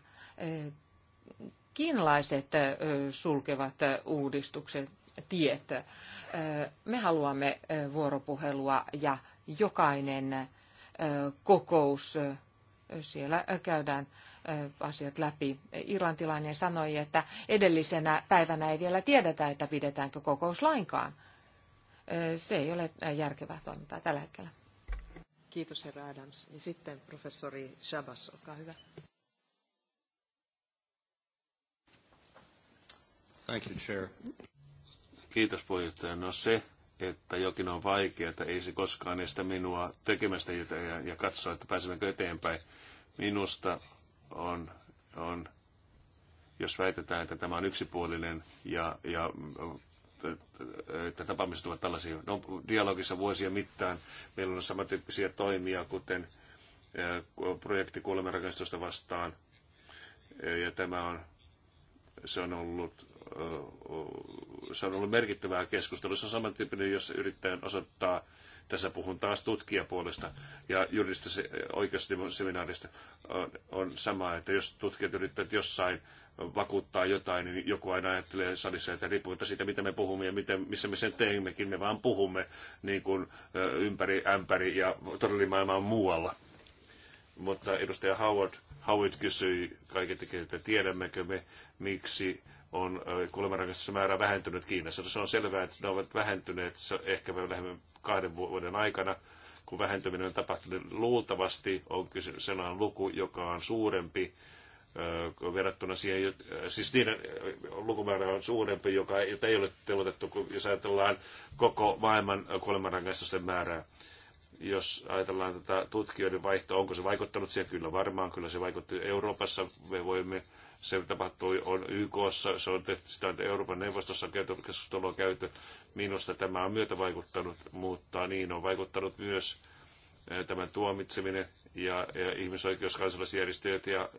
Kiinalaiset sulkevat uudistukset tiet. Me haluamme vuoropuhelua ja jokainen kokous siellä käydään asiat läpi. Irlantilainen sanoi, että edellisenä päivänä ei vielä tiedetä, että pidetäänkö kokous lainkaan se ei ole järkevää toimintaa tällä hetkellä. Kiitos herra Adams. Ja sitten professori Shabas, olkaa hyvä. Thank you, Chair. Kiitos puheenjohtaja. No se, että jokin on vaikeaa, ei se koskaan estä minua tekemästä jotain ja, ja katsoa, että pääsemmekö eteenpäin. Minusta on, on jos väitetään, että tämä on yksipuolinen ja, ja että tapaamiset ovat tällaisia. No, dialogissa vuosien mittaan meillä on samantyyppisiä toimia, kuten projekti kuolemanrangaistusta vastaan. Ja tämä on, se on ollut se on ollut merkittävää keskustelussa on samantyyppinen, jos yrittäjän osoittaa, tässä puhun taas tutkijapuolesta ja juridista oikeusseminaarista, on, on sama, että jos tutkijat yrittävät jossain vakuuttaa jotain. Niin joku aina ajattelee salissa, että riippumatta siitä, mitä me puhumme ja miten, missä me sen teemmekin, me vaan puhumme niin kuin ympäri ämpäri ja todellinen niin maailma on muualla. Mutta edustaja Howard, Howard kysyi kaiketikin, että tiedämmekö me, miksi on määrä vähentynyt Kiinassa. No, se on selvää, että ne ovat vähentyneet ehkä lähemmän kahden vuoden aikana, kun vähentyminen on tapahtunut. Niin luultavasti on kyse sellainen luku, joka on suurempi verrattuna siihen, siis niiden lukumäärä on suurempi, joka ei, ole telotettu, jos ajatellaan koko maailman kuolemanrangaistusten määrää. Jos ajatellaan tätä tutkijoiden vaihtoa, onko se vaikuttanut siihen? Kyllä varmaan, kyllä se vaikutti Euroopassa. Me voimme, se tapahtui on YKssa, se on tehty, sitä on Euroopan neuvostossa käyty, keskustelua käyty. Minusta tämä on myötä vaikuttanut, mutta niin on vaikuttanut myös tämän tuomitseminen ja, ja ihmisoikeuskansalaisjärjestöt ja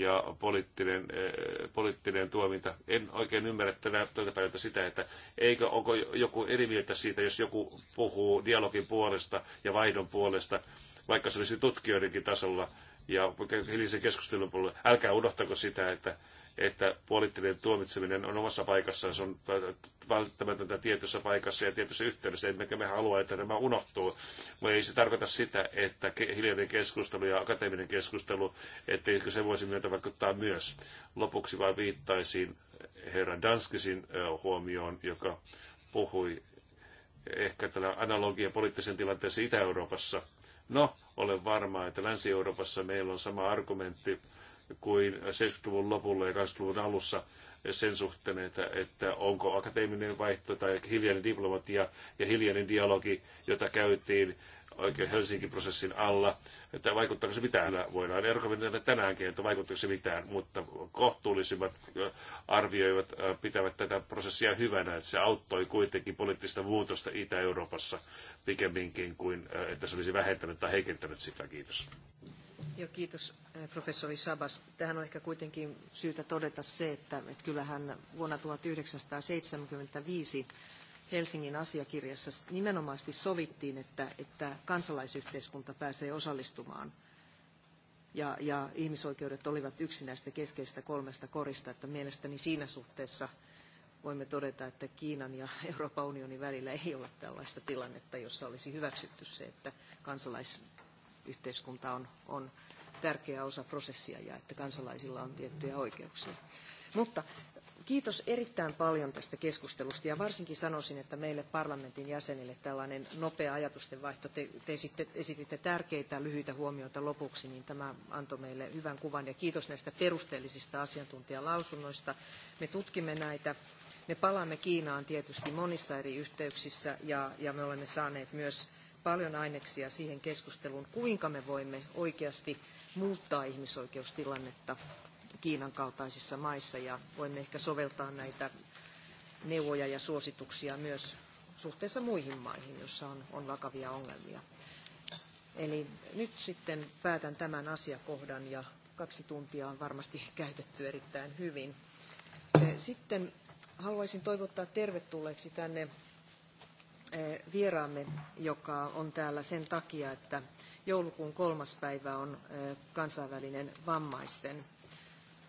ja poliittinen, eh, poliittinen tuominta. En oikein ymmärrä tänä, tältä tuota päivältä sitä, että eikö, onko joku eri mieltä siitä, jos joku puhuu dialogin puolesta ja vaihdon puolesta, vaikka se olisi tutkijoidenkin tasolla ja hiljaisen keskustelun puolella. Älkää unohtako sitä, että että poliittinen tuomitseminen on omassa paikassaan, se on välttämätöntä tietyssä paikassa ja tietyssä yhteydessä, emmekä me halua, että nämä unohtuu. Mutta ei se tarkoita sitä, että hiljainen keskustelu ja akateeminen keskustelu, etteikö se voisi myötä vaikuttaa myös. Lopuksi vain viittaisin herra Danskisin huomioon, joka puhui ehkä tällä analogia poliittisen tilanteessa Itä-Euroopassa. No, olen varma, että Länsi-Euroopassa meillä on sama argumentti kuin 70-luvun lopulla ja 80-luvun alussa sen suhteen, että, että onko akateeminen vaihto tai hiljainen diplomatia ja hiljainen dialogi, jota käytiin oikein Helsingin prosessin alla, että vaikuttaako se mitään. Voidaan erkominen tänäänkin, että vaikuttaako se mitään, mutta kohtuullisimmat arvioivat pitävät tätä prosessia hyvänä, että se auttoi kuitenkin poliittista muutosta Itä-Euroopassa pikemminkin kuin, että se olisi vähentänyt tai heikentänyt sitä. Kiitos. Joo, kiitos eh, professori Sabas. Tähän on ehkä kuitenkin syytä todeta se, että, että kyllähän vuonna 1975 Helsingin asiakirjassa nimenomaisesti sovittiin, että, että kansalaisyhteiskunta pääsee osallistumaan. Ja, ja ihmisoikeudet olivat yksi näistä keskeisistä kolmesta korista, että mielestäni siinä suhteessa voimme todeta, että Kiinan ja Euroopan unionin välillä ei ole tällaista tilannetta, jossa olisi hyväksytty se, että kansalais, yhteiskunta on, on tärkeä osa prosessia ja että kansalaisilla on tiettyjä oikeuksia. Mutta kiitos erittäin paljon tästä keskustelusta ja varsinkin sanoisin, että meille parlamentin jäsenille tällainen nopea ajatustenvaihto, te, te esitte, esititte tärkeitä lyhyitä huomioita lopuksi, niin tämä antoi meille hyvän kuvan ja kiitos näistä perusteellisista asiantuntijalausunnoista. Me tutkimme näitä. Me palaamme Kiinaan tietysti monissa eri yhteyksissä ja, ja me olemme saaneet myös paljon aineksia siihen keskusteluun, kuinka me voimme oikeasti muuttaa ihmisoikeustilannetta Kiinan kaltaisissa maissa ja voimme ehkä soveltaa näitä neuvoja ja suosituksia myös suhteessa muihin maihin, joissa on, on vakavia ongelmia. Eli nyt sitten päätän tämän asiakohdan ja kaksi tuntia on varmasti käytetty erittäin hyvin. Sitten haluaisin toivottaa tervetulleeksi tänne Eh, vieraamme, joka on täällä sen takia, että joulukuun kolmas päivä on eh, kansainvälinen vammaisten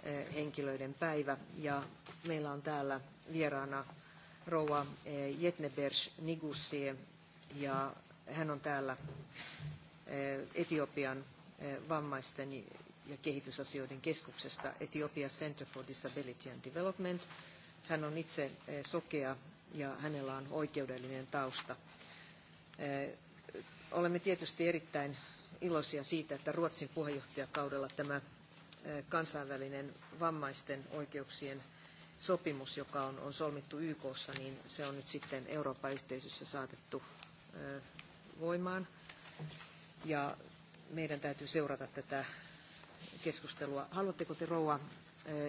eh, henkilöiden päivä. Ja meillä on täällä vieraana rouva Jetnebers Nigussie, ja hän on täällä Etiopian vammaisten ja kehitysasioiden keskuksesta Ethiopia Center for Disability and Development. Hän on itse sokea ja hänellä on oikeudellinen tausta. Olemme tietysti erittäin iloisia siitä, että Ruotsin puheenjohtajakaudella tämä kansainvälinen vammaisten oikeuksien sopimus, joka on, on solmittu YKssa, niin se on nyt sitten Euroopan yhteisössä saatettu voimaan. Ja meidän täytyy seurata tätä keskustelua. Haluatteko te rouva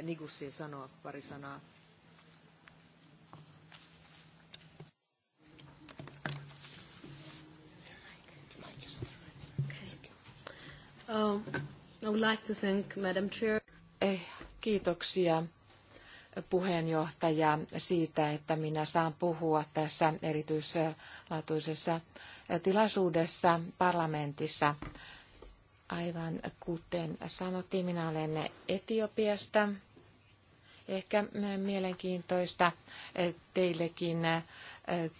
Nigussi sanoa pari sanaa Oh, I would like to thank Madam Chair. Eh, kiitoksia puheenjohtaja siitä, että minä saan puhua tässä erityislaatuisessa tilaisuudessa parlamentissa. Aivan kuten sanottiin, minä olen Etiopiasta. Ehkä mielenkiintoista eh, teillekin eh,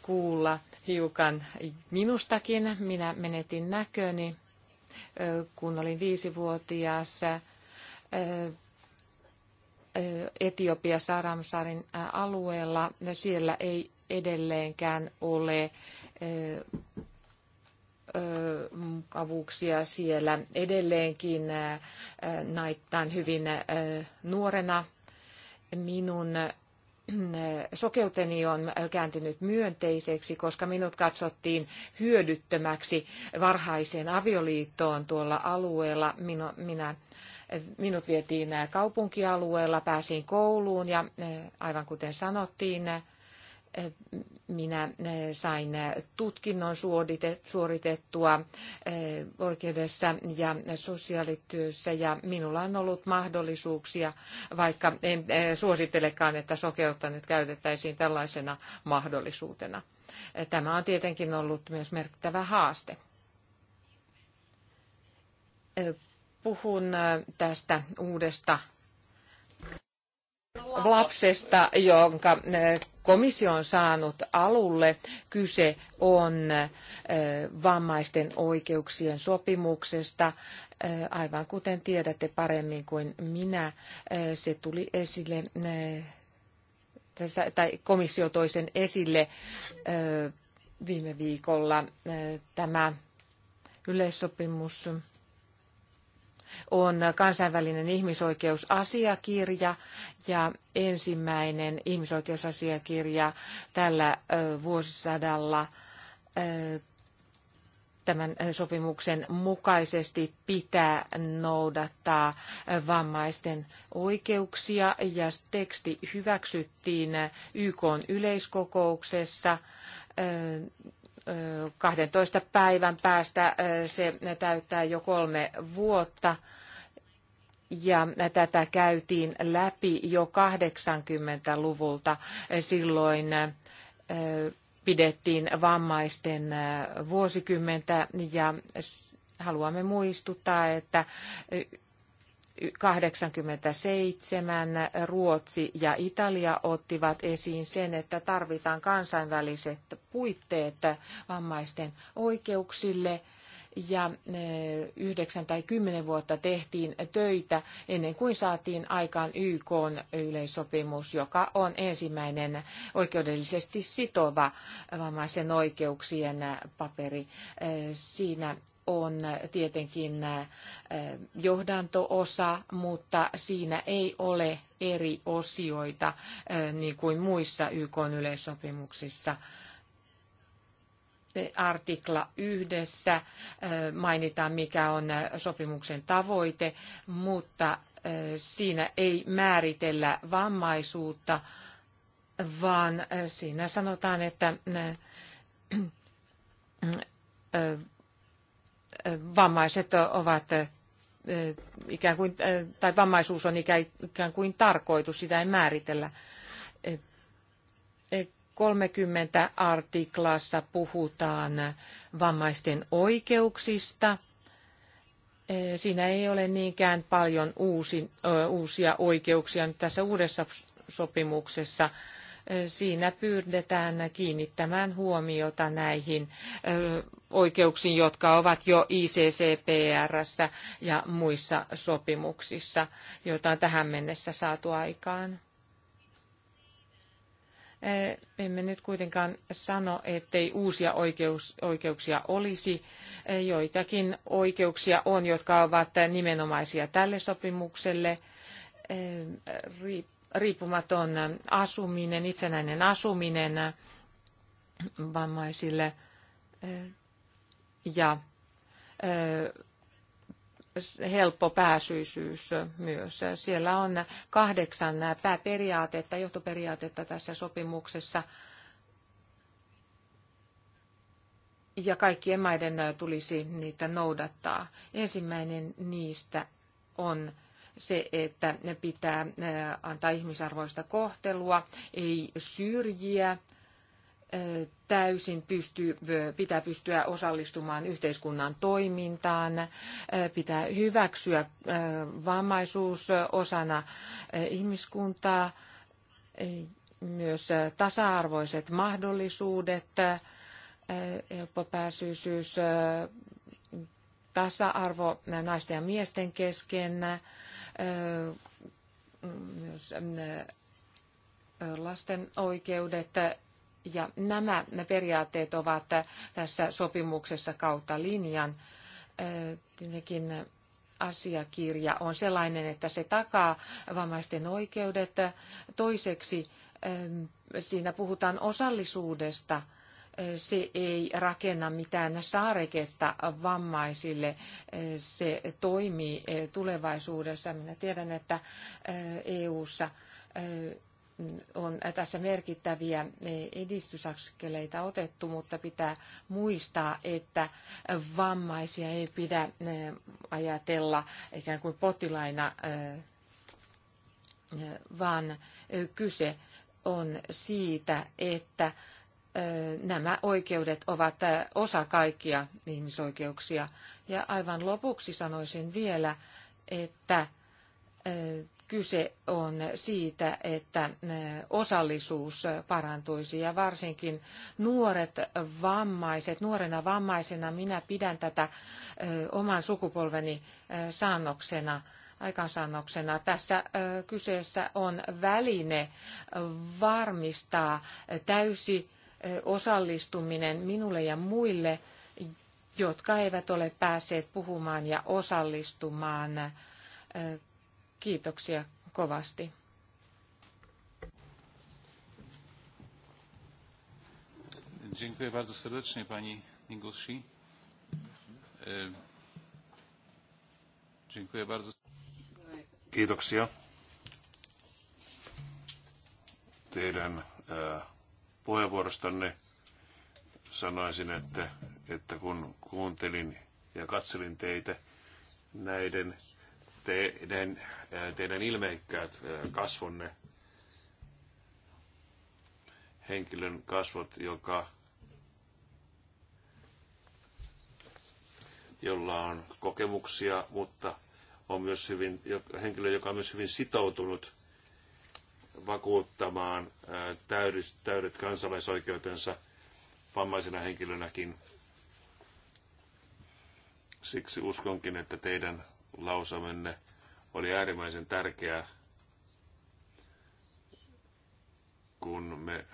kuulla hiukan minustakin. Minä menetin näköni kun olin viisivuotias Etiopiassa Aramsarin alueella. Siellä ei edelleenkään ole mukavuuksia siellä edelleenkin naittaan hyvin nuorena. Minun Äh, sokeuteni on kääntynyt myönteiseksi, koska minut katsottiin hyödyttömäksi varhaiseen avioliittoon tuolla alueella. Minu, minä, äh, minut vietiin kaupunkialueella, pääsin kouluun ja äh, aivan kuten sanottiin, minä eh, sain eh, tutkinnon suoritettua eh, oikeudessa ja sosiaalityössä ja minulla on ollut mahdollisuuksia, vaikka en suosittelekaan, että sokeutta nyt käytettäisiin tällaisena mahdollisuutena. Tämä on tietenkin ollut myös merkittävä haaste. Puhun tästä uudesta lapsesta, jonka eh, komissio on saanut alulle. Kyse on eh, vammaisten oikeuksien sopimuksesta. Eh, aivan kuten tiedätte paremmin kuin minä, se tuli esille, tai komissio toi sen esille viime viikolla tämä yleissopimus on kansainvälinen ihmisoikeusasiakirja ja ensimmäinen ihmisoikeusasiakirja tällä vuosisadalla tämän sopimuksen mukaisesti pitää noudattaa vammaisten oikeuksia ja teksti hyväksyttiin YK yleiskokouksessa 12 päivän päästä se täyttää jo kolme vuotta ja tätä käytiin läpi jo 80-luvulta. Silloin pidettiin vammaisten vuosikymmentä ja haluamme muistuttaa, että 87 Ruotsi ja Italia ottivat esiin sen, että tarvitaan kansainväliset puitteet vammaisten oikeuksille ja eh, yhdeksän tai kymmenen vuotta tehtiin töitä ennen kuin saatiin aikaan YK yleissopimus, joka on ensimmäinen oikeudellisesti sitova vammaisen oikeuksien paperi. Eh, siinä on tietenkin johdantoosa, mutta siinä ei ole eri osioita niin kuin muissa YK yleissopimuksissa. Artikla yhdessä mainitaan, mikä on sopimuksen tavoite, mutta siinä ei määritellä vammaisuutta, vaan siinä sanotaan, että vammaiset ovat ikään kuin, tai vammaisuus on ikään kuin tarkoitus, sitä ei määritellä. 30 artiklassa puhutaan vammaisten oikeuksista. Siinä ei ole niinkään paljon uusi, uusia oikeuksia nyt tässä uudessa sopimuksessa Siinä pyydetään kiinnittämään huomiota näihin oikeuksiin, jotka ovat jo ICCPRssä ja muissa sopimuksissa, joita on tähän mennessä saatu aikaan. Emme nyt kuitenkaan sano, ettei uusia oikeus, oikeuksia olisi. Joitakin oikeuksia on, jotka ovat nimenomaisia tälle sopimukselle. Riippuu riippumaton asuminen, itsenäinen asuminen vammaisille eh, ja eh, helppo pääsyisyys myös. Siellä on kahdeksan pääperiaatetta, johtoperiaatetta tässä sopimuksessa. Ja kaikkien maiden tulisi niitä noudattaa. Ensimmäinen niistä on se, että pitää antaa ihmisarvoista kohtelua, ei syrjiä, täysin pystyy, pitää pystyä osallistumaan yhteiskunnan toimintaan, pitää hyväksyä vammaisuus osana ihmiskuntaa, myös tasa-arvoiset mahdollisuudet, helppopääsyisyys, tasa-arvo naisten ja miesten kesken, myös lasten oikeudet ja nämä periaatteet ovat tässä sopimuksessa kautta linjan. Tietenkin asiakirja on sellainen, että se takaa vammaisten oikeudet. Toiseksi siinä puhutaan osallisuudesta – se ei rakenna mitään saareketta vammaisille. Se toimii eh, tulevaisuudessa. Minä tiedän, että EU:ssa eh, e eh, on tässä merkittäviä edistysaskeleita otettu, mutta pitää muistaa, että vammaisia ei pidä ajatella ikään kuin potilaina, vaan kyse on siitä, että nämä oikeudet ovat osa kaikkia ihmisoikeuksia. Ja aivan lopuksi sanoisin vielä, että kyse on siitä, että osallisuus parantuisi ja varsinkin nuoret vammaiset, nuorena vammaisena minä pidän tätä oman sukupolveni saannoksena aikaansaannoksena. Tässä kyseessä on väline varmistaa täysi osallistuminen minulle ja muille, jotka eivät ole päässeet puhumaan ja osallistumaan. Kiitoksia kovasti. Dziękuję bardzo serdecznie pani Ningushi. E, dziękuję bardzo. Kiitoksia teidän äh, puheenvuorostanne. Sanoisin, että, että kun kuuntelin ja katselin teitä näiden teidän, teidän ilmeikkäät kasvonne, henkilön kasvot, joka, jolla on kokemuksia, mutta on myös hyvin, henkilö, joka on myös hyvin sitoutunut vakuuttamaan täydet, täydet kansalaisoikeutensa vammaisena henkilönäkin. Siksi uskonkin, että teidän lausamenne oli äärimmäisen tärkeää, kun me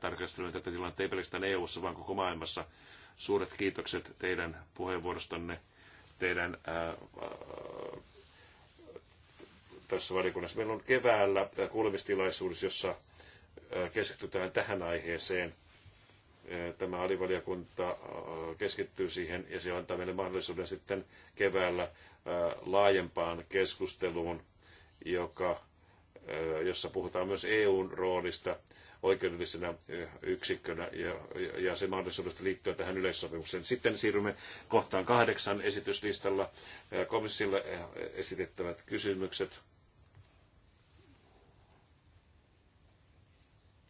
tarkastelemme tätä tilannetta ei pelkästään EU-ssa, vaan koko maailmassa. Suuret kiitokset teidän puheenvuorostanne, teidän ää, ää, tässä valiokunnassa. Meillä on keväällä kuulemistilaisuus, jossa keskitytään tähän aiheeseen. Tämä alivaliokunta keskittyy siihen ja se antaa meille mahdollisuuden sitten keväällä laajempaan keskusteluun, joka, jossa puhutaan myös EUn roolista oikeudellisena yksikkönä ja, ja sen mahdollisuudesta liittyä tähän yleissopimukseen. Sitten siirrymme kohtaan kahdeksan esityslistalla komissiolle esitettävät kysymykset.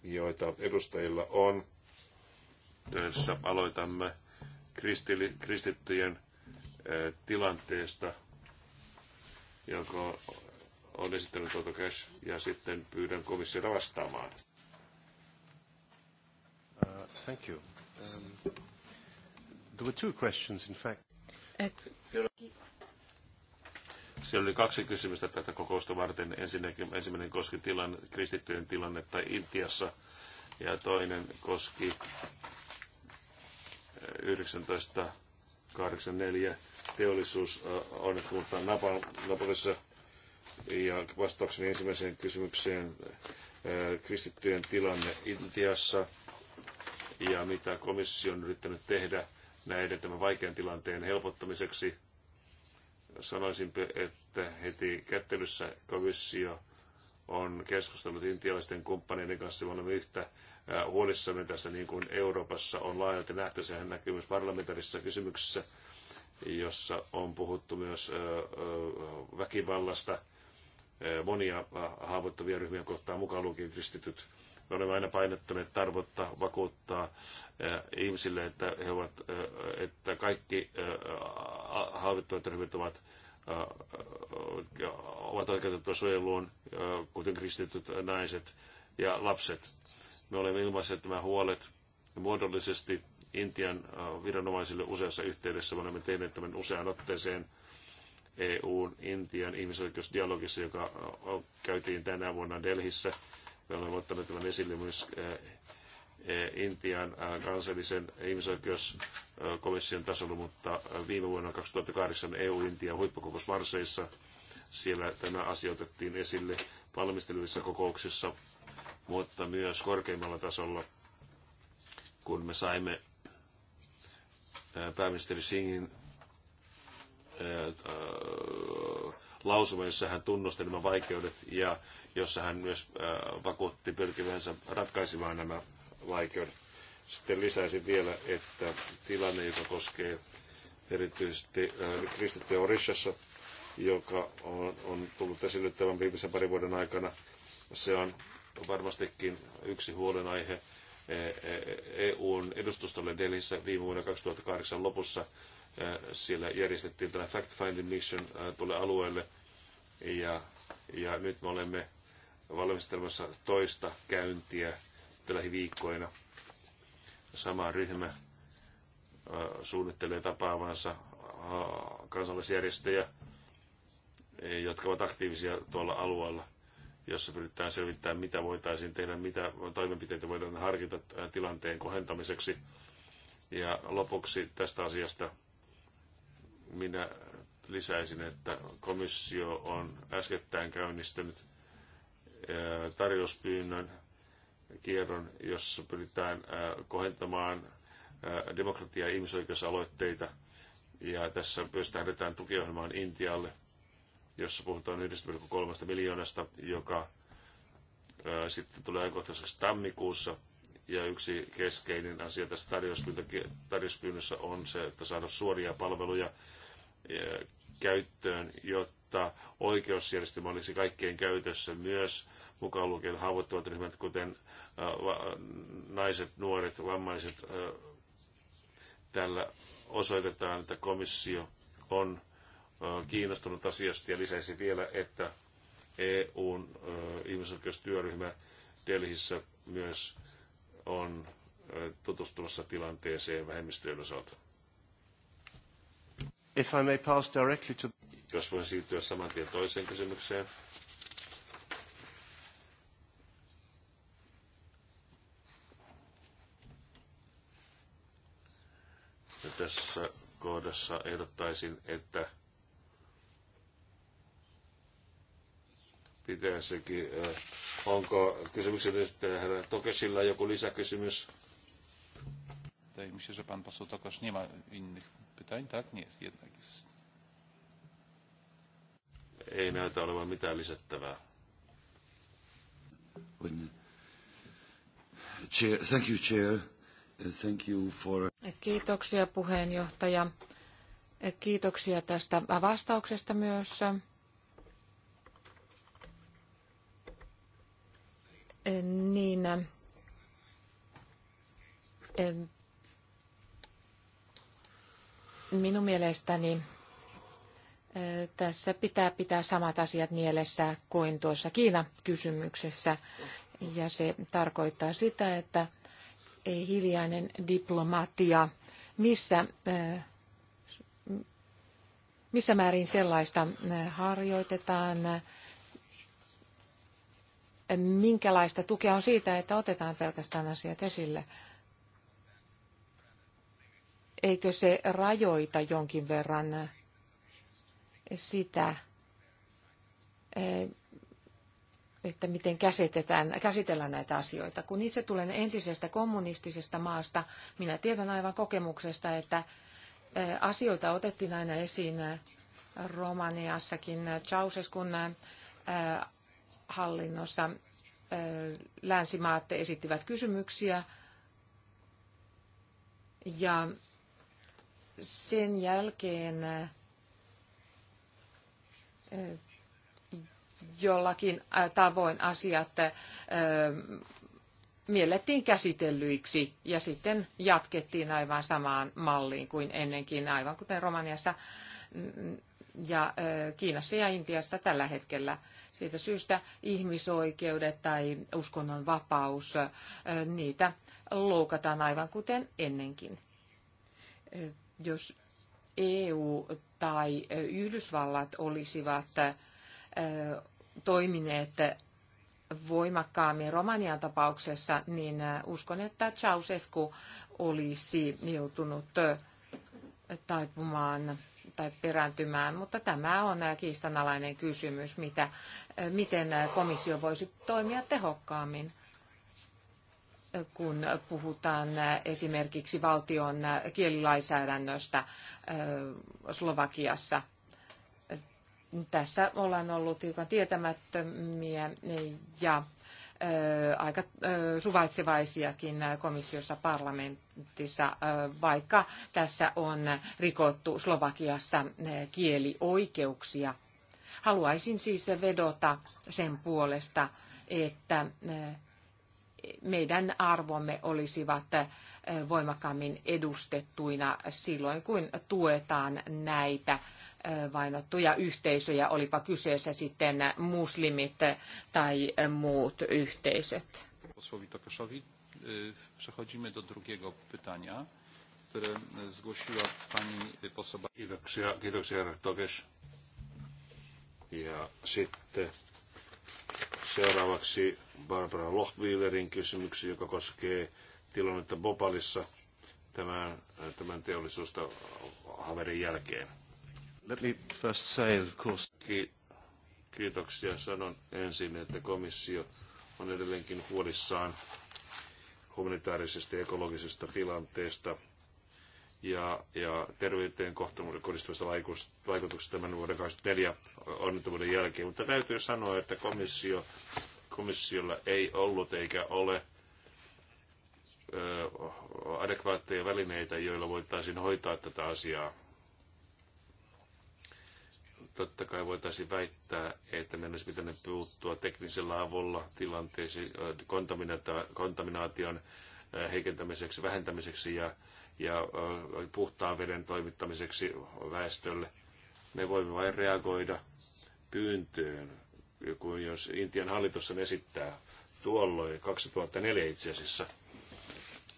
joita edustajilla on. Tässä aloitamme kristili, kristittyjen tilanteesta, jonka on esittänyt Otto ja sitten pyydän komissiota vastaamaan. Uh, thank you. Um, there were two questions, in fact. Uh, siellä oli kaksi kysymystä tätä kokousta varten. Ensinnäkin, ensimmäinen koski tilanne, kristittyjen tilannetta Intiassa ja toinen koski 1984 eh, teollisuusonnettomuutta eh, Napolissa. Ja vastaukseni ensimmäiseen kysymykseen eh, kristittyjen tilanne Intiassa ja mitä komissio on yrittänyt tehdä näiden tämän vaikean tilanteen helpottamiseksi – Sanoisin, että heti kättelyssä komissio on keskustellut intialaisten kumppaneiden kanssa. Me olemme yhtä huolissamme tästä, niin kuin Euroopassa on laajalti nähty. Sehän näkyy myös parlamentaarisissa kysymyksissä, jossa on puhuttu myös väkivallasta monia haavoittuvia ryhmiä kohtaan, mukaan lukien kristityt me olemme aina painottaneet tarvotta vakuuttaa ihmisille, että, he ovat, että kaikki haavittuvat ryhmät ovat ovat oikeutettuja suojeluun, kuten kristityt naiset ja lapset. Me olemme ilmaisseet nämä huolet muodollisesti Intian viranomaisille useassa yhteydessä. Me olemme tehneet tämän useaan otteeseen EUn Intian ihmisoikeusdialogissa, joka käytiin tänä vuonna Delhissä me olemme ottaneet tämän esille myös eh, eh, Intian eh, kansallisen ihmisoikeuskomission tasolla, mutta viime vuonna 2008 EU-Intia huippukokous Marseissa siellä tämä asia otettiin esille valmistelevissa kokouksissa, mutta myös korkeimmalla tasolla, kun me saimme pääministeri Singin lausuma, jossa hän tunnusti nämä vaikeudet ja jossa hän myös vakuutti pyrkivänsä ratkaisemaan nämä vaikeudet. Sitten lisäisin vielä, että tilanne, joka koskee erityisesti kristittyjä Orishassa, joka on, on tullut esille tämän viimeisen parin vuoden aikana, se on varmastikin yksi huolenaihe. EUn edustustolle Delhissä viime vuonna 2008 lopussa siellä järjestettiin tämä fact-finding mission tuolle alueelle ja, ja nyt me olemme valmistelemassa toista käyntiä tällä viikkoina. Sama ryhmä suunnittelee tapaavansa kansallisjärjestöjä, jotka ovat aktiivisia tuolla alueella, jossa pyritään selvittämään, mitä voitaisiin tehdä, mitä toimenpiteitä voidaan harkita tilanteen kohentamiseksi. Ja lopuksi tästä asiasta minä lisäisin, että komissio on äskettäin käynnistänyt tarjouspyynnön kierron, jossa pyritään kohentamaan demokratia- ja ihmisoikeusaloitteita. Ja tässä myös tähdetään tukiohjelmaan Intialle, jossa puhutaan 1,3 miljoonasta, joka sitten tulee ajankohtaiseksi tammikuussa. Ja yksi keskeinen asia tässä tarjouspyynnössä on se, että saada suoria palveluja käyttöön, jotta oikeusjärjestelmä olisi kaikkien käytössä myös mukaan lukien haavoittuvat ryhmät, kuten naiset, nuoret, vammaiset. Tällä osoitetaan, että komissio on kiinnostunut asiasta ja lisäisi vielä, että EUn ihmisoikeustyöryhmä Delhissä myös on tutustumassa tilanteeseen vähemmistöjen osalta. If I may pass directly to... Jos voin siirtyä saman tien toiseen kysymykseen. Ja tässä kohdassa ehdottaisin, että pitäisikin. Äh, onko kysymyksen nyt herra Tokesilla joku lisäkysymys? Tai Myślę, se pan poseł Tokosz nie ma innych pytań? Tak? Nie, jednak jest. Ei näytä olevan mitään lisättävää. Uh, Chair, thank you, Chair. Uh, thank you for... Uh, kiitoksia puheenjohtaja. Kiitoksia tästä vastauksesta myös. Niin, Minun mielestäni tässä pitää pitää samat asiat mielessä kuin tuossa Kiina-kysymyksessä. Ja se tarkoittaa sitä, että ei hiljainen diplomatia, missä, missä määrin sellaista harjoitetaan, minkälaista tukea on siitä, että otetaan pelkästään asiat esille eikö se rajoita jonkin verran sitä, että miten käsitetään, käsitellään näitä asioita. Kun itse tulen entisestä kommunistisesta maasta, minä tiedän aivan kokemuksesta, että asioita otettiin aina esiin Romaniassakin Ceausescun hallinnossa. Länsimaat esittivät kysymyksiä ja sen jälkeen jollakin tavoin asiat miellettiin käsitellyiksi ja sitten jatkettiin aivan samaan malliin kuin ennenkin, aivan kuten Romaniassa ja Kiinassa ja Intiassa tällä hetkellä. Siitä syystä ihmisoikeudet tai uskonnon vapaus, niitä loukataan aivan kuten ennenkin jos EU tai Yhdysvallat olisivat toimineet voimakkaammin Romanian tapauksessa, niin uskon, että Ceausescu olisi joutunut taipumaan tai perääntymään, mutta tämä on kiistanalainen kysymys, mitä, miten komissio voisi toimia tehokkaammin kun puhutaan esimerkiksi valtion kielilainsäädännöstä Slovakiassa. Tässä ollaan ollut hiukan tietämättömiä ja aika suvaitsevaisiakin komissiossa parlamentissa, vaikka tässä on rikottu Slovakiassa kielioikeuksia. Haluaisin siis vedota sen puolesta, että meidän arvomme olisivat voimakkaammin edustettuina silloin, kun tuetaan näitä vainottuja yhteisöjä, olipa kyseessä sitten muslimit tai muut yhteisöt. Posłowi przechodzimy do drugiego pytania, które e, zgłosiła pani poseł. Kiitoksia, kiitoksia Tokes. Ja sitten Seuraavaksi Barbara Lohviilerin kysymyksiä, joka koskee tilannetta Bopalissa tämän, tämän teollisuusta haverin jälkeen. Let me first say, of course. Ki- kiitoksia. Sanon ensin, että komissio on edelleenkin huolissaan humanitaarisesta ja ekologisesta tilanteesta – ja, ja terveyteen kohtamuuden kohdistuvista vaikutuksista tämän vuoden 2024 onnettomuuden jälkeen. Mutta täytyy sanoa, että komissio, komissiolla ei ollut eikä ole ö, adekvaatteja välineitä, joilla voitaisiin hoitaa tätä asiaa. Totta kai voitaisiin väittää, että meidän olisi pitänyt puuttua teknisellä avulla tilanteisiin kontaminaation heikentämiseksi, vähentämiseksi ja ja puhtaan veden toimittamiseksi väestölle. Me voimme vain reagoida pyyntöön, kun jos Intian hallitus sen esittää tuolloin 2004 itse asiassa,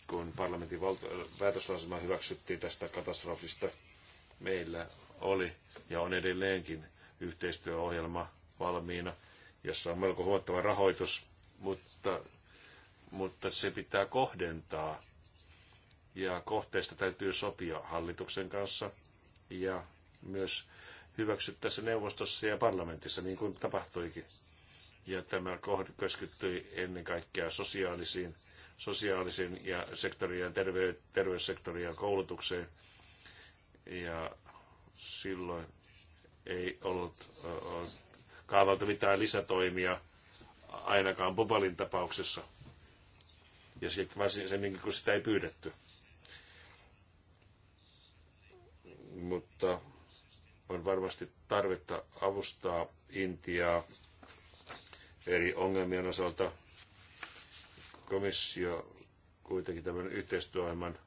kun parlamentin valto- päätöslausuma hyväksyttiin tästä katastrofista, meillä oli ja on edelleenkin yhteistyöohjelma valmiina, jossa on melko huomattava rahoitus, mutta, mutta se pitää kohdentaa ja kohteista täytyy sopia hallituksen kanssa ja myös hyväksyttäessä neuvostossa ja parlamentissa, niin kuin tapahtuikin. Ja tämä kohde keskittyi ennen kaikkea sosiaalisiin, sosiaalisiin ja sektoriin terve, terveyssektoriin ja koulutukseen. Ja silloin ei ollut äh, kaavalta mitään lisätoimia ainakaan Bobalin tapauksessa. Ja sitten varsinkin niin kun sitä ei pyydetty. mutta on varmasti tarvetta avustaa Intiaa eri ongelmien osalta. Komissio kuitenkin tämän yhteistyöohjelman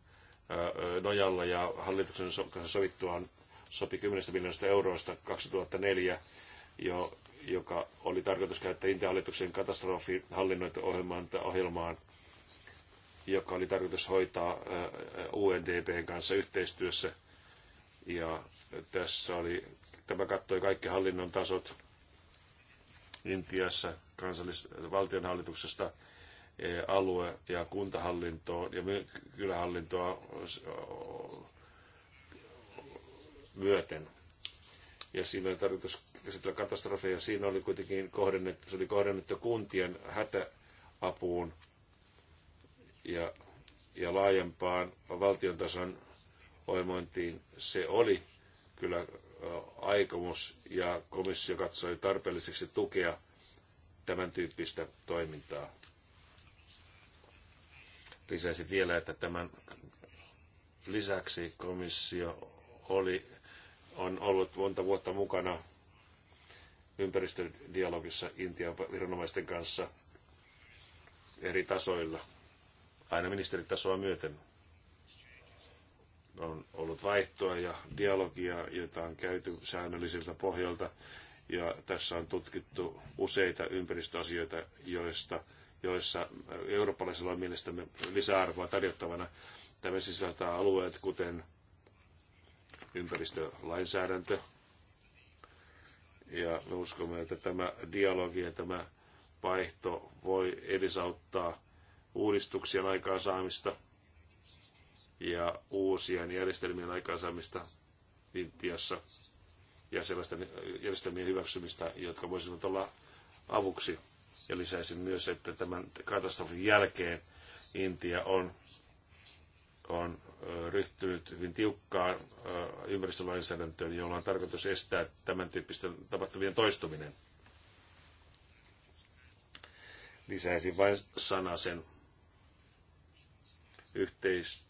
nojalla ja hallituksen kanssa sovittuaan sopi 10 miljoonasta euroista 2004, jo, joka oli tarkoitus käyttää Intian hallituksen katastrofihallinnointiohjelmaan, joka oli tarkoitus hoitaa UNDPn kanssa yhteistyössä – ja tässä oli, tämä kattoi kaikki hallinnon tasot Intiassa kansallis- valtionhallituksesta e, alue- ja kuntahallintoon ja kylähallintoa myöten. Ja siinä oli tarkoitus käsitellä katastrofeja. Siinä oli kuitenkin kohdennettu, se oli kohdennettu kuntien hätäapuun ja, ja laajempaan valtion tason ohjelmointiin. Se oli kyllä aikomus ja komissio katsoi tarpeelliseksi tukea tämän tyyppistä toimintaa. Lisäisin vielä, että tämän lisäksi komissio oli, on ollut monta vuotta mukana ympäristödialogissa Intian viranomaisten kanssa eri tasoilla, aina ministeritasoa myöten on ollut vaihtoa ja dialogia, jota on käyty säännöllisiltä pohjalta. Ja tässä on tutkittu useita ympäristöasioita, joista, joissa eurooppalaisella on mielestämme lisäarvoa tarjottavana. Tämä sisältää alueet, kuten ympäristölainsäädäntö. Ja me uskomme, että tämä dialogi ja tämä vaihto voi edesauttaa uudistuksien aikaansaamista – ja uusien järjestelmien aikaansaamista Intiassa ja sellaisten järjestelmien hyväksymistä, jotka voisivat olla avuksi. Ja lisäisin myös, että tämän katastrofin jälkeen Intia on, on ryhtynyt hyvin tiukkaan ympäristölainsäädäntöön, jolla on tarkoitus estää tämän tyyppisten tapahtumien toistuminen. Lisäisin vain sanasen yhteistyö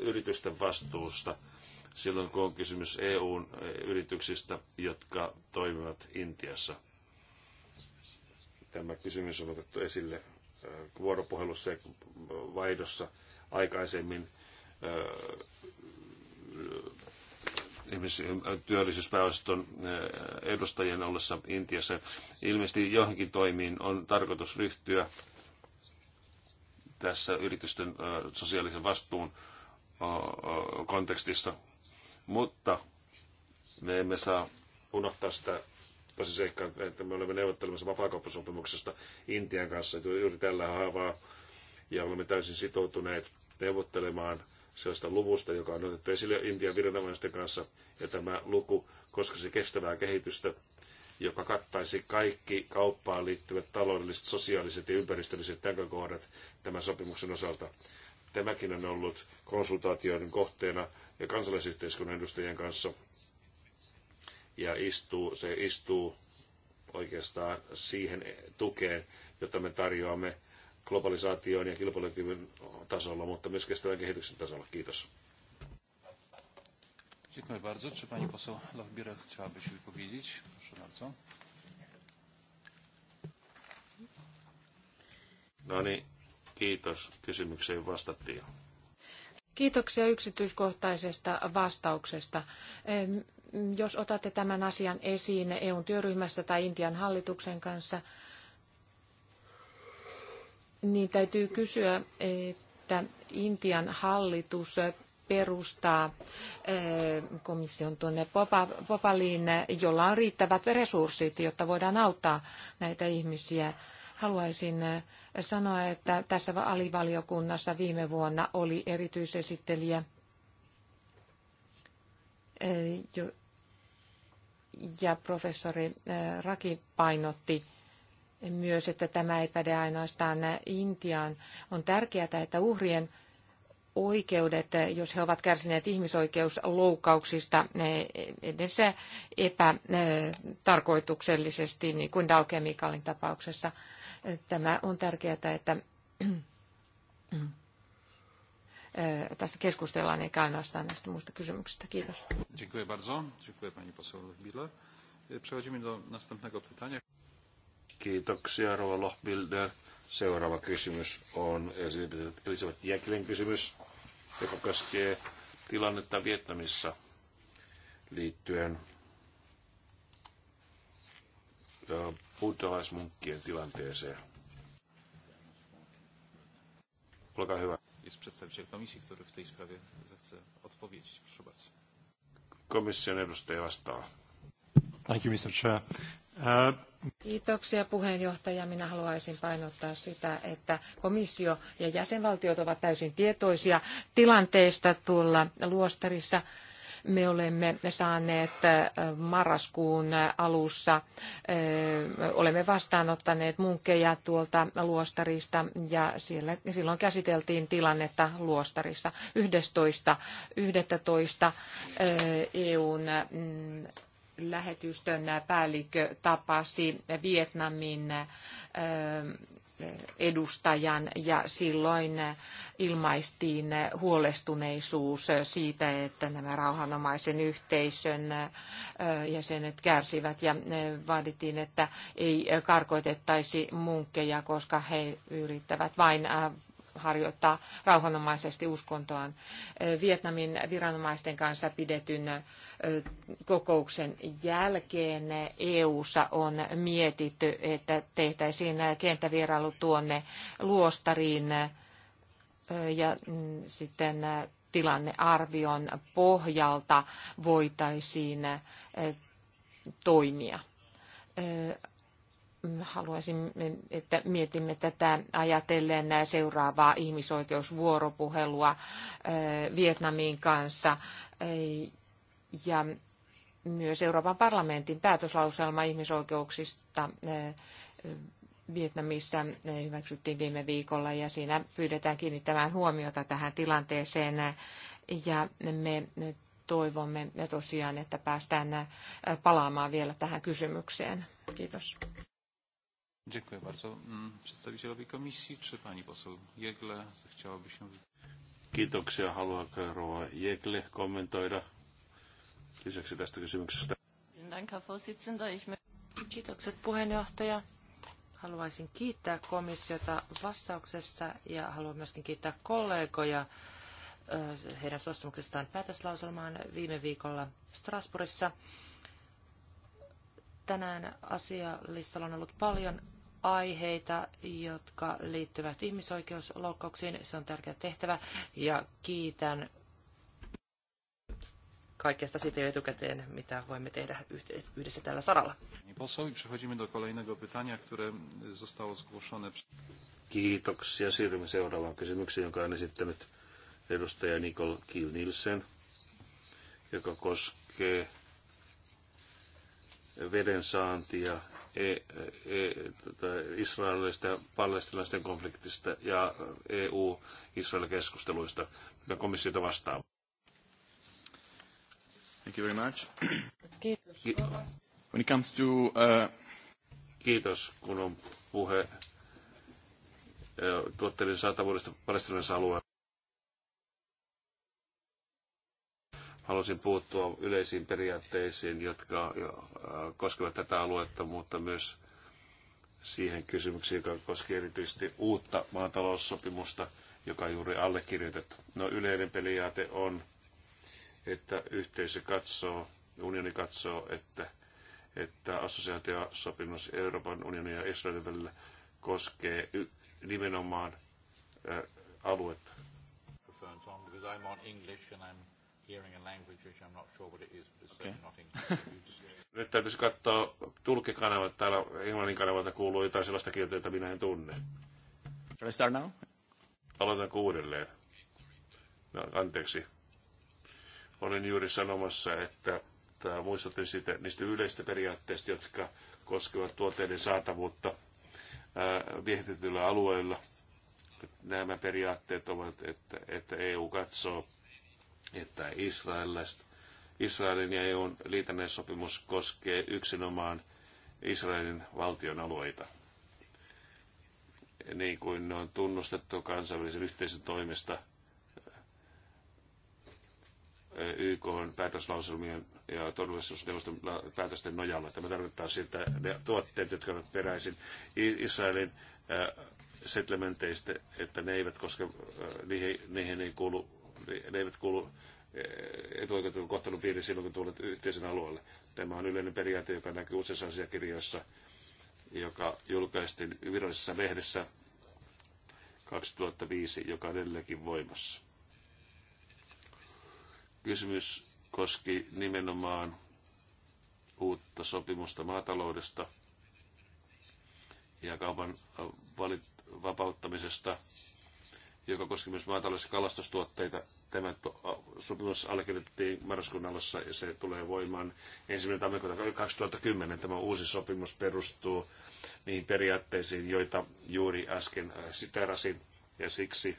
yritysten vastuusta silloin, kun on kysymys EUn yrityksistä, jotka toimivat Intiassa. Tämä kysymys on otettu esille vuoropuhelussa ja vaihdossa aikaisemmin työllisyyspääosaston edustajien ollessa Intiassa. Ilmeisesti johonkin toimiin on tarkoitus ryhtyä tässä yritysten sosiaalisen vastuun kontekstissa. Mutta me emme saa unohtaa sitä tosiseikkaa, että me olemme neuvottelemassa vapaakauppasopimuksesta Intian kanssa juuri tällä haavaa, ja olemme täysin sitoutuneet neuvottelemaan sellaista luvusta, joka on otettu esille Intian viranomaisten kanssa, ja tämä luku koskisi kestävää kehitystä, joka kattaisi kaikki kauppaan liittyvät taloudelliset, sosiaaliset ja ympäristölliset näkökohdat tämän sopimuksen osalta. Tämäkin on ollut konsultaatioiden kohteena ja kansalaisyhteiskunnan edustajien kanssa. Ja istuu, se istuu oikeastaan siihen tukeen, jota me tarjoamme globalisaation ja kilpailukyvyn tasolla, mutta myös kestävän kehityksen tasolla. Kiitos. Dziękuję bardzo. Czy pani poseł Lochbierek chciałaby się wypowiedzieć? Proszę bardzo. No niin, Kiitos. Kysymykseen vastattiin. Kiitoksia yksityiskohtaisesta vastauksesta. Jos otatte tämän asian esiin EUn työryhmässä tai Intian hallituksen kanssa, niin täytyy kysyä, että Intian hallitus perustaa komission tuonne Popaliin, jolla on riittävät resurssit, jotta voidaan auttaa näitä ihmisiä. Haluaisin äh, sanoa, että tässä alivaliokunnassa viime vuonna oli erityisesittelijä, äh, ja professori äh, Raki painotti myös, että tämä ei päde ainoastaan Intiaan. On tärkeää, että uhrien oikeudet, jos he ovat kärsineet ihmisoikeusloukkauksista edes epätarkoituksellisesti, niin kuin Dow Chemicalin tapauksessa, Tämä on tärkeää, että äh, tästä keskustellaan eikä ainoastaan näistä muista kysymyksistä. Kiitos. Dziękuję bardzo. Dziękuję pani poseł Biller. Przechodzimy do następnego pytania. Kiitoksia, Rova Lohbilder. Seuraava kysymys on Elisabeth Jäkilän kysymys, joka koskee tilannetta Vietnamissa liittyen äh, buddhalaismunkkien tilanteeseen. Olkaa hyvä. Jest przedstawiciel komisji, który w tej sprawie zechce odpowiedzieć. Proszę bardzo. Komission edustaja vastaa. Thank you, Mr. Chair. Uh, Kiitoksia puheenjohtaja. Minä haluaisin painottaa sitä, että komissio ja jäsenvaltiot ovat täysin tietoisia tilanteesta tuolla luostarissa. Me olemme saaneet äh, marraskuun alussa, äh, olemme vastaanottaneet munkkeja tuolta luostarista ja siellä, silloin käsiteltiin tilannetta luostarissa 11. 11. Äh, EUn mm, lähetystön päällikkö tapasi Vietnamin edustajan ja silloin ilmaistiin huolestuneisuus siitä, että nämä rauhanomaisen yhteisön jäsenet kärsivät ja vaadittiin, että ei karkoitettaisi munkkeja, koska he yrittävät vain harjoittaa rauhanomaisesti uskontoaan Vietnamin viranomaisten kanssa pidetyn kokouksen jälkeen EU:ssa on mietitty, että tehtäisiin kenttävierailu tuonne luostariin ja mm, sitten tilannearvion pohjalta voitaisiin toimia haluaisin, että mietimme tätä ajatellen seuraavaa ihmisoikeusvuoropuhelua Vietnamiin kanssa ja myös Euroopan parlamentin päätöslauselma ihmisoikeuksista Vietnamissa hyväksyttiin viime viikolla ja siinä pyydetään kiinnittämään huomiota tähän tilanteeseen ja me toivomme tosiaan, että päästään palaamaan vielä tähän kysymykseen. Kiitos. Dziękuję bardzo mm, przedstawicielowi komisji. Czy pani poseł Jegle zechciałaby się... Kiitoksia. Haluaako Rova Jegle kommentoida lisäksi tästä kysymyksestä? Kiitokset puheenjohtaja. Haluaisin kiittää komissiota vastauksesta ja haluan myöskin kiittää kollegoja heidän suostumuksestaan päätöslauselmaan viime viikolla Strasbourgissa. Tänään asialistalla on ollut paljon aiheita, jotka liittyvät ihmisoikeusloukkauksiin. Se on tärkeä tehtävä ja kiitän kaikesta siitä jo etukäteen, mitä voimme tehdä yhdessä tällä saralla. Kiitoksia. Siirrymme seuraavaan kysymykseen, jonka on esittänyt edustaja Nicole Kiel Nielsen, joka koskee veden saantia e, e, tota, israelista ja palestinaisten konfliktista ja EU-Israel-keskusteluista ja komissiota vastaan. Thank you very much. Kiitos. When it comes to, uh... Kiitos, kun on puhe tuotteiden saatavuudesta palestinaisessa alueella. Halusin puuttua yleisiin periaatteisiin, jotka äh, koskevat tätä aluetta, mutta myös siihen kysymykseen, joka koski erityisesti uutta maataloussopimusta, joka juuri allekirjoitettu. No yleinen periaate on, että yhteisö katsoo, unioni katsoo, että, että assosiaatiosopimus Euroopan unionin ja Israelin välillä koskee y- nimenomaan ä, äh, aluetta. Nyt täytyisi katsoa tulkkikanavat. Täällä englannin kanavalta kuuluu jotain sellaista kieltä, jota minä en tunne. Shall I start now? Aloitan uudelleen? No, anteeksi. Olin juuri sanomassa, että tämä muistutin siitä, niistä yleistä periaatteista, jotka koskevat tuotteiden saatavuutta viehitetyillä alueilla. Nämä periaatteet ovat, että, että EU katsoo että Israelin ja EUn liitännäissopimus koskee yksinomaan Israelin valtion alueita, niin kuin ne on tunnustettu kansainvälisen yhteisön toimesta YK on päätöslauselmien ja todellisuusneuvoston päätösten nojalla. Tämä tarkoittaa sitä, että ne tuotteet, jotka ovat peräisin Israelin äh, settlementeistä, että ne eivät koske, äh, niihin, niihin ei kuulu niin, ne eivät kuulu eh, etuoikeutetun kohtelun piiriin silloin, kun tulet yhteisen alueelle. Tämä on yleinen periaate, joka näkyy useissa asiakirjoissa, joka julkaistiin virallisessa lehdessä 2005, joka on edelleenkin voimassa. Kysymys koski nimenomaan uutta sopimusta maataloudesta ja kaupan valit- vapauttamisesta – joka koski myös maatalous- ja kalastustuotteita. Tämä sopimus allekirjoitettiin marraskuun alussa ja se tulee voimaan ensimmäinen tammikuuta 2010. Tämä uusi sopimus perustuu niihin periaatteisiin, joita juuri äsken äh, siterasin ja siksi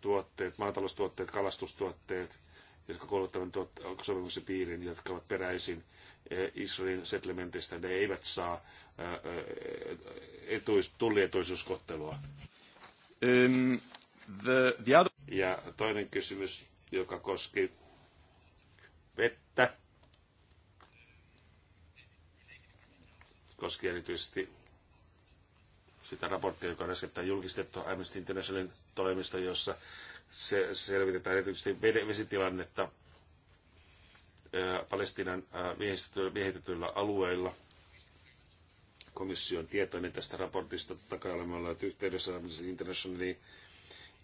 tuotteet, maataloustuotteet, kalastustuotteet jotka kuuluvat tämän sopimuksen piiriin, jotka ovat peräisin eh, Israelin settlementistä, ne eivät saa eh, eh, etuis, tullietuisuuskohtelua. Um, ehm, the, the other... Ja toinen kysymys, joka koski vettä, koski erityisesti sitä raporttia, joka on äskettäin julkistettu Amnesty Internationalin toimesta, jossa se selvitetään erityisesti vesitilannetta Palestiinan miehitetyillä alueilla. Komissio on tietoinen tästä raportista. Totta kai olemme olleet yhteydessä Internationaliin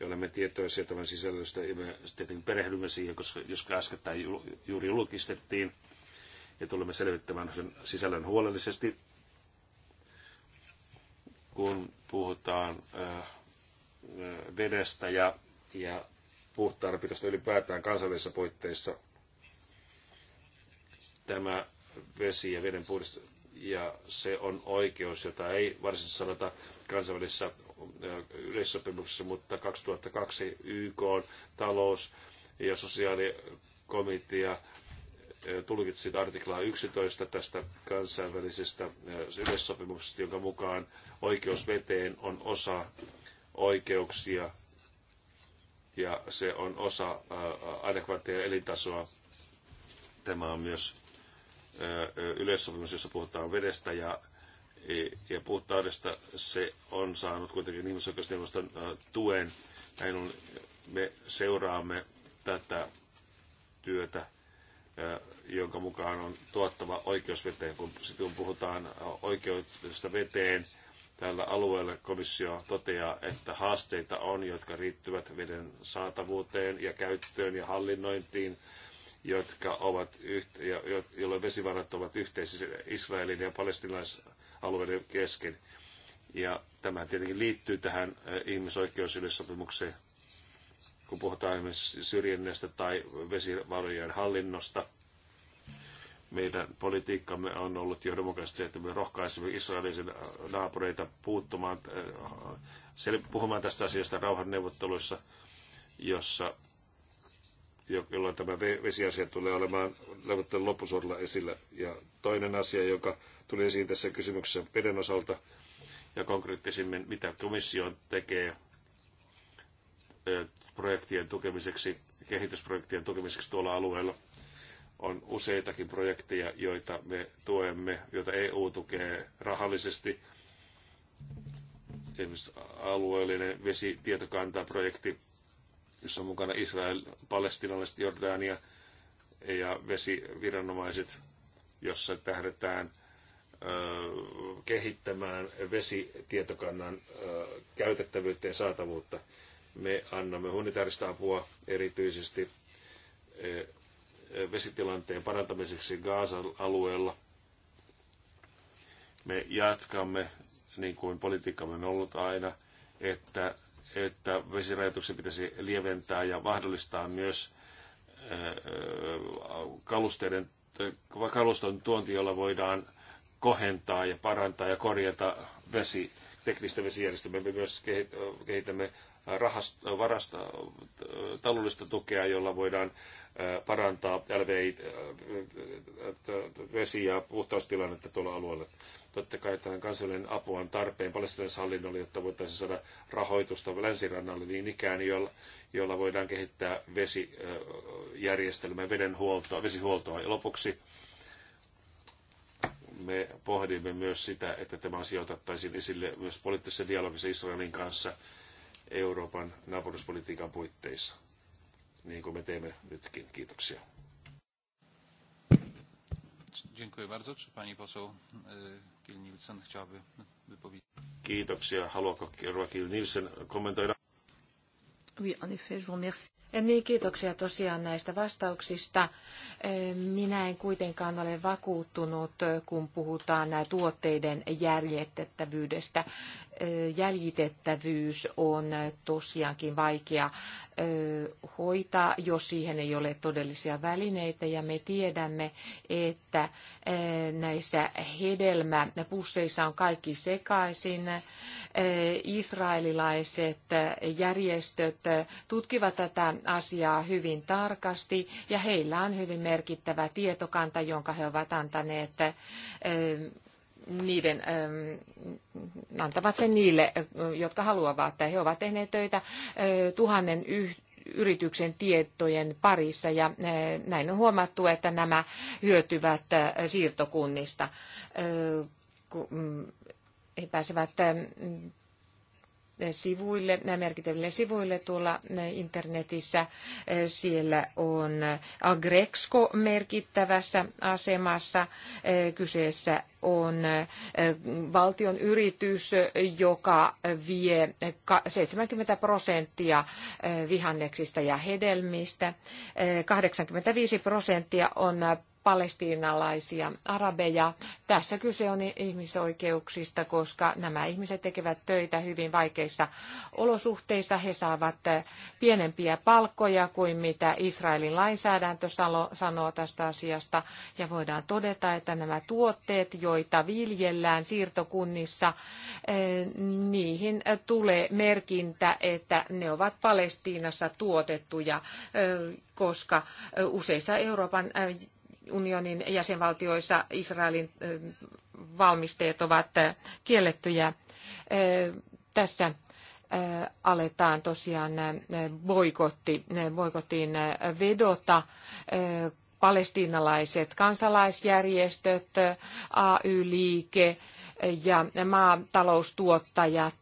ja olemme tietoisia tämän sisällöstä ja me tietenkin perehdymme siihen, koska jos äskettäin juuri julkistettiin ja tulemme selvittämään sen sisällön huolellisesti, kun puhutaan vedestä ja ja puhtaanapitosta ylipäätään kansallisissa puitteissa. Tämä vesi ja veden puhdistus, ja se on oikeus, jota ei varsinaisesti sanota kansainvälisissä yleissopimuksissa, mutta 2002 YK on talous- ja sosiaalikomitea tulkitsi artiklaa 11 tästä kansainvälisestä yleissopimuksesta, jonka mukaan oikeus veteen on osa oikeuksia ja se on osa äh, adekvaattia elintasoa. Tämä on myös äh, yleissopimus, jossa puhutaan vedestä ja, e, ja puhtaudesta. Se on saanut kuitenkin ihmisoikeusneuvoston äh, tuen. Näin on, me seuraamme tätä työtä, jonka mukaan on tuottava oikeus veteen. Kun sitten kun puhutaan oikeudesta veteen, tällä alueella komissio toteaa, että haasteita on, jotka riittyvät veden saatavuuteen ja käyttöön ja hallinnointiin, jotka ovat yhte, ja, jolloin vesivarat ovat yhteisiä Israelin ja palestinaisalueiden kesken. Ja tämä tietenkin liittyy tähän eh, ihmisoikeusyleissopimukseen, kun puhutaan esimerkiksi syrjinnästä tai vesivarojen hallinnosta – meidän politiikkamme on ollut johdonmukaisesti, että me rohkaisemme israelisen naapureita puuttumaan, äh, puhumaan tästä asiasta rauhanneuvotteluissa, jossa, jolloin tämä vesiasia tulee olemaan neuvottelun loppusuoralla esillä. Ja toinen asia, joka tuli esiin tässä kysymyksessä veden osalta, ja konkreettisimmin, mitä komissio tekee äh, projektien tukemiseksi, kehitysprojektien tukemiseksi tuolla alueella on useitakin projekteja, joita me tuemme, joita EU tukee rahallisesti. Esimerkiksi alueellinen vesitietokantaprojekti, jossa on mukana Israel, palestinalaiset, Jordania ja vesiviranomaiset, jossa tähdetään kehittämään vesitietokannan käytettävyyttä ja saatavuutta. Me annamme humanitaarista apua erityisesti vesitilanteen parantamiseksi Gaasan alueella. Me jatkamme, niin kuin politiikkamme on ollut aina, että, että vesirajoituksia pitäisi lieventää ja mahdollistaa myös äh, kalusteiden, kaluston tuonti, jolla voidaan kohentaa ja parantaa ja korjata vesi, teknistä vesijärjestelmää. Me myös kehitämme rahast, varasta, taloudellista tukea, jolla voidaan parantaa LVI, vesi- ja puhtaustilannetta tuolla alueella. Totta kai tällainen kansallinen apu on tarpeen hallinnolle, jotta voitaisiin saada rahoitusta länsirannalle niin ikään, jolla, jolla voidaan kehittää vesijärjestelmää, vedenhuoltoa, vesihuoltoa. Ja lopuksi me pohdimme myös sitä, että tämä asia otettaisiin esille myös poliittisessa dialogissa Israelin kanssa – Euroopan naapuruspolitiikan puitteissa, niin kuin me teemme nytkin. Kiitoksia. Dziękuję bardzo. Czy pani poseł Kil e, chciałaby wypowiedzieć? Kiitoksia. Haluaako kerroa Kil Nielsen kommentoida? Oui, en effet, je vous remercie. Niin, kiitoksia tosiaan näistä vastauksista. E, minä en kuitenkaan ole vakuuttunut, kun puhutaan tuotteiden järjettävyydestä jäljitettävyys on tosiaankin vaikea hoitaa, jos siihen ei ole todellisia välineitä. Ja me tiedämme, että näissä hedelmäpusseissa on kaikki sekaisin. Israelilaiset järjestöt tutkivat tätä asiaa hyvin tarkasti ja heillä on hyvin merkittävä tietokanta, jonka he ovat antaneet niiden, ähm, antavat sen niille, äh, jotka haluavat. He ovat tehneet töitä äh, tuhannen yrityksen tietojen parissa ja äh, näin on huomattu, että nämä hyötyvät siirtokunnista mm, he pääsevät ähm, sivuille, merkittäville sivuille tuolla internetissä. Siellä on Agrexco merkittävässä asemassa. Kyseessä on eh, valtion yritys, joka vie 70 prosenttia eh, vihanneksista ja hedelmistä. 85 eh, prosenttia on palestiinalaisia arabeja. Tässä kyse on ihmisoikeuksista, koska nämä ihmiset tekevät töitä hyvin vaikeissa olosuhteissa. He saavat eh, pienempiä palkkoja kuin mitä Israelin lainsäädäntö sanoo tästä asiasta. Ja voidaan todeta, että nämä tuotteet, joita viljellään siirtokunnissa, eh, niihin eh, tulee merkintä, että ne ovat Palestiinassa tuotettuja, koska useissa Euroopan unionin jäsenvaltioissa Israelin valmisteet ovat kiellettyjä. Tässä aletaan tosiaan boikotti, boikottiin vedota palestiinalaiset kansalaisjärjestöt, AY-liike ja maataloustuottajat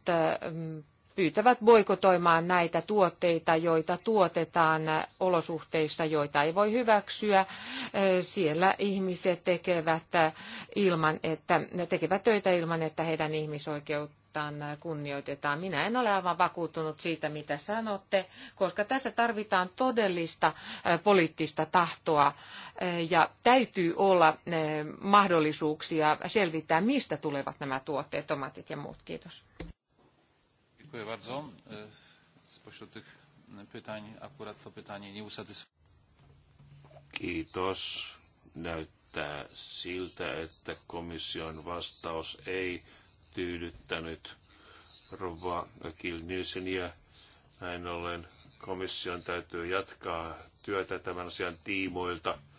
pyytävät boikotoimaan näitä tuotteita, joita tuotetaan olosuhteissa, joita ei voi hyväksyä. Siellä ihmiset tekevät, ilman, että, tekevät töitä ilman, että heidän ihmisoikeuttaan kunnioitetaan. Minä en ole aivan vakuuttunut siitä, mitä sanotte, koska tässä tarvitaan todellista poliittista tahtoa ja täytyy olla mahdollisuuksia selvittää, mistä tulevat nämä tuotteet, tomatit ja muut. Kiitos. Dziękuję bardzo. E, spośród tych pytań akurat to pytanie nie Kiitos. Näyttää siltä, että komission vastaus ei tyydyttänyt Rova Kilnyseniä. Näin ollen komission täytyy jatkaa työtä tämän asian tiimoilta